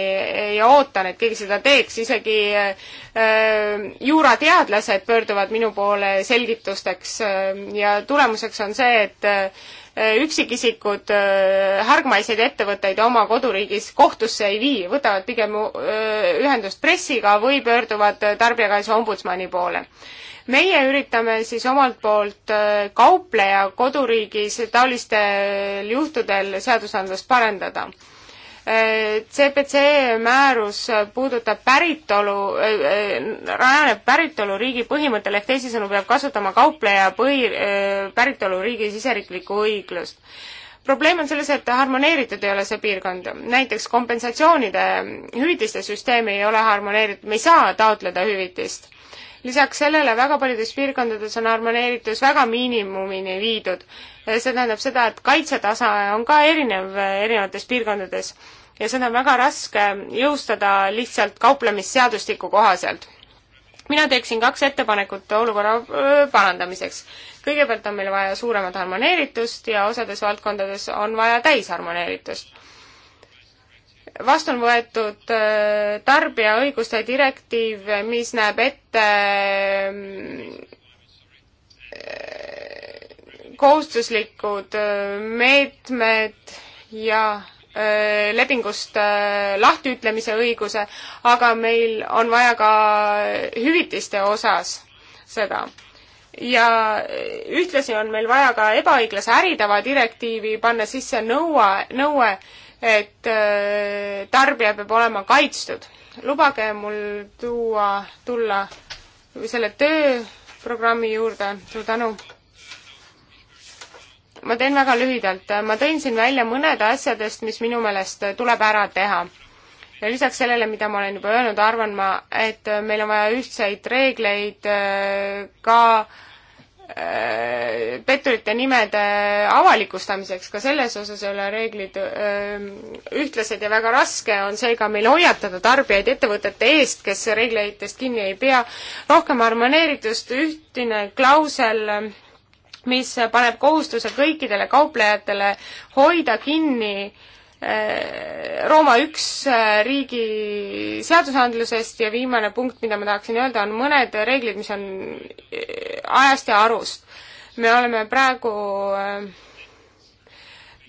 ja ootan, et keegi seda teeks, isegi juurateadlased pöörduvad minu poole selgitusteks ja tulemuseks on see, et üksikisikud härgmaiseid äh, ettevõtteid oma koduriigis kohtusse ei vii, võtavad pigem äh, ühendust pressiga või pöörduvad äh, tarbijakaitse ombudsmani poole. meie üritame siis omalt poolt kaupleja koduriigis taolistel juhtudel seadusandlust parendada CPC määrus puudutab päritolu, rajaneb päritoluriigi põhimõttel ehk teisisõnu peab kasutama kaupleja põhi, päritoluriigi siseriiklikku õiglust. probleem on selles, et harmoneeritud ei ole see piirkond, näiteks kompensatsioonide, hüvitiste süsteem ei ole harmoneeritud, me ei saa taotleda hüvitist lisaks sellele väga paljudes piirkondades on harmoneeritus väga miinimumini viidud. see tähendab seda, et kaitsetase on ka erinev äh, erinevates piirkondades ja seda on väga raske jõustada lihtsalt kauplemisseadustiku kohaselt. mina teeksin kaks ettepanekut olukorra parandamiseks. kõigepealt on meil vaja suuremat harmoneeritust ja osades valdkondades on vaja täisharmoneeritust vastu on võetud äh, tarbija õiguste direktiiv, mis näeb ette äh, kohustuslikud äh, meetmed ja lepingust lahtiütlemise õiguse, aga meil on vaja ka hüvitiste osas seda. ja ühtlasi on meil vaja ka ebaõiglase äritava direktiivi panna sisse nõua, nõue, nõue et äh, tarbija peab olema kaitstud. lubage mul tuua, tulla selle tööprogrammi juurde, suur tänu. ma teen väga lühidalt, ma tõin siin välja mõned asjadest, mis minu meelest tuleb ära teha. ja lisaks sellele, mida ma olen juba öelnud, arvan ma, et meil on vaja ühtseid reegleid äh, ka äh, Äh, petturite nimede avalikustamiseks, ka selles osas ei ole reeglid ähm, ühtlased ja väga raske on seega meil hoiatada tarbijaid ettevõtete eest, kes reeglitest kinni ei pea. rohkem harmoneeritust, ühtine klausel, mis paneb kohustuse kõikidele kauplejatele hoida kinni äh, Äh, Rooma üks äh, riigi seadusandlusest ja viimane punkt, mida ma tahaksin öelda, on mõned reeglid, mis on äh, ajast ja arust. me oleme praegu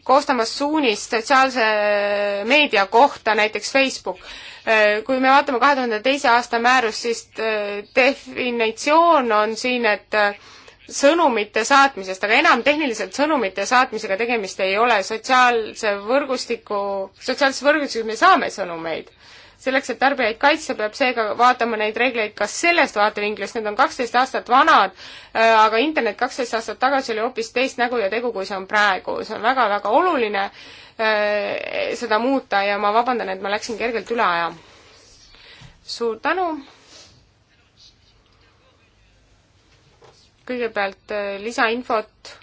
koostamas suunist sotsiaalse meedia kohta, näiteks Facebook. kui me vaatame kahe tuhande teise aasta määrust, siis definitsioon on siin, et sõnumite saatmisest, aga enam tehniliselt sõnumite saatmisega tegemist ei ole, sotsiaalse võrgustiku, sotsiaalses võrgustikus me saame sõnumeid. selleks, et tarbijaid kaitsta, peab seega vaatama neid reegleid ka sellest vaatevinklist, need on kaksteist aastat vanad, äh, aga internet kaksteist aastat tagasi oli hoopis teist nägu ja tegu, kui see on praegu, see on väga-väga oluline äh, seda muuta ja ma vabandan, et ma läksin kergelt üle aja. suur tänu! kõigepealt äh, lisainfot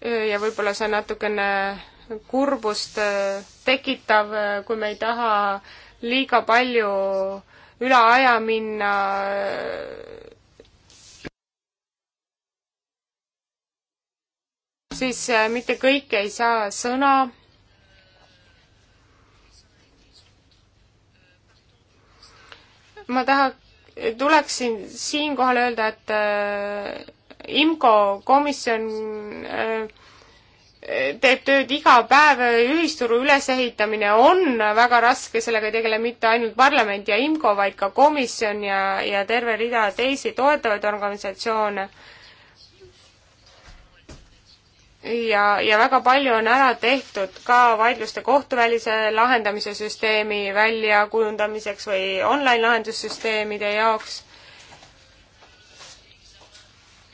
ja võib-olla see on natukene kurbust äh, tekitav, äh, kui me ei taha liiga palju üle aja minna. siis mitte kõik ei saa sõna. ma tahaks tuleksin siinkohal öelda, et äh, IMCO komisjon äh, teeb tööd iga päev, ühisturu ülesehitamine on väga raske, sellega ei tegele mitte ainult parlament ja IMCO, vaid ka komisjon ja, ja terve rida teisi toetavaid organisatsioone äh, ja, ja väga palju on ära tehtud ka vaidluste kohtuvälise lahendamise süsteemi väljakujundamiseks või online lahendussüsteemide jaoks.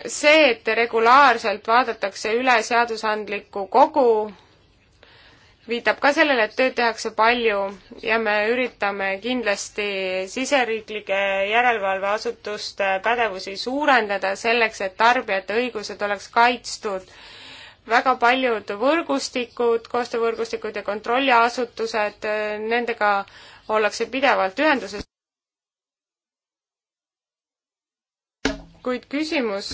see, et regulaarselt vaadatakse üle seadusandliku kogu, viitab ka sellele, et tööd tehakse palju ja me üritame kindlasti siseriiklike järelevalveasutuste pädevusi suurendada selleks, et tarbijate õigused oleks kaitstud väga paljud võrgustikud, koostöövõrgustikud ja kontrolliasutused, nendega ollakse pidevalt ühenduses. kuid küsimus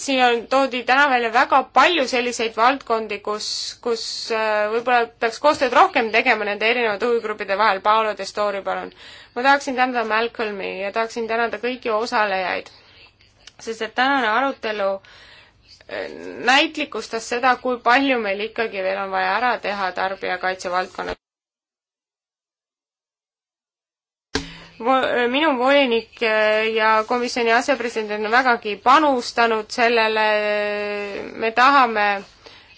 siin on, toodi täna välja väga palju selliseid valdkondi, kus, kus äh, võib-olla peaks koostööd rohkem tegema nende erinevate huvigruppide vahel. Paolo Testori, palun. ma tahaksin tänada Malcolmi ja tahaksin tänada kõiki osalejaid, sest et tänane arutelu äh, näitlikustas seda, kui palju meil ikkagi veel on vaja ära teha tarbijakaitse valdkonnas. minu volinik äh, ja komisjoni asepresident on vägagi panustanud sellele, me tahame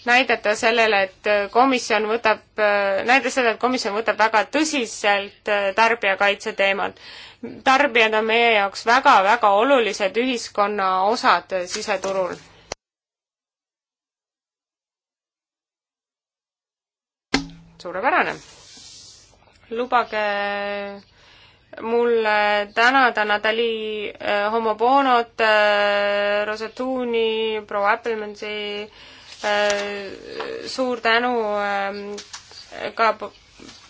näidata sellele, et komisjon võtab, äh, näidata seda, et komisjon võtab väga tõsiselt äh, tarbijakaitse teemat. tarbijad on meie jaoks väga-väga olulised ühiskonna osad siseturul. suurepärane. lubage mulle tänada Natali äh, Homobonot äh,, Rosetuuni, proua Appelmansi äh,, suur tänu äh, ka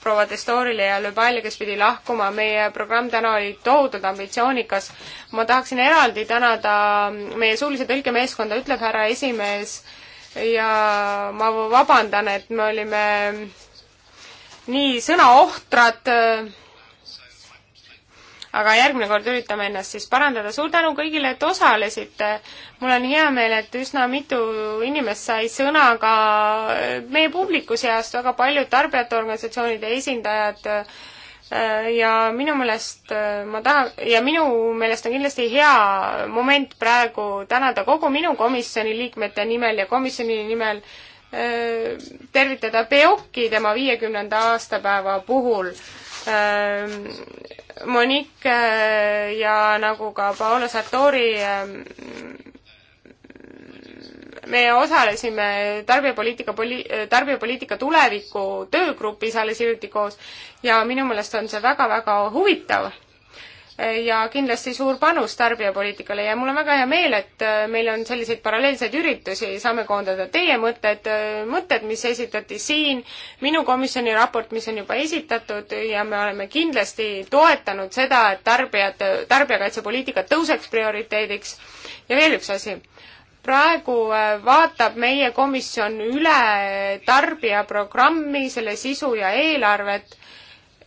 proua Testorile ja Lübali, kes pidi lahkuma, meie programm täna oli tohutult ambitsioonikas. ma tahaksin eraldi tänada meie suulise tõlkemeeskonda, ütleb härra esimees, ja ma vabandan, et me olime nii sõnaohtrad äh, aga järgmine kord üritame ennast siis parandada. suur tänu kõigile, et osalesite. mul on hea meel, et üsna mitu inimest sai sõna ka äh, meie publiku seast, väga paljud tarbijate organisatsioonide esindajad äh, ja minu meelest äh, ma tahan ja minu meelest on kindlasti hea moment praegu tänada kogu minu komisjoni liikmete nimel ja komisjoni nimel tervitada Peoki tema viiekümnenda aastapäeva puhul Ähm, Monique äh, ja nagu ka Paolo Sartori ähm, me osalesime tarbijapoliitika poli-, tarbijapoliitika tuleviku töögrupis alles hiljuti koos ja minu meelest on see väga-väga huvitav ja kindlasti suur panus tarbijapoliitikale ja mul on väga hea meel, et äh, meil on selliseid paralleelseid üritusi, saame koondada teie mõtted, äh, mõtted, mis esitati siin, minu komisjoni raport, mis on juba esitatud ja me oleme kindlasti toetanud seda, et tarbijad, tarbijakaitsepoliitika tõuseks prioriteediks. ja veel üks asi, praegu äh, vaatab meie komisjon üle tarbijaprogrammi, selle sisu ja eelarvet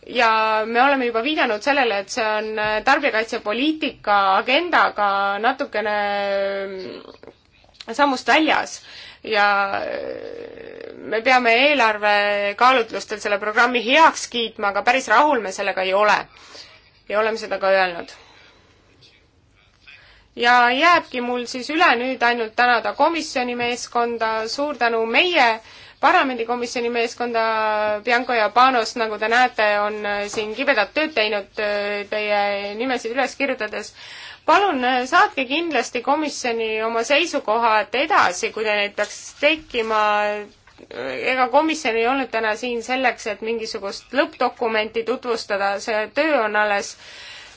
ja me oleme juba viidanud sellele, et see on äh, tarbijakaitsepoliitika agendaga natukene mm, sammust väljas ja äh, me peame eelarve kaalutlustel selle programmi heaks kiitma, aga päris rahul me sellega ei ole. ja oleme seda ka öelnud. ja jääbki mul siis üle nüüd ainult tänada komisjoni meeskonda, suur tänu meie äh, parlamendikomisjoni meeskonda, Bianco ja Panos, nagu te näete, on äh, siin kibedat tööd teinud äh, teie nimesid üles kirjutades. palun äh, saatke kindlasti komisjoni oma seisukohad edasi, kui te neid peaks tekkima. ega komisjon ei olnud täna siin selleks, et mingisugust lõppdokumenti tutvustada, see töö on alles äh,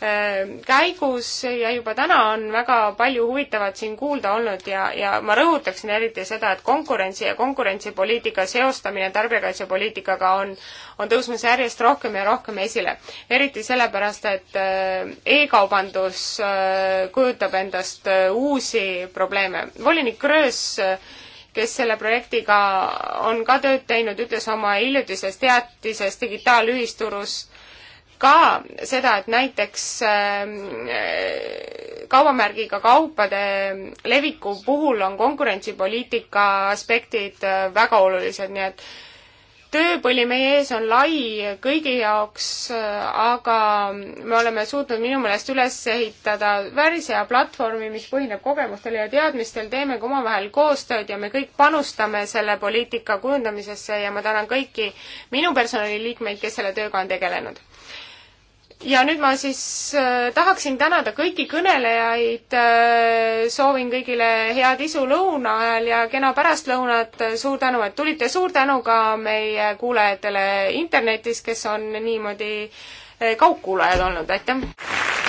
Äh, käigus ja juba täna on väga palju huvitavat siin kuulda olnud ja, ja ma rõhutaksin eriti seda, et konkurentsi ja konkurentsipoliitika seostamine tarbijakaitsepoliitikaga on, on tõusmas järjest rohkem ja rohkem esile. eriti sellepärast, et äh, e-kaubandus äh, kujutab endast uusi probleeme. volinik Gröös kes selle projektiga on ka tööd teinud, ütles oma hiljutises teatises digitaalühisturus, ka seda, et näiteks ähm, äh, kaubamärgiga kaupade leviku puhul on konkurentsipoliitika aspektid äh, väga olulised, nii et tööpõli meie ees on lai kõigi jaoks, äh, aga me oleme suutnud minu meelest üles ehitada päris hea platvormi, mis põhineb kogemustel ja teadmistel, teeme ka omavahel koostööd ja me kõik panustame selle poliitika kujundamisesse ja ma tänan kõiki minu personaliliikmeid, kes selle tööga on tegelenud ja nüüd ma siis äh, tahaksin tänada kõiki kõnelejaid äh,, soovin kõigile head isu lõuna ajal ja kena pärastlõunat, suur tänu, et tulite, suur tänu ka meie kuulajatele internetis, kes on niimoodi äh, kaugkuulajad olnud, aitäh!